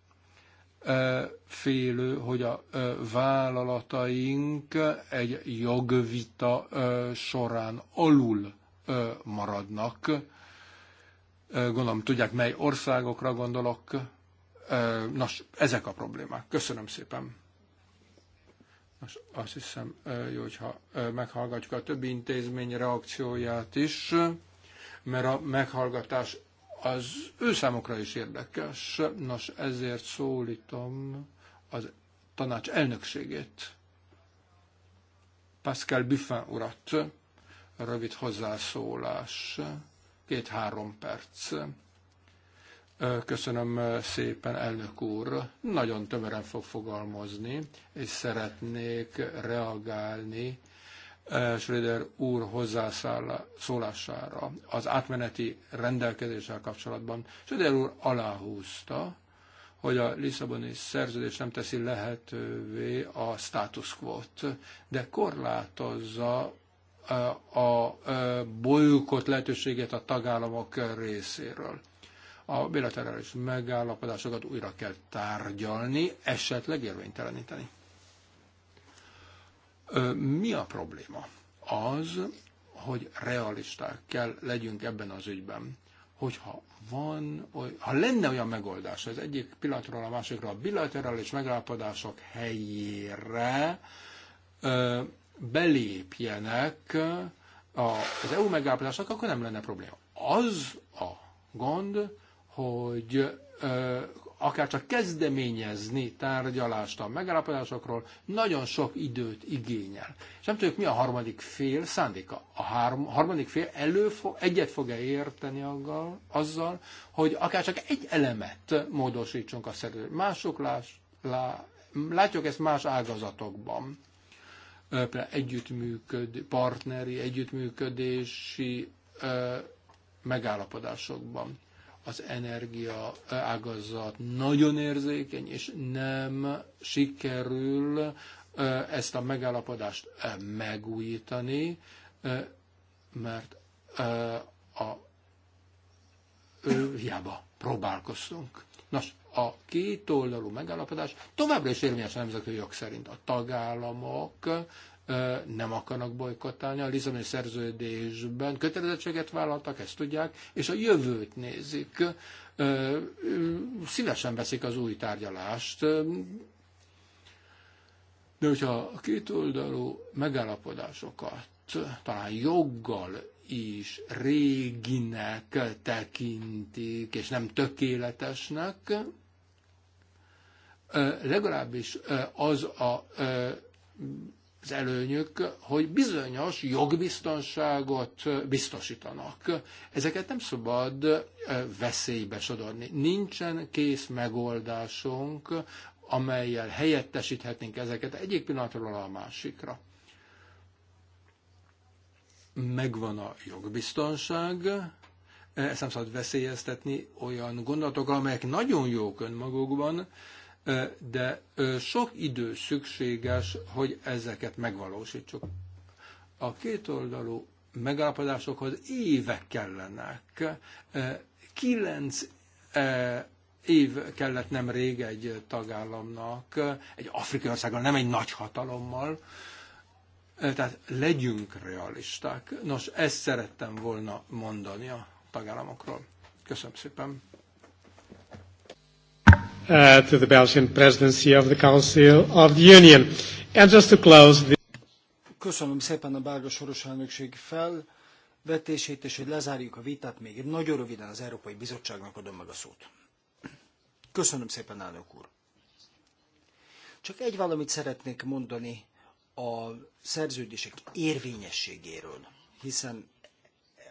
eh, félő, hogy a eh, vállalataink egy jogvita során alul maradnak. Gondolom, tudják, mely országokra gondolok Nos, ezek a problémák. Köszönöm szépen. Nos, azt hiszem, jó, hogyha meghallgatjuk a többi intézmény reakcióját is, mert a meghallgatás az ő számokra is érdekes. Nos, ezért szólítom az tanács elnökségét, Pascal Buffin urat, rövid hozzászólás, két-három perc. Köszönöm szépen, elnök úr. Nagyon tömören fog fogalmazni, és szeretnék reagálni Schröder úr hozzászólására az átmeneti rendelkezéssel kapcsolatban. Schröder úr aláhúzta, hogy a Lisszaboni szerződés nem teszi lehetővé a status quo-t, de korlátozza a bolykott lehetőséget a tagállamok részéről a bilaterális megállapodásokat újra kell tárgyalni, esetleg érvényteleníteni. Mi a probléma? Az, hogy realisták kell legyünk ebben az ügyben hogyha van, ha lenne olyan megoldás az egyik pillanatról a másikra, a bilaterális megállapodások helyére ö, belépjenek a, az EU megállapodások, akkor nem lenne probléma. Az a gond, hogy akár csak kezdeményezni tárgyalást a megállapodásokról, nagyon sok időt igényel. És nem tudjuk, mi a harmadik fél szándéka. A három, harmadik fél elő egyet fog-e érteni aggal, azzal, hogy akár csak egy elemet módosítsunk a szerződésben. Mások lás, lá, látjuk ezt más ágazatokban. Együttműköd, partneri, együttműködési megállapodásokban az energia ágazat nagyon érzékeny, és nem sikerül ezt a megállapodást megújítani, mert a hiába próbálkoztunk. Nos, a kétoldalú megállapodás továbbra is érvényes a nemzetközi jog szerint. A tagállamok nem akarnak bolykottálni. A Lizonai szerződésben kötelezettséget vállaltak, ezt tudják, és a jövőt nézik. Szívesen veszik az új tárgyalást. De hogyha a két oldalú megállapodásokat talán joggal is réginek tekintik, és nem tökéletesnek, legalábbis az a az előnyök, hogy bizonyos jogbiztonságot biztosítanak. Ezeket nem szabad veszélybe sodorni. Nincsen kész megoldásunk, amelyel helyettesíthetnénk ezeket egyik pillanatról a másikra. Megvan a jogbiztonság, ezt nem szabad veszélyeztetni olyan gondolatokkal, amelyek nagyon jók önmagukban, de sok idő szükséges, hogy ezeket megvalósítsuk. A kétoldalú megállapodásokhoz évek kellenek. Kilenc év kellett nem rég egy tagállamnak, egy afrikai országgal, nem egy nagy hatalommal, tehát legyünk realisták. Nos, ezt szerettem volna mondani a tagállamokról. Köszönöm szépen uh, to the Belgian presidency of the Council of the Union. And just to close the Köszönöm szépen a belga soros elnökség felvetését, és hogy lezárjuk a vitát, még nagyon röviden az Európai Bizottságnak adom meg a szót. Köszönöm szépen, elnök úr. Csak egy valamit szeretnék mondani a szerződések érvényességéről, hiszen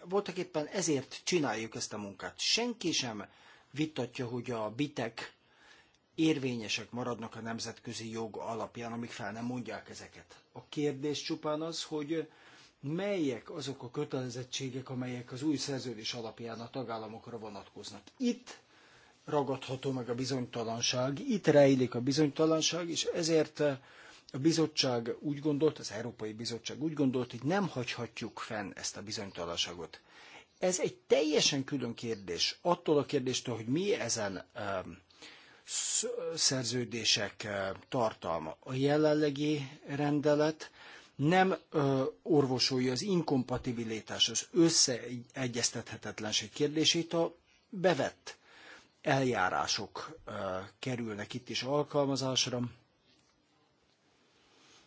voltak éppen ezért csináljuk ezt a munkát. Senki sem vitatja, hogy a bitek érvényesek maradnak a nemzetközi jog alapján, amik fel nem mondják ezeket. A kérdés csupán az, hogy melyek azok a kötelezettségek, amelyek az új szerződés alapján a tagállamokra vonatkoznak. Itt ragadható meg a bizonytalanság, itt rejlik a bizonytalanság, és ezért a bizottság úgy gondolt, az Európai Bizottság úgy gondolt, hogy nem hagyhatjuk fenn ezt a bizonytalanságot. Ez egy teljesen külön kérdés attól a kérdéstől, hogy mi ezen um, szerződések eh, tartalma. A jelenlegi rendelet nem orvosolja az inkompatibilitás, az összeegyeztethetetlenség kérdését, a bevett eljárások eh, kerülnek itt is alkalmazásra.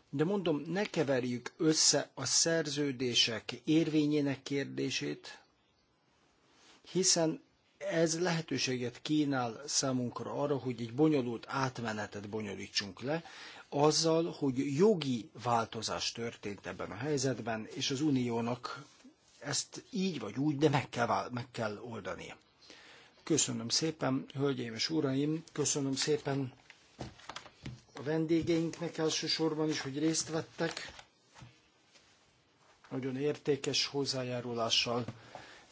De mondom, ne keverjük össze a szerződések érvényének kérdését, hiszen ez lehetőséget kínál számunkra arra, hogy egy bonyolult átmenetet bonyolítsunk le, azzal, hogy jogi változás történt ebben a helyzetben, és az uniónak ezt így vagy úgy, de meg kell, meg kell oldania. Köszönöm szépen, hölgyeim és uraim, köszönöm szépen a vendégeinknek elsősorban is, hogy részt vettek. Nagyon értékes hozzájárulással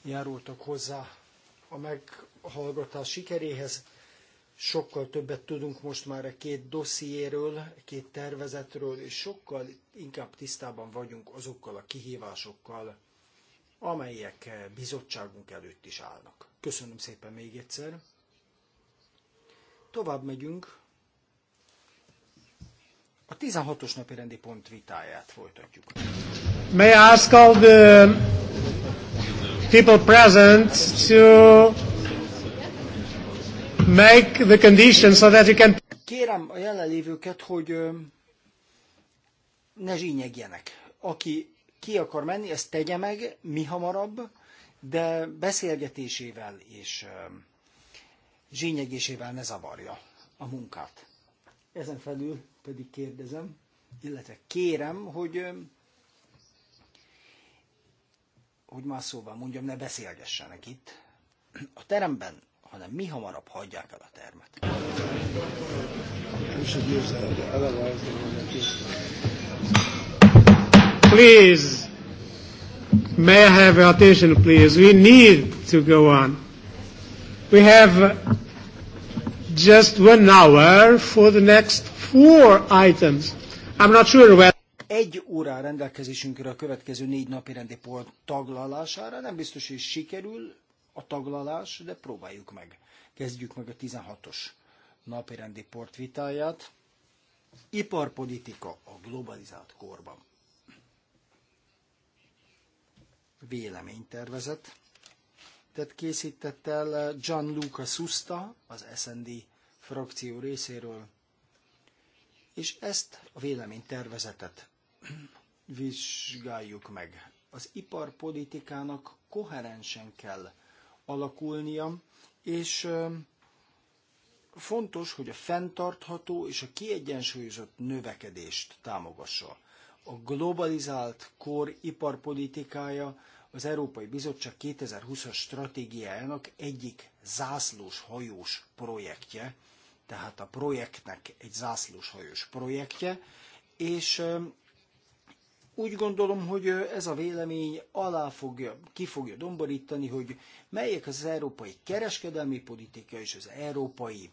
járultak hozzá a meghallgatás sikeréhez. Sokkal többet tudunk most már a két dossziéről, a két tervezetről, és sokkal inkább tisztában vagyunk azokkal a kihívásokkal, amelyek bizottságunk előtt is állnak. Köszönöm szépen még egyszer. Tovább megyünk. A 16-os napi rendi pont vitáját folytatjuk. May I ask all the people present to make the conditions so that you can... Kérem a jelenlévőket, hogy ne zsínyegjenek. Aki ki akar menni, ezt tegye meg, mi hamarabb, de beszélgetésével és zsínyegésével ne zavarja a munkát. Ezen felül pedig kérdezem, illetve kérem, hogy hogy más szóval mondjam, ne beszélgessenek itt a teremben, hanem mi hamarabb hagyják el a termet. Please, may I have attention, please? We need to go on. We have just one hour for the next four items. I'm not sure whether egy órá rendelkezésünkre a következő négy napi rendi pont taglalására. Nem biztos, hogy sikerül a taglalás, de próbáljuk meg. Kezdjük meg a 16-os napi rendi port vitáját. Iparpolitika a globalizált korban. Véleménytervezet. Tehát készített el Gianluca Susta, az SND frakció részéről, és ezt a véleménytervezetet vizsgáljuk meg. Az iparpolitikának koherensen kell alakulnia, és fontos, hogy a fenntartható és a kiegyensúlyozott növekedést támogassa. A globalizált kor iparpolitikája az Európai Bizottság 2020-as stratégiájának egyik zászlós hajós projektje, tehát a projektnek egy zászlós hajós projektje, és úgy gondolom, hogy ez a vélemény alá fogja, ki fogja domborítani, hogy melyek az európai kereskedelmi politika és az európai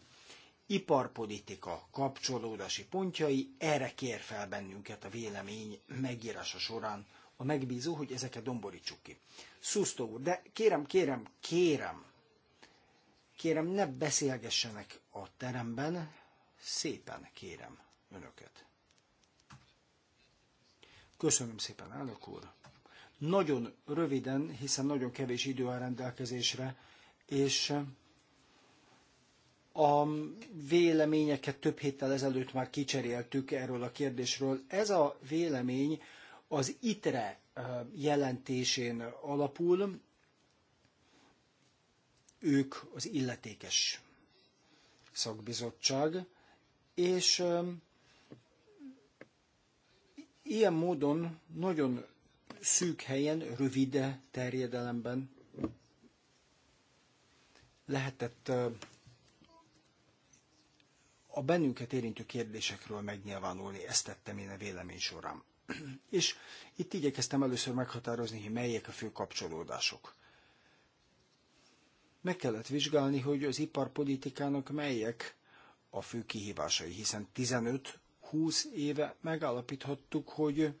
iparpolitika kapcsolódási pontjai, erre kér fel bennünket a vélemény megírása során a megbízó, hogy ezeket domborítsuk ki. Szusztó úr, de kérem, kérem, kérem, kérem, ne beszélgessenek a teremben, szépen kérem önöket. Köszönöm szépen, elnök úr. Nagyon röviden, hiszen nagyon kevés idő áll rendelkezésre, és eh, a véleményeket több héttel ezelőtt már kicseréltük erről a kérdésről. Ez a vélemény az ITRE eh, jelentésén alapul, ők az illetékes szakbizottság, és eh, Ilyen módon nagyon szűk helyen, rövide terjedelemben lehetett a bennünket érintő kérdésekről megnyilvánulni, ezt tettem én a vélemény során. [clears throat] És itt igyekeztem először meghatározni, hogy melyek a fő kapcsolódások. Meg kellett vizsgálni, hogy az iparpolitikának melyek a fő kihívásai, hiszen 15 húsz éve megállapíthattuk, hogy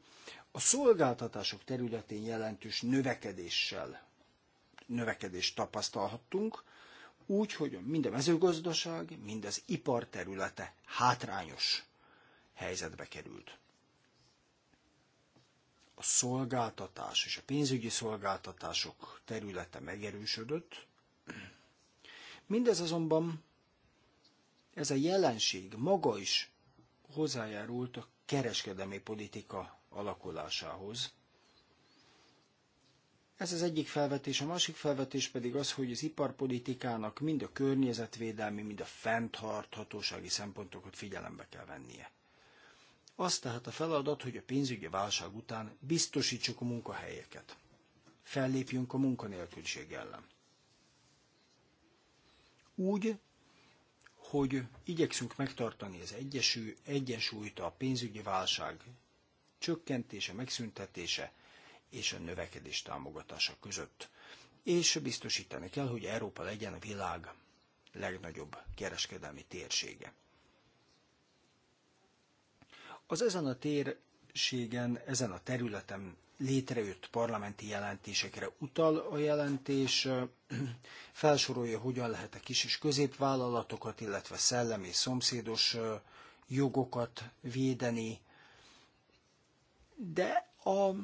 a szolgáltatások területén jelentős növekedéssel növekedést tapasztalhattunk, úgy, hogy mind a mezőgazdaság, mind az ipar területe hátrányos helyzetbe került. A szolgáltatás és a pénzügyi szolgáltatások területe megerősödött. Mindez azonban ez a jelenség maga is hozzájárult a kereskedelmi politika alakulásához. Ez az egyik felvetés, a másik felvetés pedig az, hogy az iparpolitikának mind a környezetvédelmi, mind a fenntarthatósági szempontokat figyelembe kell vennie. Az tehát a feladat, hogy a pénzügyi válság után biztosítsuk a munkahelyeket. Fellépjünk a munkanélküliség ellen. Úgy, hogy igyekszünk megtartani az egyesű, egyensúlyt a pénzügyi válság csökkentése, megszüntetése és a növekedés támogatása között. És biztosítani kell, hogy Európa legyen a világ legnagyobb kereskedelmi térsége. Az ezen a térségen, ezen a területen létrejött parlamenti jelentésekre utal a jelentés, felsorolja, hogyan lehet a kis és középvállalatokat, illetve szellemi és szomszédos jogokat védeni, de a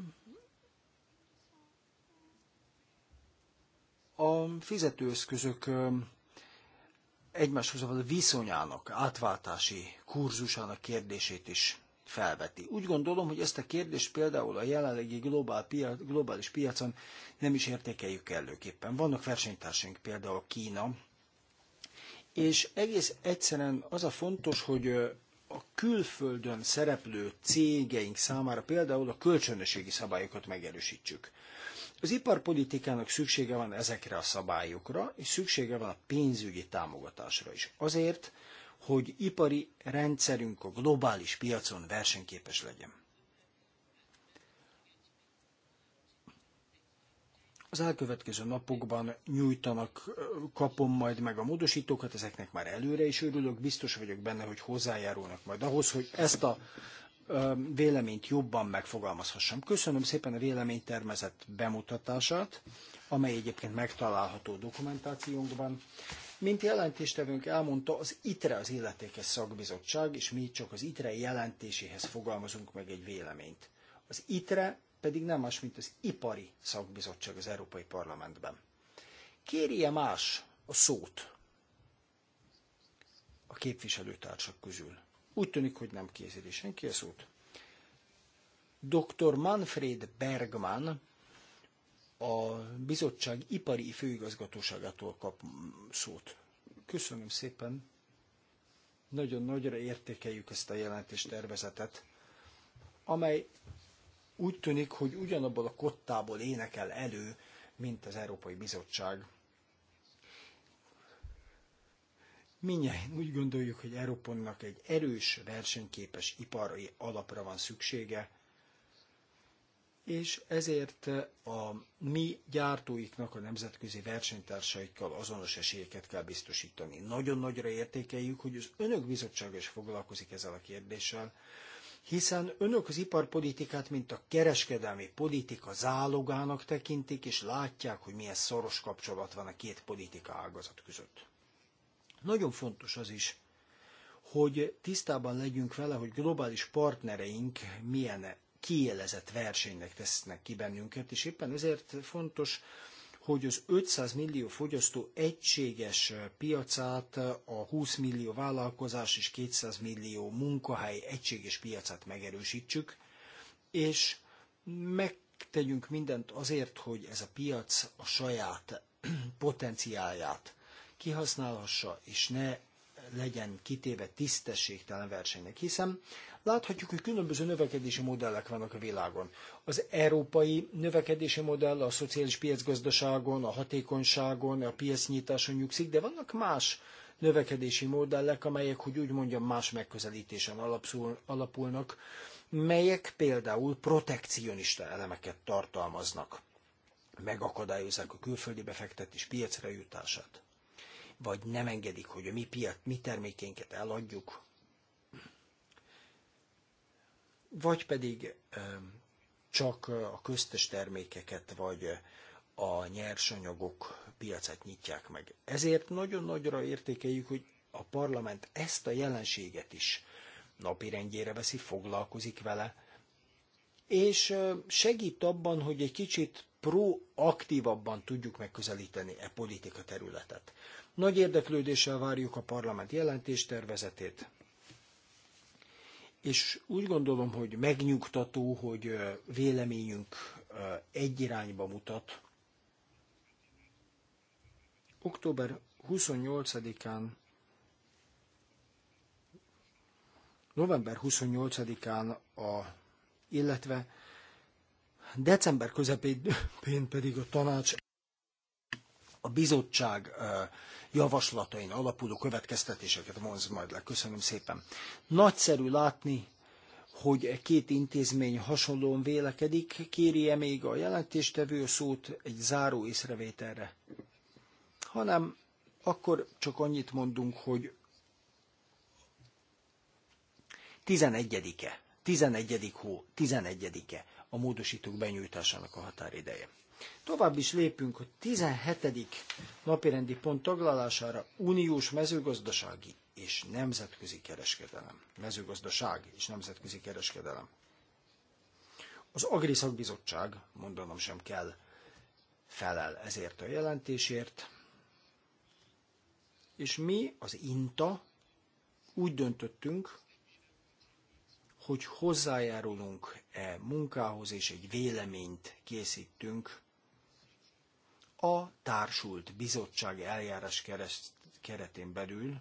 a fizetőeszközök egymáshoz való viszonyának, átváltási kurzusának kérdését is felveti. Úgy gondolom, hogy ezt a kérdést például a jelenlegi globál pia- globális piacon nem is értékeljük előképpen. Vannak versenytársaink, például Kína, és egész egyszerűen az a fontos, hogy a külföldön szereplő cégeink számára például a kölcsönösségi szabályokat megerősítsük. Az iparpolitikának szüksége van ezekre a szabályokra, és szüksége van a pénzügyi támogatásra is. Azért, hogy ipari rendszerünk a globális piacon versenyképes legyen. Az elkövetkező napokban nyújtanak, kapom majd meg a módosítókat, ezeknek már előre is örülök, biztos vagyok benne, hogy hozzájárulnak majd ahhoz, hogy ezt a véleményt jobban megfogalmazhassam. Köszönöm szépen a véleménytermezett bemutatását, amely egyébként megtalálható dokumentációnkban, mint jelentéstevünk elmondta, az ITRE az illetékes szakbizottság, és mi csak az ITRE jelentéséhez fogalmazunk meg egy véleményt. Az ITRE pedig nem más, mint az ipari szakbizottság az Európai Parlamentben. Kérje más a szót a képviselőtársak közül. Úgy tűnik, hogy nem készíti senki a szót. Dr. Manfred Bergman, a bizottság ipari főigazgatóságától kap szót. Köszönöm szépen. Nagyon nagyra értékeljük ezt a jelentést tervezetet, amely úgy tűnik, hogy ugyanabból a kottából énekel elő, mint az Európai Bizottság. Mindjárt úgy gondoljuk, hogy Európonnak egy erős, versenyképes ipari alapra van szüksége, és ezért a mi gyártóiknak a nemzetközi versenytársaikkal azonos esélyeket kell biztosítani. Nagyon nagyra értékeljük, hogy az önök bizottsága is foglalkozik ezzel a kérdéssel, hiszen önök az iparpolitikát, mint a kereskedelmi politika zálogának tekintik, és látják, hogy milyen szoros kapcsolat van a két politika ágazat között. Nagyon fontos az is, hogy tisztában legyünk vele, hogy globális partnereink milyen kielezett versenynek tesznek ki bennünket, és éppen ezért fontos, hogy az 500 millió fogyasztó egységes piacát, a 20 millió vállalkozás és 200 millió munkahely egységes piacát megerősítsük, és megtegyünk mindent azért, hogy ez a piac a saját potenciálját kihasználhassa, és ne legyen kitéve tisztességtelen versenynek, hiszen Láthatjuk, hogy különböző növekedési modellek vannak a világon. Az európai növekedési modell a szociális piacgazdaságon, a hatékonyságon, a piacnyitáson nyugszik, de vannak más növekedési modellek, amelyek, hogy úgy mondjam, más megközelítésen alapszul, alapulnak, melyek például protekcionista elemeket tartalmaznak. Megakadályozzák a külföldi befektetés piacra jutását, vagy nem engedik, hogy a mi, piac, mi termékénket eladjuk vagy pedig csak a köztes termékeket, vagy a nyersanyagok piacát nyitják meg. Ezért nagyon nagyra értékeljük, hogy a parlament ezt a jelenséget is napirendjére veszi, foglalkozik vele, és segít abban, hogy egy kicsit proaktívabban tudjuk megközelíteni e politika területet. Nagy érdeklődéssel várjuk a parlament jelentéstervezetét, és úgy gondolom, hogy megnyugtató, hogy véleményünk egy irányba mutat. Október 28-án november 28-án a, illetve december közepén pedig a tanács, a bizottság javaslatain alapuló következtetéseket vonz majd le. Köszönöm szépen. Nagyszerű látni, hogy e két intézmény hasonlóan vélekedik. Kérje még a jelentéstevő szót egy záró észrevételre. Hanem akkor csak annyit mondunk, hogy 11-e, 11. hó, 11-e a módosítók benyújtásának a határideje. Tovább is lépünk a 17. napirendi pont taglalására uniós mezőgazdasági és nemzetközi kereskedelem. Mezőgazdaság és nemzetközi kereskedelem. Az Agri Szakbizottság, mondanom sem kell, felel ezért a jelentésért, és mi, az INTA, úgy döntöttünk, hogy hozzájárulunk e munkához, és egy véleményt készítünk a társult bizottság eljárás kereszt, keretén belül.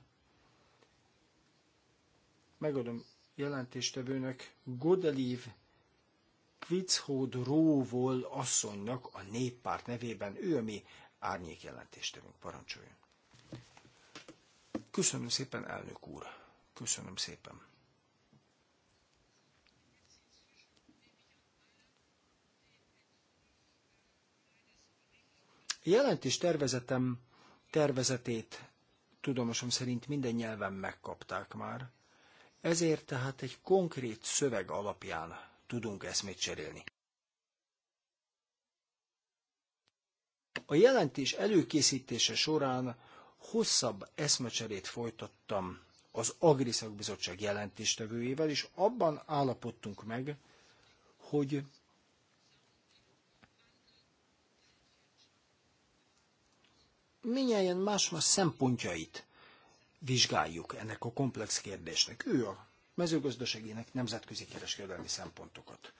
Megadom jelentéstevőnek Godeliv Kvichold Róvol asszonynak a néppárt nevében. Ő a mi árnyék jelentéstevünk. Parancsoljon. Köszönöm szépen, elnök úr. Köszönöm szépen. A jelentés tervezetem tervezetét tudomosom szerint minden nyelven megkapták már, ezért tehát egy konkrét szöveg alapján tudunk eszmét cserélni. A jelentés előkészítése során hosszabb eszmecserét folytattam az Agriszak Bizottság jelentéstevőjével, és abban állapodtunk meg, hogy minnyáján más-más szempontjait vizsgáljuk ennek a komplex kérdésnek. Ő a mezőgazdaságének nemzetközi kereskedelmi szempontokat.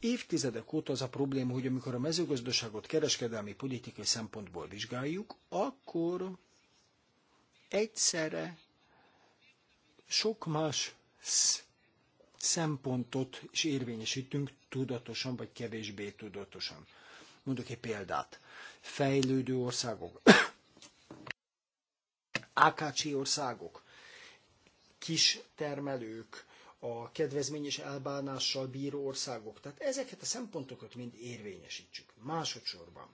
Évtizedek óta az a probléma, hogy amikor a mezőgazdaságot kereskedelmi politikai szempontból vizsgáljuk, akkor egyszerre sok más szempontot is érvényesítünk tudatosan vagy kevésbé tudatosan. Mondok egy példát. Fejlődő országok, [coughs] Ákácsi országok, kis termelők, a kedvezményes elbánással bíró országok. Tehát ezeket a szempontokat mind érvényesítsük. Másodszorban.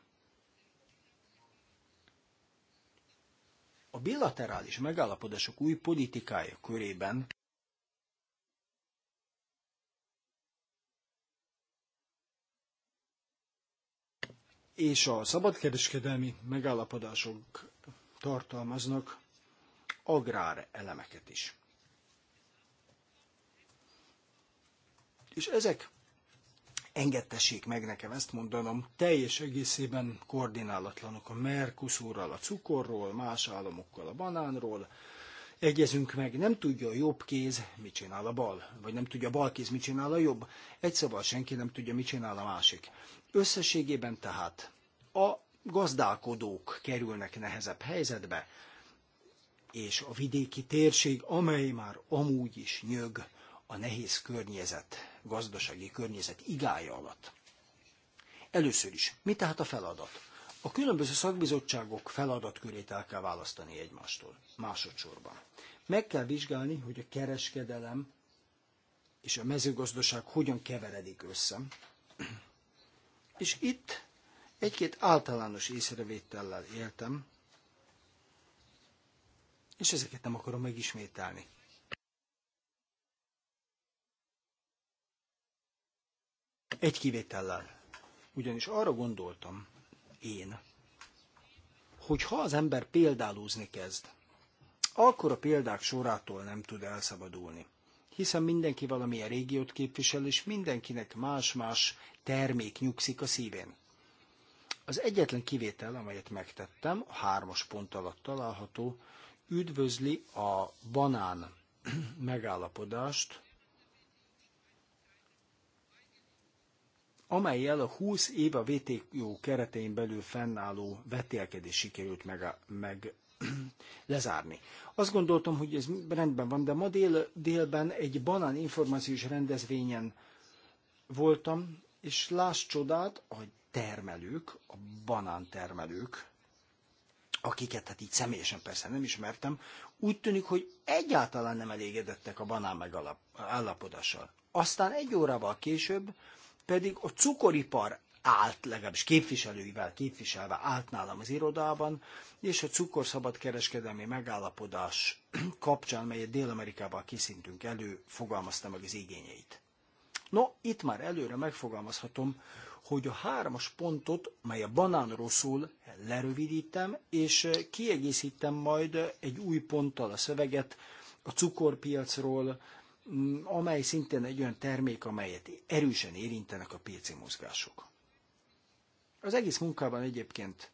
A bilaterális megállapodások új politikája körében és a szabadkereskedelmi megállapodások tartalmaznak agrár elemeket is. És ezek, engedtessék meg nekem ezt mondanom, teljes egészében koordinálatlanok a Mercosurral, a cukorról, más államokkal a banánról, egyezünk meg, nem tudja a jobb kéz, mit csinál a bal, vagy nem tudja a bal kéz, mit csinál a jobb. Egy szóval senki nem tudja, mit csinál a másik. Összességében tehát a gazdálkodók kerülnek nehezebb helyzetbe, és a vidéki térség, amely már amúgy is nyög a nehéz környezet, gazdasági környezet igája alatt. Először is, mi tehát a feladat? A különböző szakbizottságok feladatkörét el kell választani egymástól, másodszorban. Meg kell vizsgálni, hogy a kereskedelem és a mezőgazdaság hogyan keveredik össze, és itt egy-két általános észrevétellel éltem, és ezeket nem akarom megismételni. Egy kivétellel. Ugyanis arra gondoltam, én, hogy ha az ember példálózni kezd, akkor a példák sorától nem tud elszabadulni hiszen mindenki valamilyen régiót képvisel, és mindenkinek más-más termék nyugszik a szívén. Az egyetlen kivétel, amelyet megtettem, a hármas pont alatt található, üdvözli a banán [clears throat] megállapodást, amelyel a 20 év a VTO keretein belül fennálló vetélkedés sikerült meg, [clears throat] lezárni. Azt gondoltam, hogy ez rendben van, de ma dél, délben egy banán információs rendezvényen voltam, és láss csodát, a termelők, a termelők, akiket hát így személyesen persze nem ismertem, úgy tűnik, hogy egyáltalán nem elégedettek a banán megállapodással. Aztán egy órával később pedig a cukoripar állt, legalábbis képviselőivel képviselve állt nálam az irodában, és a cukorszabad kereskedelmi megállapodás [clears throat] kapcsán, melyet Dél-Amerikában készítünk elő, fogalmazta meg az igényeit. No, itt már előre megfogalmazhatom, hogy a hármas pontot, mely a banánról szól, lerövidítem, és kiegészítem majd egy új ponttal a szöveget a cukorpiacról, mm, amely szintén egy olyan termék, amelyet erősen érintenek a piaci mozgások. Az egész munkában egyébként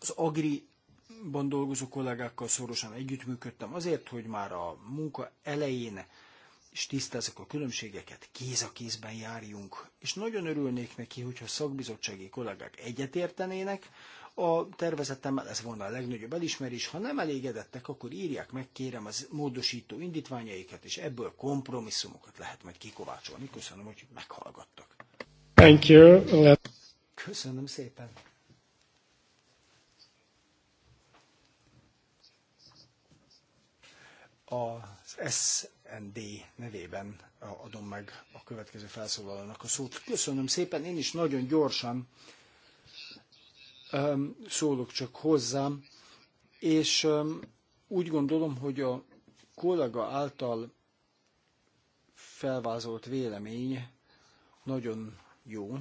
az Agri-ban dolgozó kollégákkal szorosan együttműködtem azért, hogy már a munka elején és tisztázzuk a különbségeket, kéz a kézben járjunk. És nagyon örülnék neki, hogyha szakbizottsági kollégák egyetértenének, a tervezetemmel ez volna a legnagyobb elismerés, ha nem elégedettek, akkor írják meg, kérem az módosító indítványaikat, és ebből kompromisszumokat lehet majd kikovácsolni. Köszönöm, hogy meghallgattak. Thank you. Köszönöm szépen. Az SND nevében adom meg a következő felszólalónak a szót. Köszönöm szépen, én is nagyon gyorsan um, szólok csak hozzám, és um, úgy gondolom, hogy a kollega által felvázolt vélemény nagyon jó,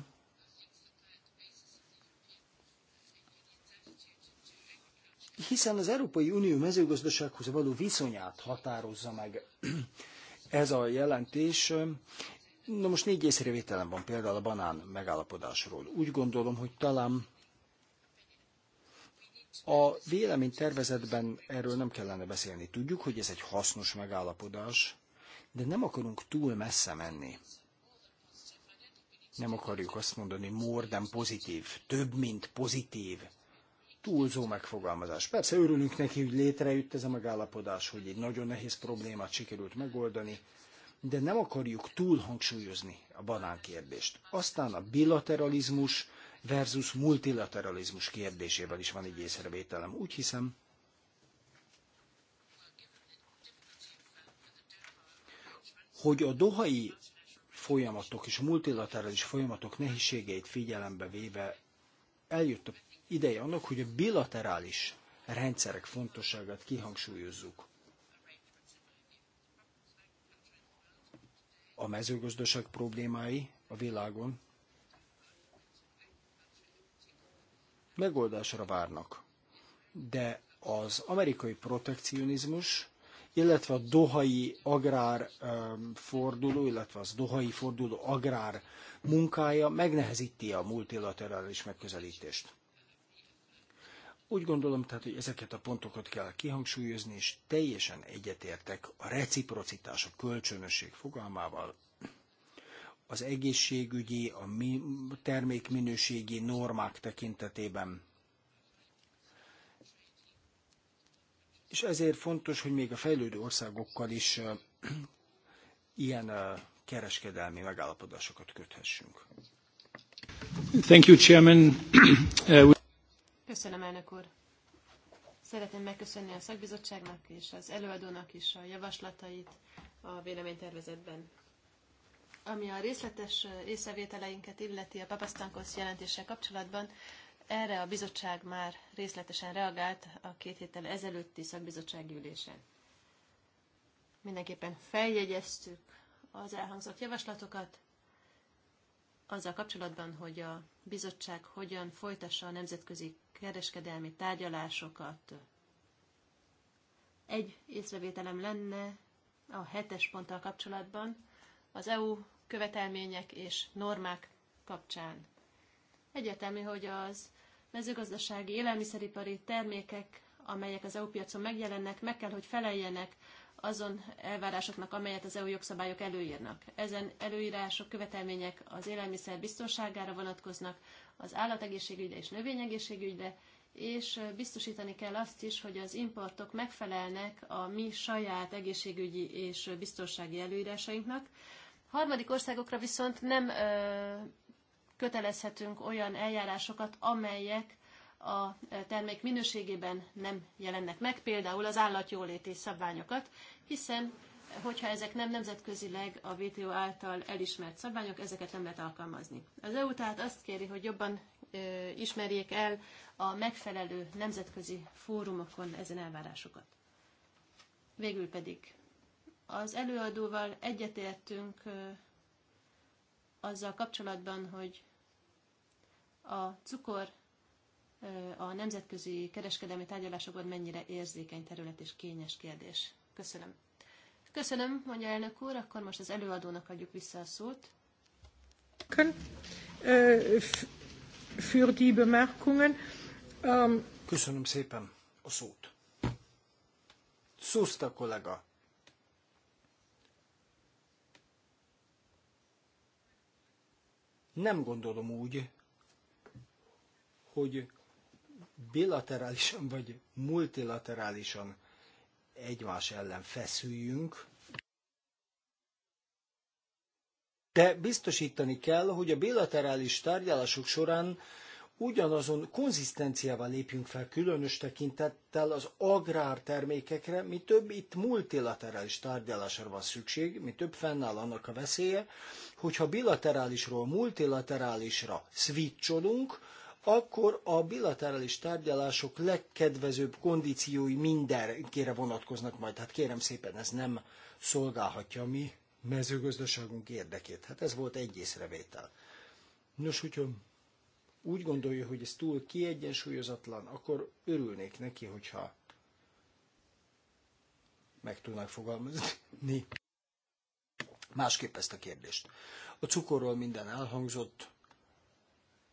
hiszen az Európai Unió mezőgazdasághoz való viszonyát határozza meg [clears throat] ez a jelentés. Na most négy észrevételem van például a banán megállapodásról. Úgy gondolom, hogy talán a véleménytervezetben erről nem kellene beszélni. Tudjuk, hogy ez egy hasznos megállapodás, de nem akarunk túl messze menni. Nem akarjuk azt mondani more than pozitív, több, mint pozitív. Túlzó megfogalmazás. Persze örülünk neki, hogy létrejött ez a megállapodás, hogy egy nagyon nehéz problémát sikerült megoldani, de nem akarjuk túl hangsúlyozni a banán kérdést. Aztán a bilateralizmus versus multilateralizmus kérdésével is van egy észrevételem. Úgy hiszem, hogy a dohai folyamatok és a multilaterális folyamatok nehézségeit figyelembe véve eljött a ideje annak, hogy a bilaterális rendszerek fontosságát kihangsúlyozzuk. A mezőgazdaság problémái a világon megoldásra várnak, de az amerikai protekcionizmus illetve a dohai agrár forduló, illetve az dohai forduló agrár munkája megnehezíti a multilaterális megközelítést. Úgy gondolom tehát, hogy ezeket a pontokat kell kihangsúlyozni, és teljesen egyetértek a reciprocitás, a kölcsönösség fogalmával, az egészségügyi, a termékminőségi normák tekintetében és ezért fontos, hogy még a fejlődő országokkal is [clears throat] ilyen kereskedelmi megállapodásokat köthessünk. Thank you, Chairman. [clears throat] Uh, Köszönöm, elnök úr. Szeretném megköszönni a szakbizottságnak és az előadónak is a javaslatait a véleménytervezetben. Ami a részletes észrevételeinket illeti a papasztankosz jelentése kapcsolatban, erre a bizottság már részletesen reagált a két héttel ezelőtti szakbizottsági ülésen. Mindenképpen feljegyeztük az elhangzott javaslatokat, azzal kapcsolatban, hogy a bizottság hogyan folytassa a nemzetközi kereskedelmi tárgyalásokat. Egy észrevételem lenne a hetes ponttal kapcsolatban az EU követelmények és normák kapcsán. Egyértelmű, hogy az mezőgazdasági, élelmiszeripari termékek, amelyek az EU piacon megjelennek, meg kell, hogy feleljenek azon elvárásoknak, amelyet az EU jogszabályok előírnak. Ezen előírások, követelmények az élelmiszer biztonságára vonatkoznak, az állategészségügyre és növényegészségügyre, és biztosítani kell azt is, hogy az importok megfelelnek a mi saját egészségügyi és biztonsági előírásainknak. Harmadik országokra viszont nem kötelezhetünk olyan eljárásokat, amelyek a termék minőségében nem jelennek meg, például az állatjóléti szabványokat, hiszen hogyha ezek nem nemzetközileg a WTO által elismert szabványok, ezeket nem lehet alkalmazni. Az EU tehát azt kéri, hogy jobban ö, ismerjék el a megfelelő nemzetközi fórumokon ezen elvárásokat. Végül pedig az előadóval egyetértünk ö, azzal kapcsolatban, hogy a cukor a nemzetközi kereskedelmi tárgyalásokban mennyire érzékeny terület és kényes kérdés. Köszönöm. Köszönöm, mondja elnök úr, akkor most az előadónak adjuk vissza a szót. Ähm, Köszönöm szépen a szót. Szuszta kollega. Nem gondolom úgy, hogy bilaterálisan vagy multilaterálisan egymás ellen feszüljünk, de biztosítani kell, hogy a bilaterális tárgyalások során ugyanazon konzisztenciával lépjünk fel különös tekintettel az agrártermékekre, mi több itt multilaterális tárgyalásra van szükség, mi több fennáll annak a veszélye, hogyha bilaterálisról multilaterálisra switcholunk, akkor a bilaterális tárgyalások legkedvezőbb kondíciói mindenkire vonatkoznak majd. Hát kérem szépen, ez nem szolgálhatja a mi mezőgazdaságunk érdekét. Hát ez volt egy észrevétel. Nos, hogyha úgy gondolja, hogy ez túl kiegyensúlyozatlan, akkor örülnék neki, hogyha meg tudnak fogalmazni másképp ezt a kérdést. A cukorról minden elhangzott,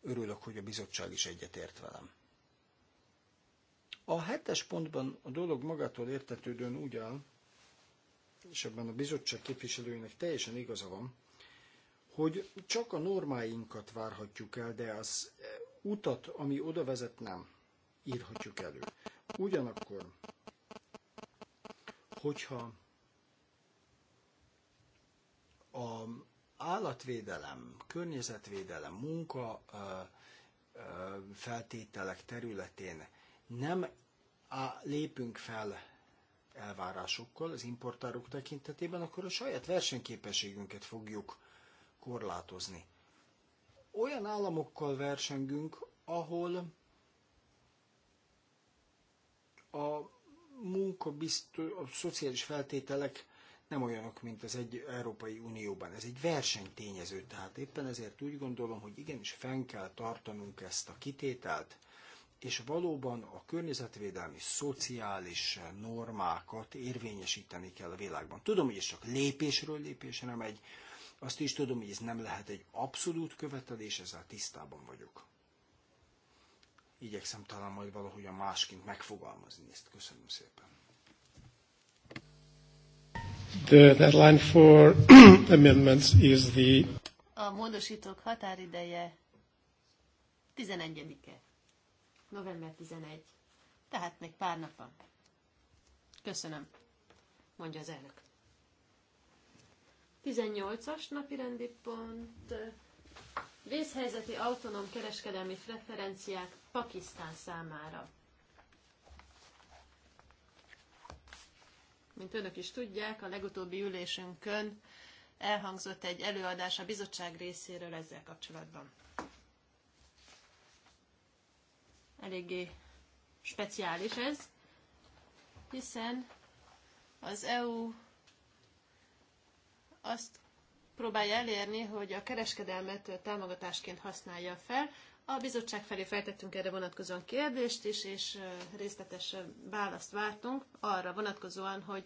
Örülök, hogy a bizottság is egyetért velem. A hetes pontban a dolog magától értetődően úgy áll, és ebben a bizottság képviselőinek teljesen igaza van, hogy csak a normáinkat várhatjuk el, de az utat, ami oda vezet, nem írhatjuk elő. Ugyanakkor, hogyha a állatvédelem, környezetvédelem, munka feltételek területén nem á, lépünk fel elvárásokkal az importárok tekintetében, akkor a saját versenyképességünket fogjuk korlátozni. Olyan államokkal versengünk, ahol a munkabiztos, a szociális feltételek nem olyanok, mint az egy Európai Unióban. Ez egy versenytényező, tehát éppen ezért úgy gondolom, hogy igenis fenn kell tartanunk ezt a kitételt, és valóban a környezetvédelmi, szociális normákat érvényesíteni kell a világban. Tudom, hogy ez csak lépésről lépésre megy, azt is tudom, hogy ez nem lehet egy abszolút követelés, ezzel tisztában vagyok. Igyekszem talán majd valahogy a másként megfogalmazni ezt. Köszönöm szépen. The deadline for [clears throat] amendments is the... A módosítók határideje 11-e. November 11. Tehát még pár nap van. Köszönöm, mondja az elnök. 18-as napi rendi pont. Vészhelyzeti autonóm kereskedelmi preferenciák Pakisztán számára. Mint önök is tudják, a legutóbbi ülésünkön elhangzott egy előadás a bizottság részéről ezzel kapcsolatban. Eléggé speciális ez, hiszen az EU azt próbálja elérni, hogy a kereskedelmet támogatásként használja fel, a bizottság felé feltettünk erre vonatkozóan kérdést is, és részletes választ vártunk arra vonatkozóan, hogy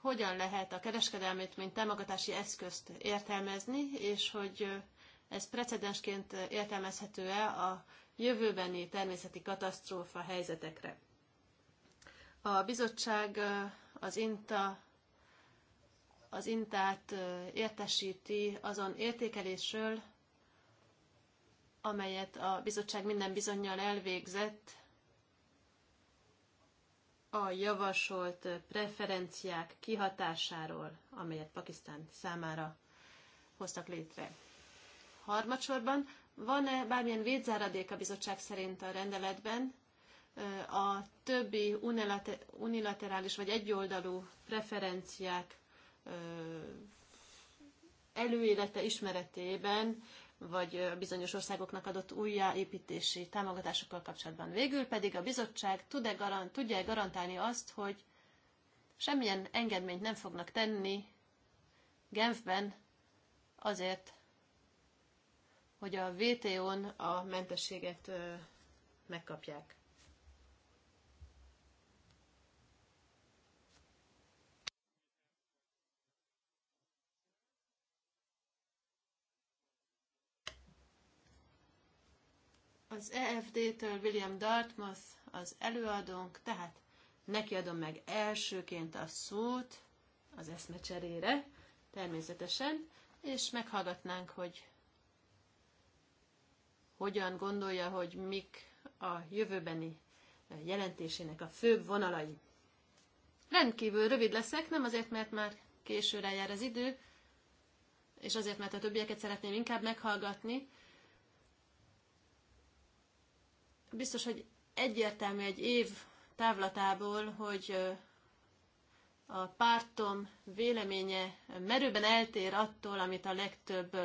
hogyan lehet a kereskedelmét, mint támogatási eszközt értelmezni, és hogy ez precedensként értelmezhető-e a jövőbeni természeti katasztrófa helyzetekre. A bizottság az INTA az intát értesíti azon értékelésről, amelyet a bizottság minden bizonyal elvégzett a javasolt preferenciák kihatásáról, amelyet Pakisztán számára hoztak létre. Harmadsorban, van-e bármilyen védzáradék a bizottság szerint a rendeletben a többi unilaterális vagy egyoldalú preferenciák előélete ismeretében vagy bizonyos országoknak adott újjáépítési támogatásokkal kapcsolatban. Végül pedig a bizottság tud-e garant, tudja-e garantálni azt, hogy semmilyen engedményt nem fognak tenni Genfben azért, hogy a VTO-n a mentességet megkapják. Az EFD-től William Dartmouth az előadónk, tehát neki adom meg elsőként a szót az eszmecserére, természetesen, és meghallgatnánk, hogy hogyan gondolja, hogy mik a jövőbeni jelentésének a főbb vonalai. Rendkívül rövid leszek, nem azért, mert már későre jár az idő, és azért, mert a többieket szeretném inkább meghallgatni, biztos, hogy egyértelmű egy év távlatából, hogy a pártom véleménye merőben eltér attól, amit a legtöbb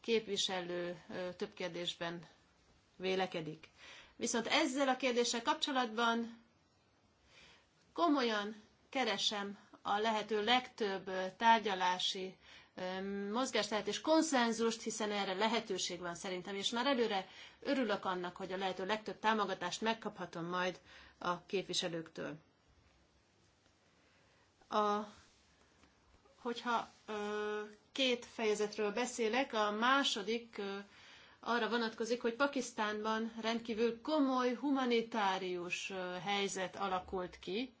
képviselő több kérdésben vélekedik. Viszont ezzel a kérdéssel kapcsolatban komolyan keresem a lehető legtöbb tárgyalási lehet, és konszenzust, hiszen erre lehetőség van szerintem, és már előre örülök annak, hogy a lehető legtöbb támogatást megkaphatom majd a képviselőktől. A, hogyha ö, két fejezetről beszélek, a második ö, arra vonatkozik, hogy Pakisztánban rendkívül komoly humanitárius helyzet alakult ki.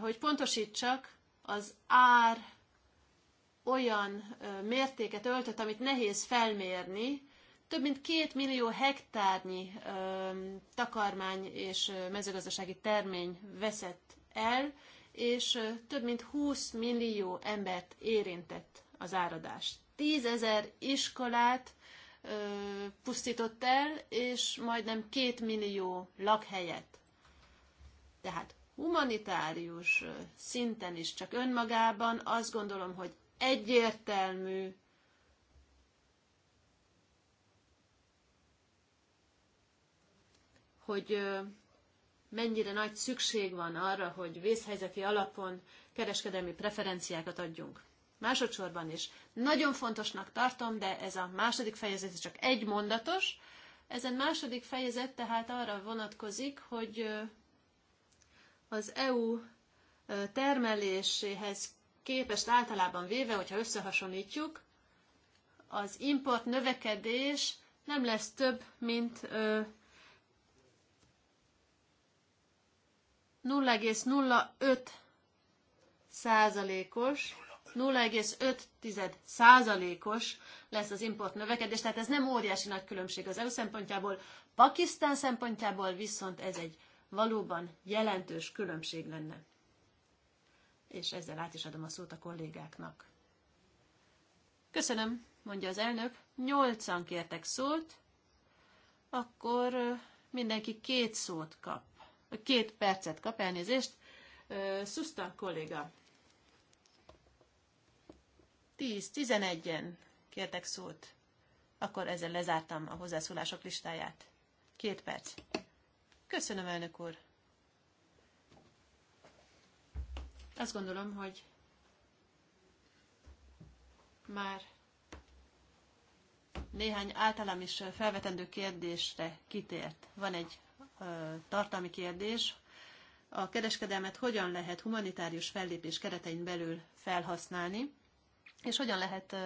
Hogy pontosítsak, az ár olyan mértéket öltött, amit nehéz felmérni. Több mint két millió hektárnyi takarmány és mezőgazdasági termény veszett el, és több mint 20 millió embert érintett az áradás. Tízezer iskolát ö, pusztított el, és majdnem két millió lakhelyet. Tehát humanitárius szinten is csak önmagában azt gondolom, hogy egyértelmű hogy mennyire nagy szükség van arra, hogy vészhelyzeti alapon kereskedelmi preferenciákat adjunk. Másodszorban is. Nagyon fontosnak tartom, de ez a második fejezet csak egy mondatos. Ezen második fejezet tehát arra vonatkozik, hogy az EU termeléséhez képest általában véve, hogyha összehasonlítjuk, az import növekedés nem lesz több, mint 0,05 százalékos, 0,5 százalékos lesz az import növekedés, tehát ez nem óriási nagy különbség az EU szempontjából, Pakisztán szempontjából viszont ez egy valóban jelentős különbség lenne és ezzel át is adom a szót a kollégáknak. Köszönöm, mondja az elnök. Nyolcan kértek szót, akkor mindenki két szót kap. Két percet kap, elnézést. Szuszta kolléga. 10-11-en kértek szót. Akkor ezzel lezártam a hozzászólások listáját. Két perc. Köszönöm, elnök úr. Azt gondolom, hogy már néhány általam is felvetendő kérdésre kitért. Van egy ö, tartalmi kérdés, a kereskedelmet hogyan lehet humanitárius fellépés keretein belül felhasználni, és hogyan lehet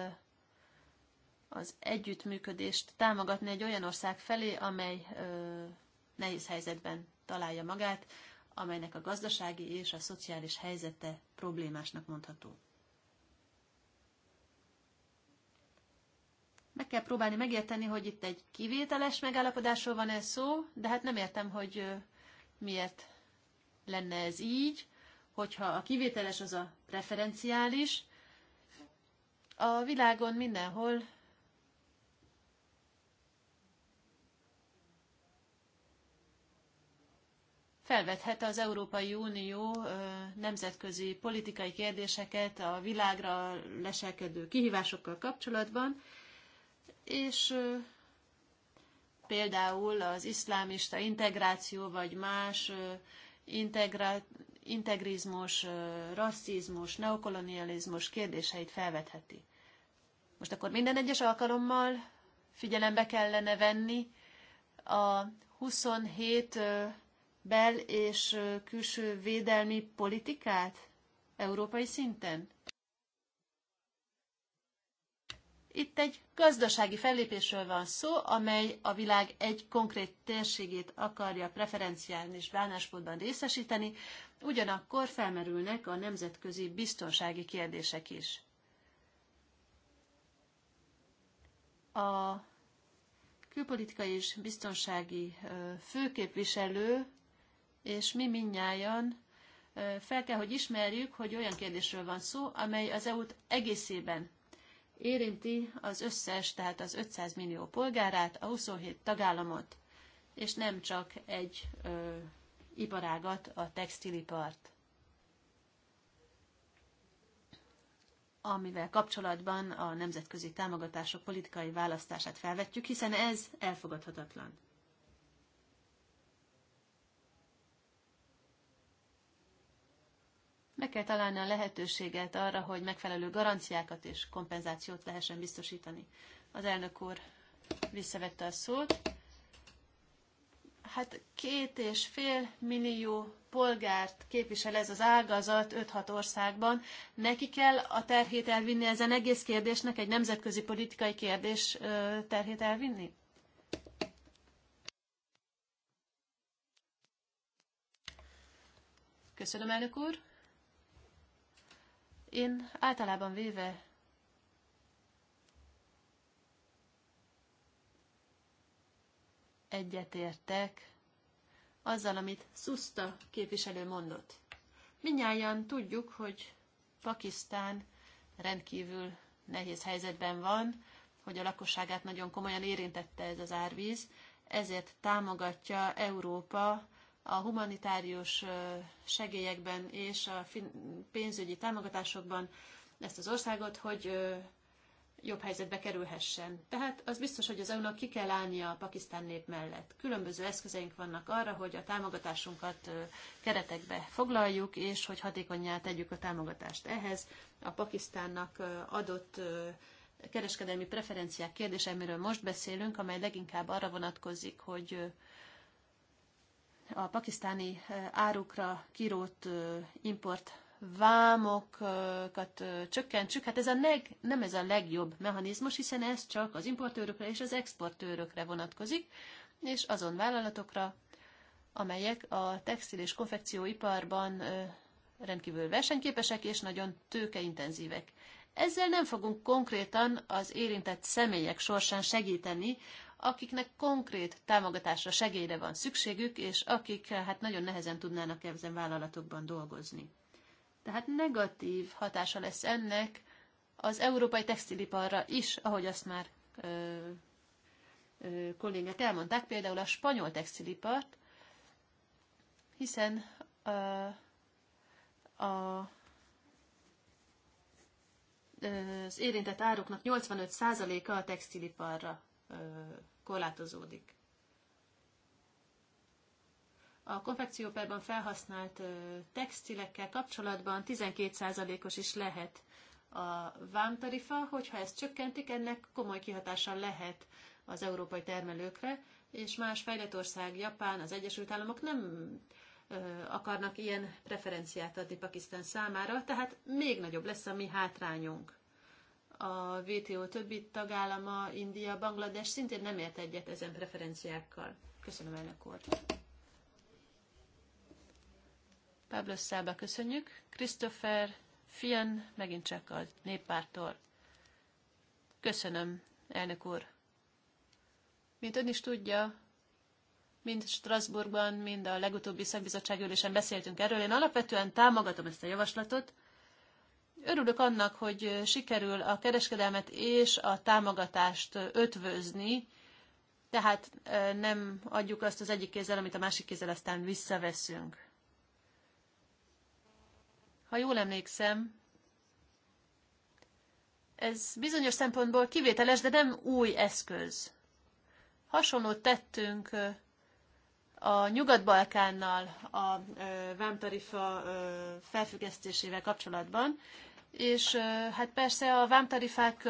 az együttműködést támogatni egy olyan ország felé, amely nehéz helyzetben találja magát amelynek a gazdasági és a szociális helyzete problémásnak mondható. Meg kell próbálni megérteni, hogy itt egy kivételes megállapodásról van ez szó, de hát nem értem, hogy miért lenne ez így, hogyha a kivételes az a preferenciális. A világon mindenhol felvethet az Európai Unió nemzetközi politikai kérdéseket a világra leselkedő kihívásokkal kapcsolatban, és például az iszlámista integráció vagy más integra- integrizmus, rasszizmus, neokolonializmus kérdéseit felvetheti. Most akkor minden egyes alkalommal figyelembe kellene venni a 27 bel- és külső védelmi politikát európai szinten? Itt egy gazdasági fellépésről van szó, amely a világ egy konkrét térségét akarja preferenciális bánásmódban részesíteni, ugyanakkor felmerülnek a nemzetközi biztonsági kérdések is. A külpolitikai és biztonsági főképviselő és mi mindnyájan fel kell, hogy ismerjük, hogy olyan kérdésről van szó, amely az EU-t egészében érinti az összes, tehát az 500 millió polgárát, a 27 tagállamot, és nem csak egy ö, iparágat, a textilipart. amivel kapcsolatban a nemzetközi támogatások politikai választását felvetjük, hiszen ez elfogadhatatlan. Meg kell találni a lehetőséget arra, hogy megfelelő garanciákat és kompenzációt lehessen biztosítani. Az elnök úr visszavette a szót. Hát két és fél millió polgárt képvisel ez az ágazat 5-6 országban. Neki kell a terhét elvinni ezen egész kérdésnek, egy nemzetközi politikai kérdés terhét elvinni? Köszönöm, elnök úr. Én általában véve egyetértek azzal, amit Szuszta képviselő mondott. Minnyáján tudjuk, hogy Pakisztán rendkívül nehéz helyzetben van, hogy a lakosságát nagyon komolyan érintette ez az árvíz, ezért támogatja Európa a humanitárius segélyekben és a pénzügyi támogatásokban ezt az országot, hogy jobb helyzetbe kerülhessen. Tehát az biztos, hogy az EU-nak ki kell állnia a Pakisztán nép mellett. Különböző eszközeink vannak arra, hogy a támogatásunkat keretekbe foglaljuk, és hogy hatékonyá tegyük a támogatást ehhez. A Pakisztánnak adott kereskedelmi preferenciák kérdése, amiről most beszélünk, amely leginkább arra vonatkozik, hogy a pakisztáni árukra kirót import vámokat csökkentsük, hát ez a leg, nem ez a legjobb mechanizmus, hiszen ez csak az importőrökre és az exportőrökre vonatkozik, és azon vállalatokra, amelyek a textil és konfekcióiparban rendkívül versenyképesek és nagyon tőkeintenzívek. Ezzel nem fogunk konkrétan az érintett személyek sorsán segíteni, akiknek konkrét támogatásra, segélyre van szükségük, és akik hát nagyon nehezen tudnának ezen vállalatokban dolgozni. Tehát negatív hatása lesz ennek az európai textiliparra is, ahogy azt már ö, ö, kollégák elmondták, például a spanyol textilipart, hiszen ö, a az érintett áruknak 85%-a a textiliparra korlátozódik. A konfekcióperben felhasznált textilekkel kapcsolatban 12%-os is lehet a vámtarifa, hogyha ezt csökkentik, ennek komoly kihatással lehet az európai termelőkre, és más fejlett ország, Japán, az Egyesült Államok nem akarnak ilyen preferenciát adni Pakisztán számára, tehát még nagyobb lesz a mi hátrányunk a WTO többi tagállama, India, Banglades szintén nem ért egyet ezen preferenciákkal. Köszönöm, elnök úr. Pablo Szába köszönjük. Christopher Fian, megint csak a néppártól. Köszönöm, elnök úr. Mint ön is tudja, mind Strasbourgban, mind a legutóbbi szakbizottságülésen beszéltünk erről. Én alapvetően támogatom ezt a javaslatot, Örülök annak, hogy sikerül a kereskedelmet és a támogatást ötvözni, tehát nem adjuk azt az egyik kézzel, amit a másik kézzel aztán visszaveszünk. Ha jól emlékszem, ez bizonyos szempontból kivételes, de nem új eszköz. Hasonlót tettünk a Nyugat-Balkánnal a vámtarifa felfüggesztésével kapcsolatban, és hát persze a vámtarifák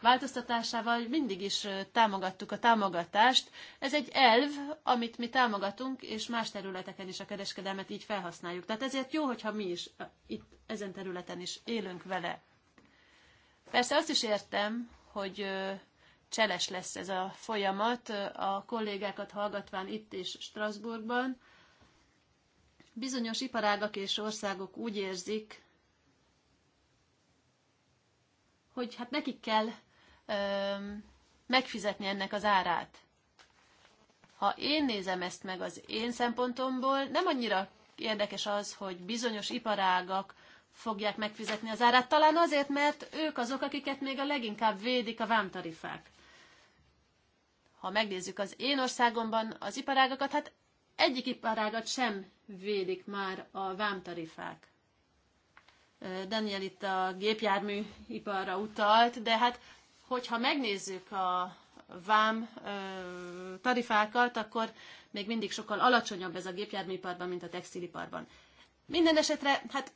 változtatásával mindig is támogattuk a támogatást. Ez egy elv, amit mi támogatunk, és más területeken is a kereskedelmet így felhasználjuk. Tehát ezért jó, hogyha mi is itt ezen területen is élünk vele. Persze azt is értem, hogy cseles lesz ez a folyamat, a kollégákat hallgatván itt és Strasbourgban. Bizonyos iparágak és országok úgy érzik, hogy hát nekik kell ö, megfizetni ennek az árát. Ha én nézem ezt meg az én szempontomból, nem annyira érdekes az, hogy bizonyos iparágak fogják megfizetni az árát, talán azért, mert ők azok, akiket még a leginkább védik a vámtarifák. Ha megnézzük az én országomban az iparágakat, hát egyik iparágat sem védik már a vámtarifák. Daniel itt a iparra utalt, de hát hogyha megnézzük a vám tarifákat, akkor még mindig sokkal alacsonyabb ez a gépjárműiparban, mint a textiliparban. Minden esetre, hát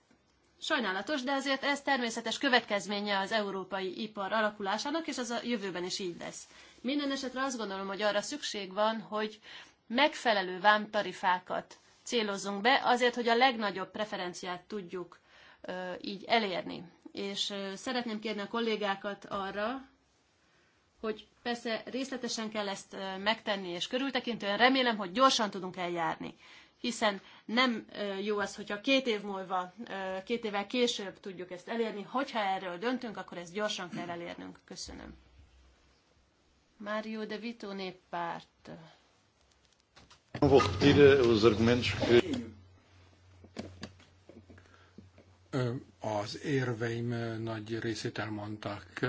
sajnálatos, de azért ez természetes következménye az európai ipar alakulásának, és az a jövőben is így lesz. Minden esetre azt gondolom, hogy arra szükség van, hogy megfelelő vámtarifákat célozzunk be, azért, hogy a legnagyobb preferenciát tudjuk így elérni. És szeretném kérni a kollégákat arra, hogy persze részletesen kell ezt megtenni, és körültekintően remélem, hogy gyorsan tudunk eljárni. Hiszen nem jó az, hogyha két év múlva, két évvel később tudjuk ezt elérni. Hogyha erről döntünk, akkor ezt gyorsan kell elérnünk. Köszönöm. Mário De Vito néppárt. Vou repetir eh, os argumentos que az érveim nagy részét elmondták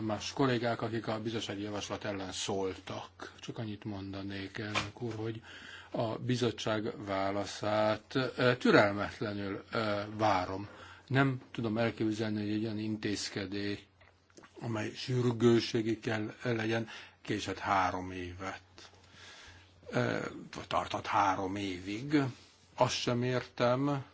más kollégák, akik a bizottsági javaslat ellen szóltak. Csak annyit mondanék, elnök úr, hogy a bizottság válaszát türelmetlenül várom. Nem tudom elképzelni, hogy egy olyan intézkedés, amely sürgőségi kell legyen, késett három évet, vagy tartott három évig. Azt sem értem,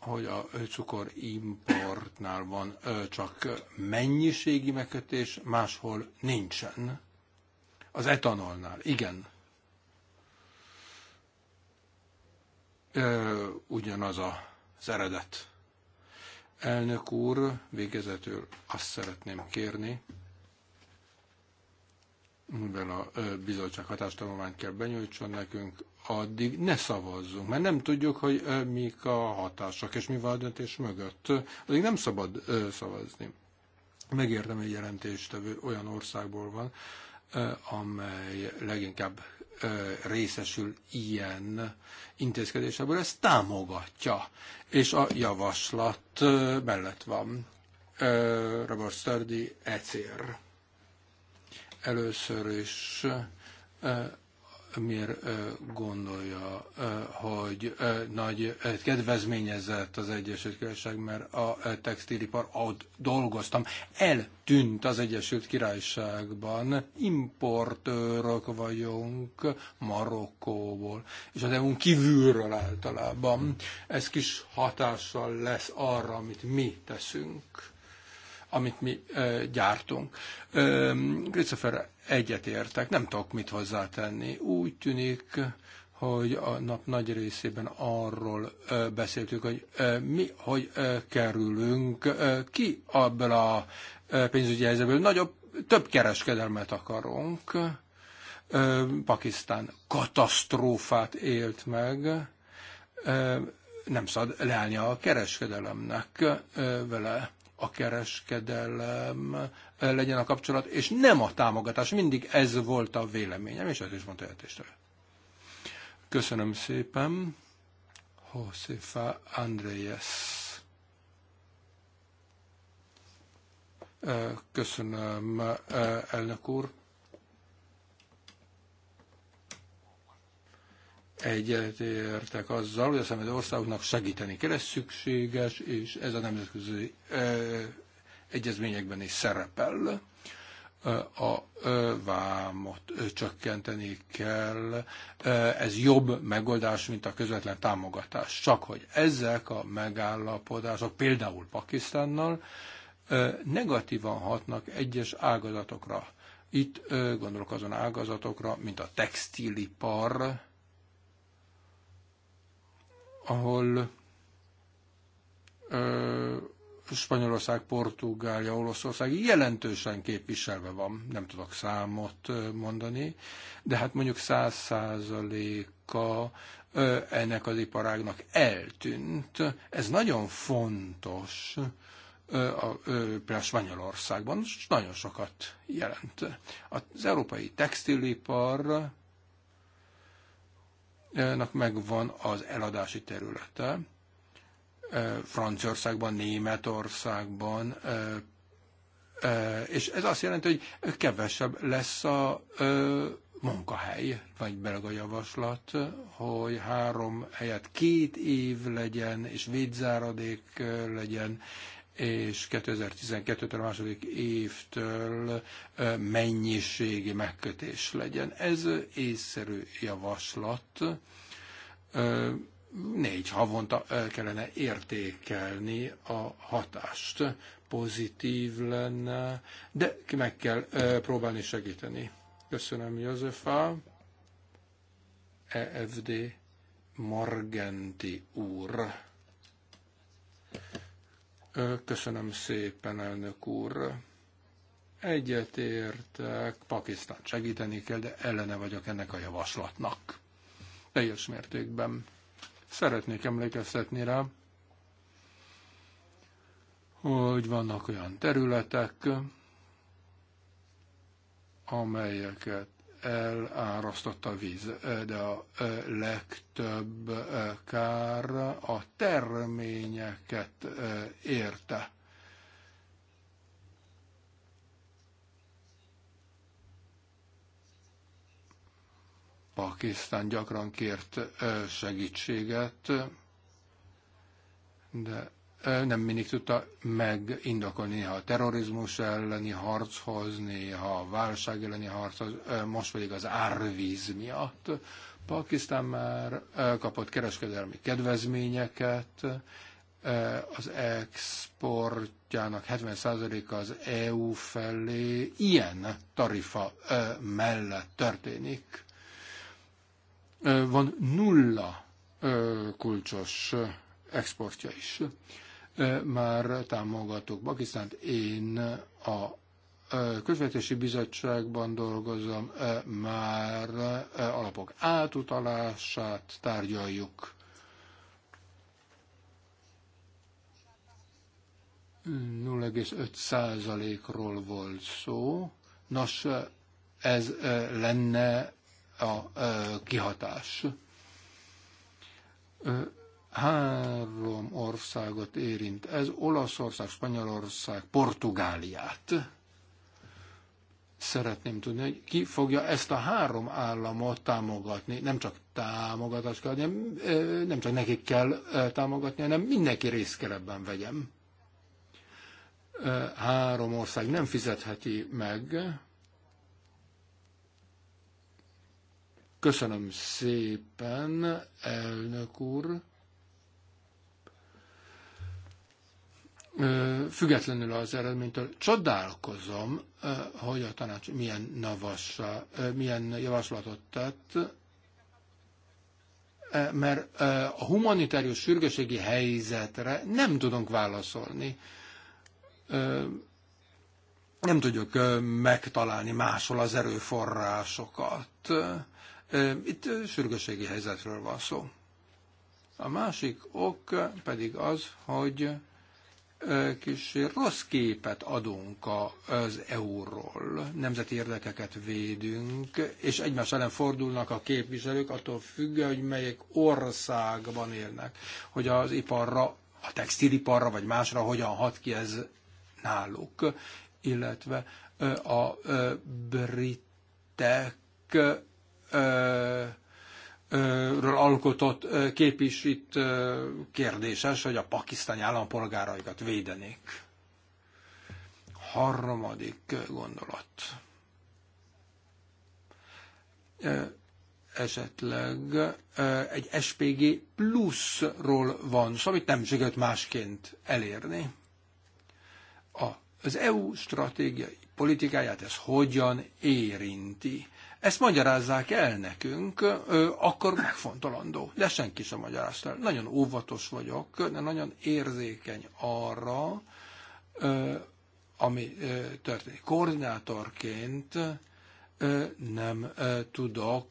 hogy a cukorimportnál van csak mennyiségi megkötés, máshol nincsen. Az etanolnál, igen. Ugyanaz az eredet. Elnök úr, végezetül azt szeretném kérni, mivel a bizottság hatástanulmányt kell benyújtson nekünk, addig ne szavazzunk, mert nem tudjuk, hogy mik a hatások, és mi van a döntés mögött. Addig nem szabad szavazni. Megértem, hogy jelentéstevő olyan országból van, amely leginkább részesül ilyen intézkedéseből, ezt támogatja, és a javaslat mellett van. Robert Sturdy, ECR. Először is miért gondolja, hogy nagy kedvezményezett az Egyesült Királyság, mert a textilipar, ott dolgoztam, eltűnt az Egyesült Királyságban, importőrök vagyunk Marokkóból, és az EU kívülről általában. Ez kis hatással lesz arra, amit mi teszünk amit mi ö, gyártunk. Christopher egyetértek, nem tudok mit hozzátenni. Úgy tűnik, hogy a nap nagy részében arról ö, beszéltük, hogy ö, mi, hogy ö, kerülünk ö, ki abból a ö, pénzügyi helyzetből. Nagyobb, több kereskedelmet akarunk. Ö, Pakisztán katasztrófát élt meg. Ö, nem szabad leállni a kereskedelemnek ö, vele a kereskedelem eh, legyen a kapcsolat, és nem a támogatás. Mindig ez volt a véleményem, és ez is mondta jelentéstől. Köszönöm szépen. Josefa Andreyes. Eh, köszönöm, eh, elnök úr. egyetértek azzal, hogy a szemed országoknak segíteni kell, ez szükséges, és ez a nemzetközi egyezményekben is szerepel. A vámot csökkenteni kell. Ez jobb megoldás, mint a közvetlen támogatás. Csak hogy ezek a megállapodások, például Pakisztánnal, negatívan hatnak egyes ágazatokra. Itt gondolok azon ágazatokra, mint a textilipar, ahol ö, Spanyolország, Portugália, Olaszország jelentősen képviselve van, nem tudok számot mondani, de hát mondjuk száz százaléka ennek az iparágnak eltűnt. Ez nagyon fontos a például Spanyolországban, nagyon sokat jelent. Az európai textilipar nak megvan az eladási területe. Franciaországban, Németországban, és ez azt jelenti, hogy kevesebb lesz a munkahely, vagy belga javaslat, hogy három helyet két év legyen, és védzáradék legyen, és 2012-től a második évtől mennyiségi megkötés legyen. Ez észszerű javaslat. Négy havonta kellene értékelni a hatást. Pozitív lenne, de meg kell próbálni segíteni. Köszönöm, Józefa EFD Morganti úr. Köszönöm szépen, elnök úr. Egyetértek, Pakisztán segíteni kell, de ellene vagyok ennek a javaslatnak. Teljes mértékben. Szeretnék emlékeztetni rá, hogy vannak olyan területek, amelyeket elárasztott a víz, de a legtöbb kár a terményeket érte. Pakisztán gyakran kért segítséget, de nem mindig tudta megindokolni néha a terrorizmus elleni harchoz, néha a válság elleni harchoz, most pedig az árvíz miatt. Pakisztán már kapott kereskedelmi kedvezményeket, az exportjának 70%-a az EU felé ilyen tarifa mellett történik. Van nulla kulcsos exportja is már támogatok Pakisztánt. Én a közvetési bizottságban dolgozom, már alapok átutalását tárgyaljuk. ról volt szó. Nos, ez lenne a kihatás három országot érint. Ez Olaszország, Spanyolország, Portugáliát. Szeretném tudni, hogy ki fogja ezt a három államot támogatni. Nem csak támogatást kell adni, nem csak nekik kell támogatni, hanem mindenki részt kell ebben vegyem. Három ország nem fizetheti meg, Köszönöm szépen, elnök úr. függetlenül az eredménytől csodálkozom, hogy a tanács milyen, navassa, milyen javaslatot tett, mert a humanitárius sürgőségi helyzetre nem tudunk válaszolni. Nem tudjuk megtalálni máshol az erőforrásokat. Itt sürgőségi helyzetről van szó. A másik ok pedig az, hogy kis rossz képet adunk az euróról, nemzeti érdekeket védünk, és egymás ellen fordulnak a képviselők, attól függ, hogy melyik országban élnek, hogy az iparra, a textiliparra vagy másra hogyan hat ki ez náluk, illetve a britek ről alkotott kép is itt kérdéses, hogy a pakisztáni állampolgáraikat védenék. Harmadik gondolat. Esetleg egy SPG pluszról van szó, amit nem sikerült másként elérni. A, az EU stratégiai politikáját ez hogyan érinti? Ezt magyarázzák el nekünk, akkor megfontolandó. De senki sem magyarázta el. Nagyon óvatos vagyok, de nagyon érzékeny arra, ami történik. Koordinátorként nem tudok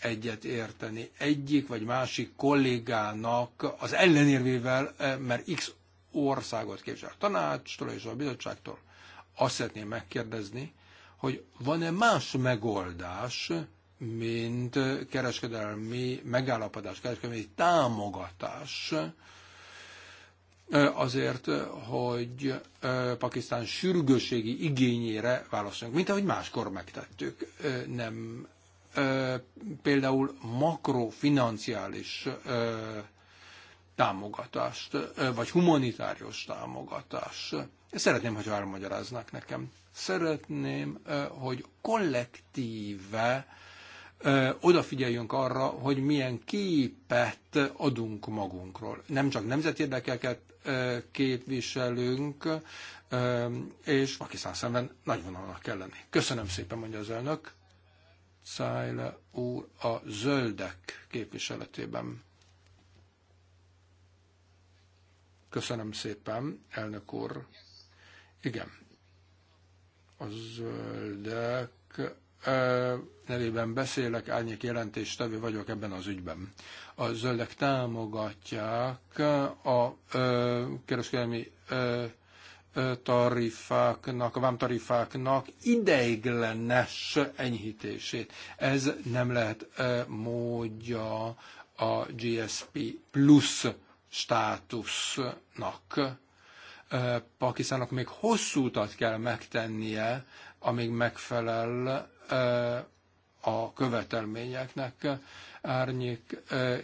egyet érteni egyik vagy másik kollégának az ellenérvével, mert X országot képzel a tanácstól és a bizottságtól. Azt szeretném megkérdezni, hogy van-e más megoldás, mint kereskedelmi megállapodás, kereskedelmi támogatás, azért, hogy Pakisztán sürgőségi igényére válaszoljunk, mint ahogy máskor megtettük. Nem például makrofinanciális támogatást, vagy humanitárius támogatást. Szeretném, hogy elmagyaráznak nekem. Szeretném, hogy kollektíve odafigyeljünk arra, hogy milyen képet adunk magunkról. Nem csak nemzetérdekeket képviselünk, és Pakisztán szemben nagy vonalnak kell lenni. Köszönöm szépen, mondja az elnök. Szájle úr a zöldek képviseletében. Köszönöm szépen, elnök úr. Igen, a zöldek nevében beszélek, árnyék jelentéstevő vagyok ebben az ügyben. A zöldek támogatják a kereskedelmi tarifáknak, a vámtarifáknak ideiglenes enyhítését. Ez nem lehet módja a GSP plusz státusznak. Pakisztának még hosszú utat kell megtennie, amíg megfelel a követelményeknek. Árnyék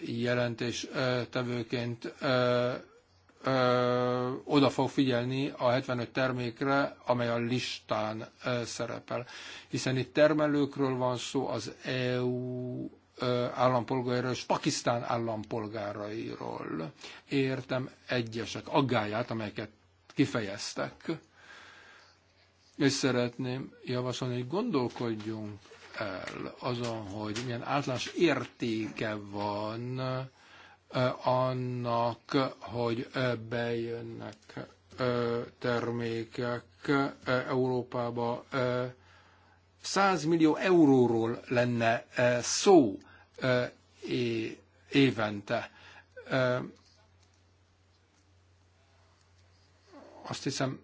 jelentés tevőként oda fog figyelni a 75 termékre, amely a listán szerepel. Hiszen itt termelőkről van szó, az EU állampolgárairól és Pakisztán állampolgárairól. Értem egyesek aggáját, amelyeket kifejeztek. És szeretném javasolni, hogy gondolkodjunk el azon, hogy milyen általános értéke van annak, hogy bejönnek termékek Európába. 100 millió euróról lenne szó évente. Azt hiszem,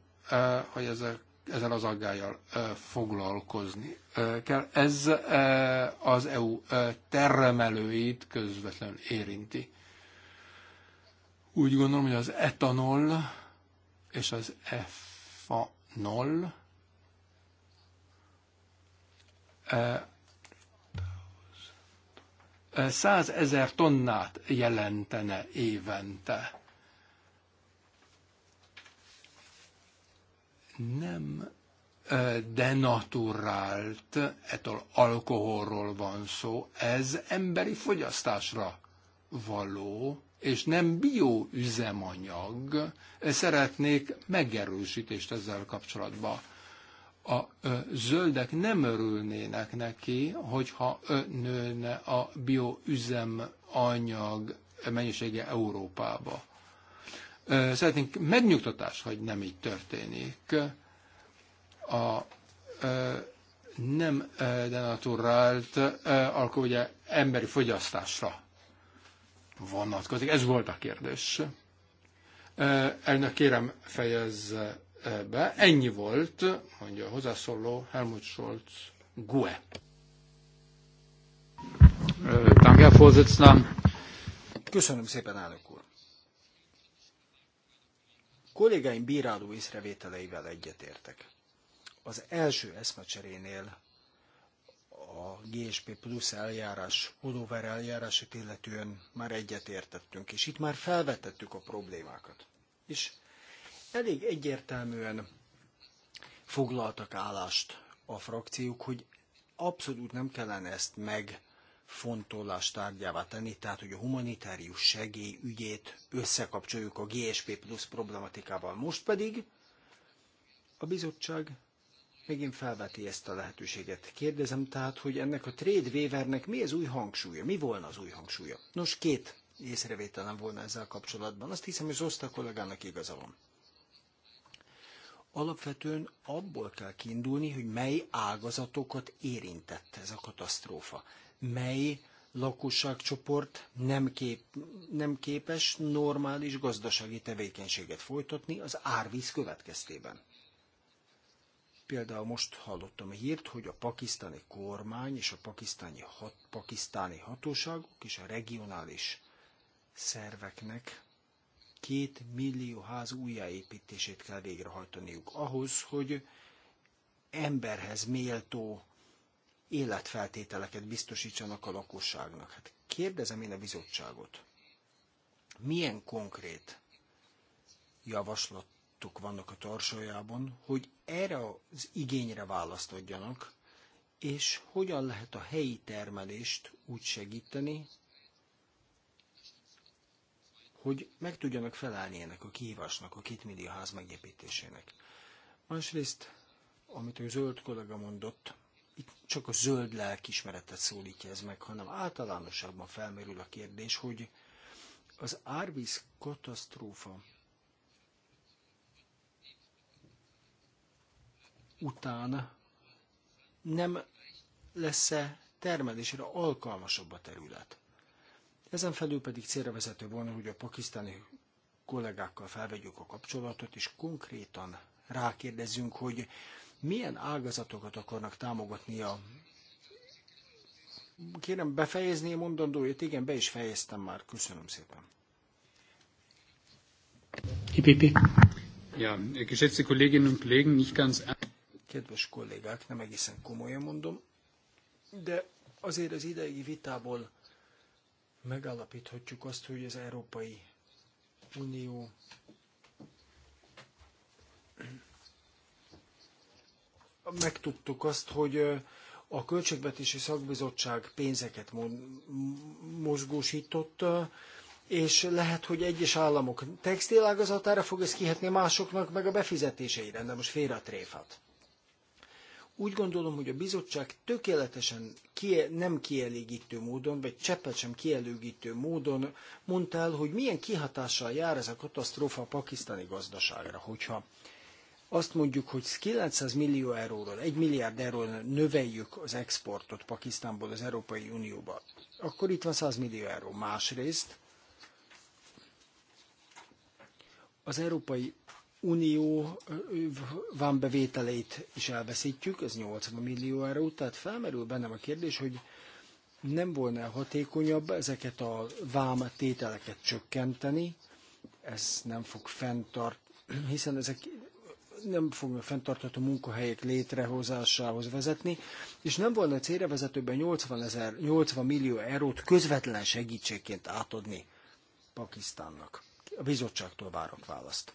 hogy ezzel az aggájjal foglalkozni kell. Ez az EU termelőit közvetlenül érinti. Úgy gondolom, hogy az etanol és az efanol 100 ezer tonnát jelentene évente. Nem denaturált, ettől alkoholról van szó, ez emberi fogyasztásra való, és nem bioüzemanyag. Szeretnék megerősítést ezzel kapcsolatban a zöldek nem örülnének neki, hogyha nőne a bioüzemanyag mennyisége Európába. Szeretnénk megnyugtatás, hogy nem így történik. A nem denaturált alkohol ugye emberi fogyasztásra vonatkozik. Ez volt a kérdés. Elnök, kérem, fejezze be. Ennyi volt, mondja a hozzászóló Helmut Scholz GUE. Köszönöm szépen, elnök úr. Kollégáim bíráló észrevételeivel egyetértek. Az első eszmecserénél a GSP plusz eljárás, Hodover eljárását illetően már egyetértettünk, és itt már felvetettük a problémákat. És elég egyértelműen foglaltak állást a frakciók, hogy abszolút nem kellene ezt meg fontolás tárgyává tenni, tehát hogy a humanitárius segély ügyét összekapcsoljuk a GSP plusz problematikával. Most pedig a bizottság megint felveti ezt a lehetőséget. Kérdezem tehát, hogy ennek a trade wavernek mi az új hangsúlya? Mi volna az új hangsúlya? Nos, két észrevételem volna ezzel kapcsolatban. Azt hiszem, hogy Zoszta kollégának igaza van. Alapvetően abból kell kiindulni, hogy mely ágazatokat érintett ez a katasztrófa, mely lakosságcsoport nem, kép, nem képes normális gazdasági tevékenységet folytatni az árvíz következtében. Például most hallottam a hírt, hogy a pakisztáni kormány és a pakisztáni, hat, pakisztáni hatóságok és a regionális szerveknek két millió ház újjáépítését kell végrehajtaniuk ahhoz, hogy emberhez méltó életfeltételeket biztosítsanak a lakosságnak. Hát kérdezem én a bizottságot, milyen konkrét javaslatok vannak a tarsajában, hogy erre az igényre választ adjanak, és hogyan lehet a helyi termelést úgy segíteni, hogy meg tudjanak felállni ennek a kihívásnak, a két médiaház ház megépítésének. Másrészt, amit a zöld kollega mondott, itt csak a zöld lelkismeretet szólítja ez meg, hanem általánosabban felmerül a kérdés, hogy az árvíz katasztrófa után nem lesz-e termelésre alkalmasabb a terület. Ezen felül pedig célra vezető volna, hogy a pakisztáni kollégákkal felvegyük a kapcsolatot, és konkrétan rákérdezzünk, hogy milyen ágazatokat akarnak támogatni a Kérem befejezni a mondandóját, igen, be is fejeztem már, köszönöm szépen. Kedves kollégák, nem egészen komolyan mondom, de azért az idei vitából megállapíthatjuk azt, hogy az Európai Unió megtudtuk azt, hogy a Költségvetési Szakbizottság pénzeket mozgósított, és lehet, hogy egyes államok textilágazatára fog ez kihetni másoknak, meg a befizetéseire, de most félre a tréfát. Úgy gondolom, hogy a bizottság tökéletesen kie, nem kielégítő módon, vagy cseppet sem kielégítő módon mondta el, hogy milyen kihatással jár ez a katasztrófa a pakisztáni gazdaságra, hogyha azt mondjuk, hogy 900 millió euróról, 1 milliárd euróról növeljük az exportot Pakisztánból az Európai Unióba, akkor itt van 100 millió euró. Másrészt az Európai Unió van bevételeit is elveszítjük, ez 80 millió euró, tehát felmerül bennem a kérdés, hogy nem volna hatékonyabb ezeket a vám tételeket csökkenteni, ez nem fog fenntart, [clears throat] hiszen ezek nem fognak fenntartható munkahelyek létrehozásához vezetni, és nem volna célra vezetőben 80, 80 millió eurót közvetlen segítségként átadni Pakisztánnak. A bizottságtól várok választ.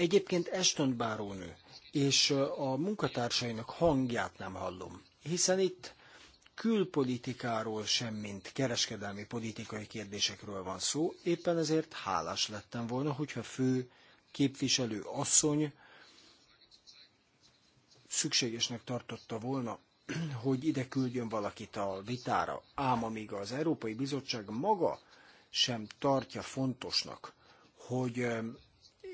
Egyébként Eston bárónő és a munkatársainak hangját nem hallom, hiszen itt külpolitikáról sem, mint kereskedelmi politikai kérdésekről van szó, éppen ezért hálás lettem volna, hogyha fő képviselő asszony szükségesnek tartotta volna, [clears throat] hogy ide küldjön valakit a vitára. Ám amíg az Európai Bizottság maga sem tartja fontosnak, hogy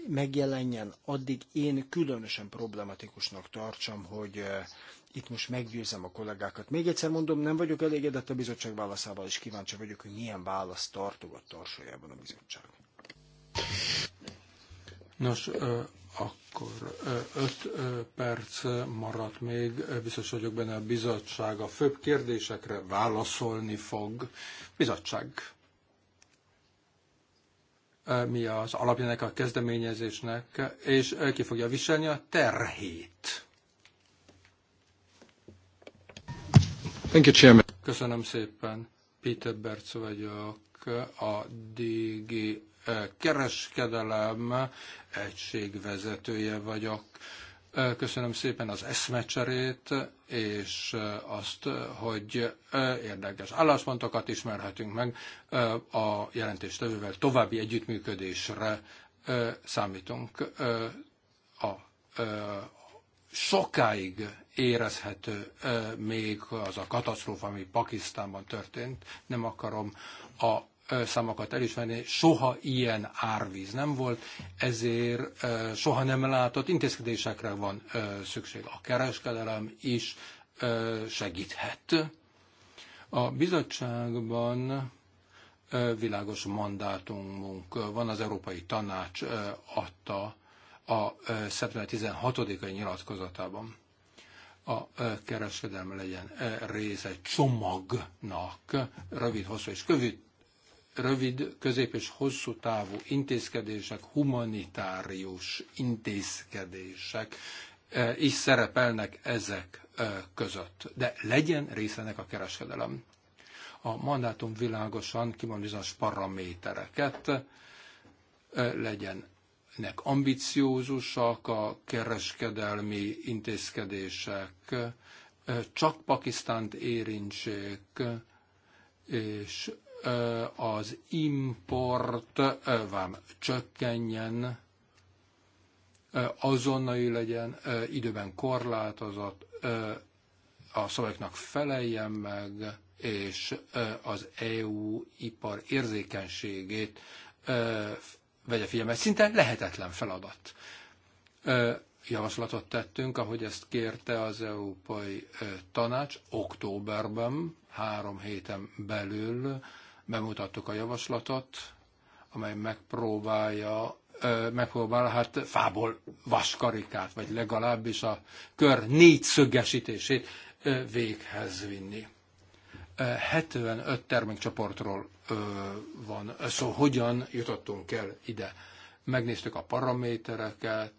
megjelenjen, addig én különösen problematikusnak tartsam, hogy eh, itt most meggyőzem a kollégákat. Még egyszer mondom, nem vagyok elégedett a bizottság válaszával, és kíváncsi vagyok, hogy milyen választ tartogat tarsolyában a bizottság. Nos, eh, akkor eh, öt perc maradt még, biztos vagyok benne a bizottság a főbb kérdésekre válaszolni fog. Bizottság mi az alapjának a kezdeményezésnek, és ki fogja viselni a terhét. Thank you, Chairman. Köszönöm szépen. Peter Bertsz vagyok, a DG kereskedelem egységvezetője vagyok Köszönöm szépen az eszmecserét, és azt, hogy érdekes álláspontokat ismerhetünk meg a jelentéstevővel. További együttműködésre számítunk a sokáig érezhető még az a katasztrófa, ami Pakisztánban történt. Nem akarom a számokat elismerni, soha ilyen árvíz nem volt, ezért soha nem látott intézkedésekre van szükség. A kereskedelem is segíthet. A bizottságban világos mandátumunk van, az Európai Tanács adta a szeptember 16-ai nyilatkozatában a kereskedelme legyen része csomagnak, rövid, hosszú és kövid, rövid, közép és hosszú távú intézkedések, humanitárius intézkedések e, is szerepelnek ezek e, között. De legyen részenek a kereskedelem. A mandátum világosan kimondja paramétereket, e, legyen nek ambiciózusak a kereskedelmi intézkedések, csak Pakisztánt érintsék, és az import vám csökkenjen, azonnali legyen, időben korlátozott, a szavaknak feleljen meg, és az EU ipar érzékenységét vegye figyelme. Szinte lehetetlen feladat. Javaslatot tettünk, ahogy ezt kérte az Európai Tanács októberben, három héten belül bemutattuk a javaslatot, amely megpróbálja megpróbál hát fából vaskarikát, vagy legalábbis a kör négy szögesítését véghez vinni. 75 termékcsoportról van szó, szóval hogyan jutottunk el ide. Megnéztük a paramétereket,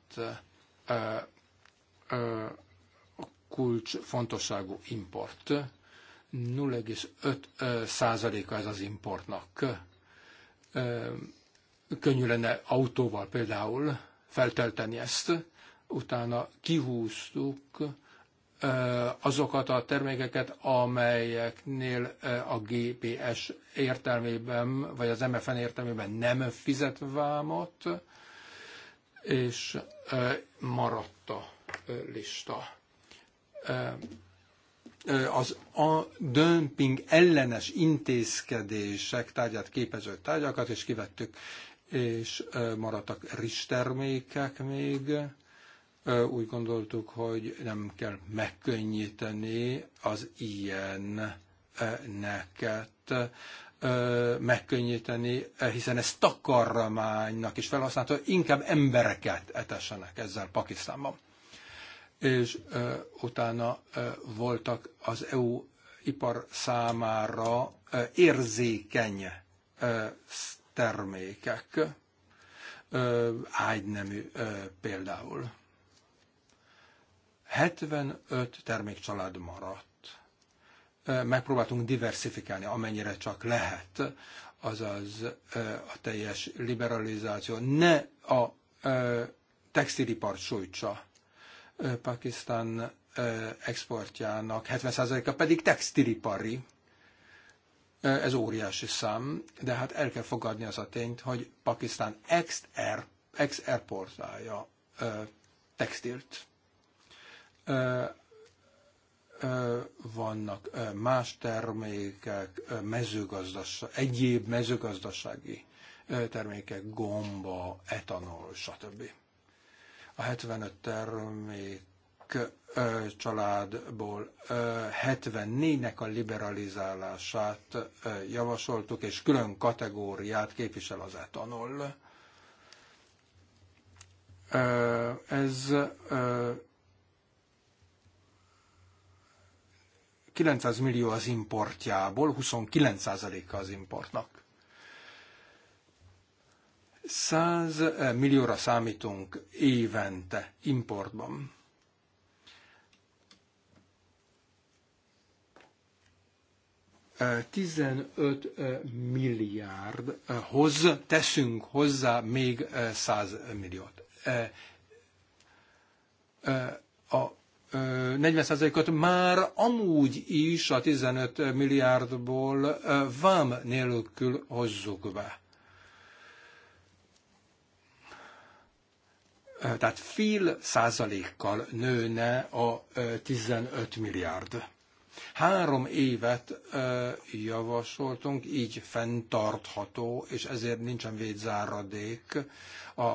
kulcs fontosságú import, 0,5 százaléka ez az importnak. Könnyű lenne autóval például feltölteni ezt, utána kihúztuk azokat a termékeket, amelyeknél a GPS értelmében, vagy az MFN értelmében nem fizet vámot, és maradt a lista az a dömping ellenes intézkedések tárgyát képező tárgyakat, és kivettük, és maradtak rizstermékek még. Úgy gondoltuk, hogy nem kell megkönnyíteni az ilyen neket megkönnyíteni, hiszen ez takarmánynak is felhasználható, inkább embereket etessenek ezzel Pakisztánban és utána voltak az EU ipar számára érzékeny termékek, ágynemű például. 75 termékcsalád maradt. Megpróbáltunk diversifikálni, amennyire csak lehet, azaz a teljes liberalizáció ne a textilipart sújtsa, Pakisztán exportjának 70%-a pedig textilipari. Ez óriási szám, de hát el kell fogadni az a tényt, hogy Pakisztán ex-airportálja er, textilt. Vannak más termékek, mezőgazdaság, egyéb mezőgazdasági termékek, gomba, etanol, stb. A 75 termék családból 74-nek a liberalizálását javasoltuk, és külön kategóriát képvisel az etanol. Ez 900 millió az importjából, 29%-a az importnak. 100 eh, millióra számítunk évente importban. Uh, eh, 15 eh, milliárdhoz teszünk hozzá még 100 milliót. A 40%-ot már amúgy is a 15 milliárdból vám nélkül hozzuk be. tehát fél százalékkal nőne a 15 milliárd. Három évet javasoltunk, így fenntartható, és ezért nincsen védzáradék a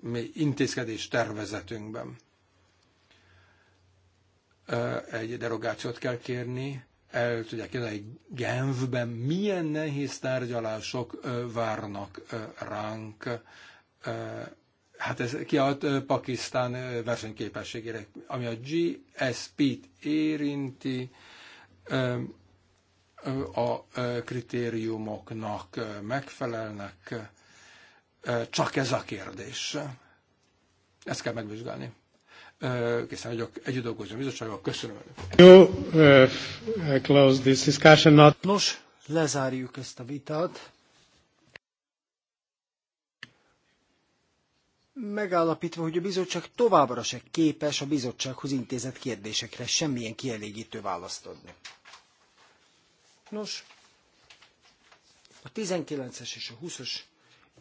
mi intézkedés tervezetünkben. Egy derogációt kell kérni, el tudják kérni, hogy Genfben milyen nehéz tárgyalások várnak ránk hát ez kiad Pakisztán versenyképességére, ami a GSP-t érinti, a kritériumoknak megfelelnek, csak ez a kérdés. Ezt kell megvizsgálni. Készen vagyok együtt dolgozni. a bizottsággal. Köszönöm. Jó, close this discussion. Nos, lezárjuk ezt a vitát. megállapítva, hogy a bizottság továbbra se képes a bizottsághoz intézett kérdésekre semmilyen kielégítő választ adni. Nos, a 19-es és a 20-os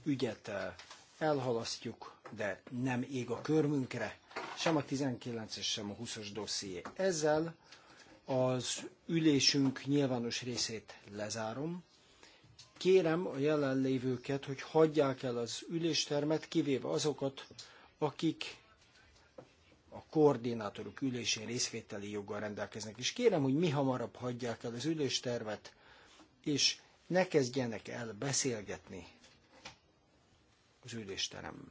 ügyet eh, elhalasztjuk, de nem ég a körmünkre, sem a 19-es, sem a 20-os dosszié. Ezzel az ülésünk nyilvános részét lezárom. Kérem a jelenlévőket, hogy hagyják el az üléstermet, kivéve azokat, akik a koordinátorok ülésén részvételi joggal rendelkeznek. És kérem, hogy mi hamarabb hagyják el az üléstervet, és ne kezdjenek el beszélgetni az ülésteremben.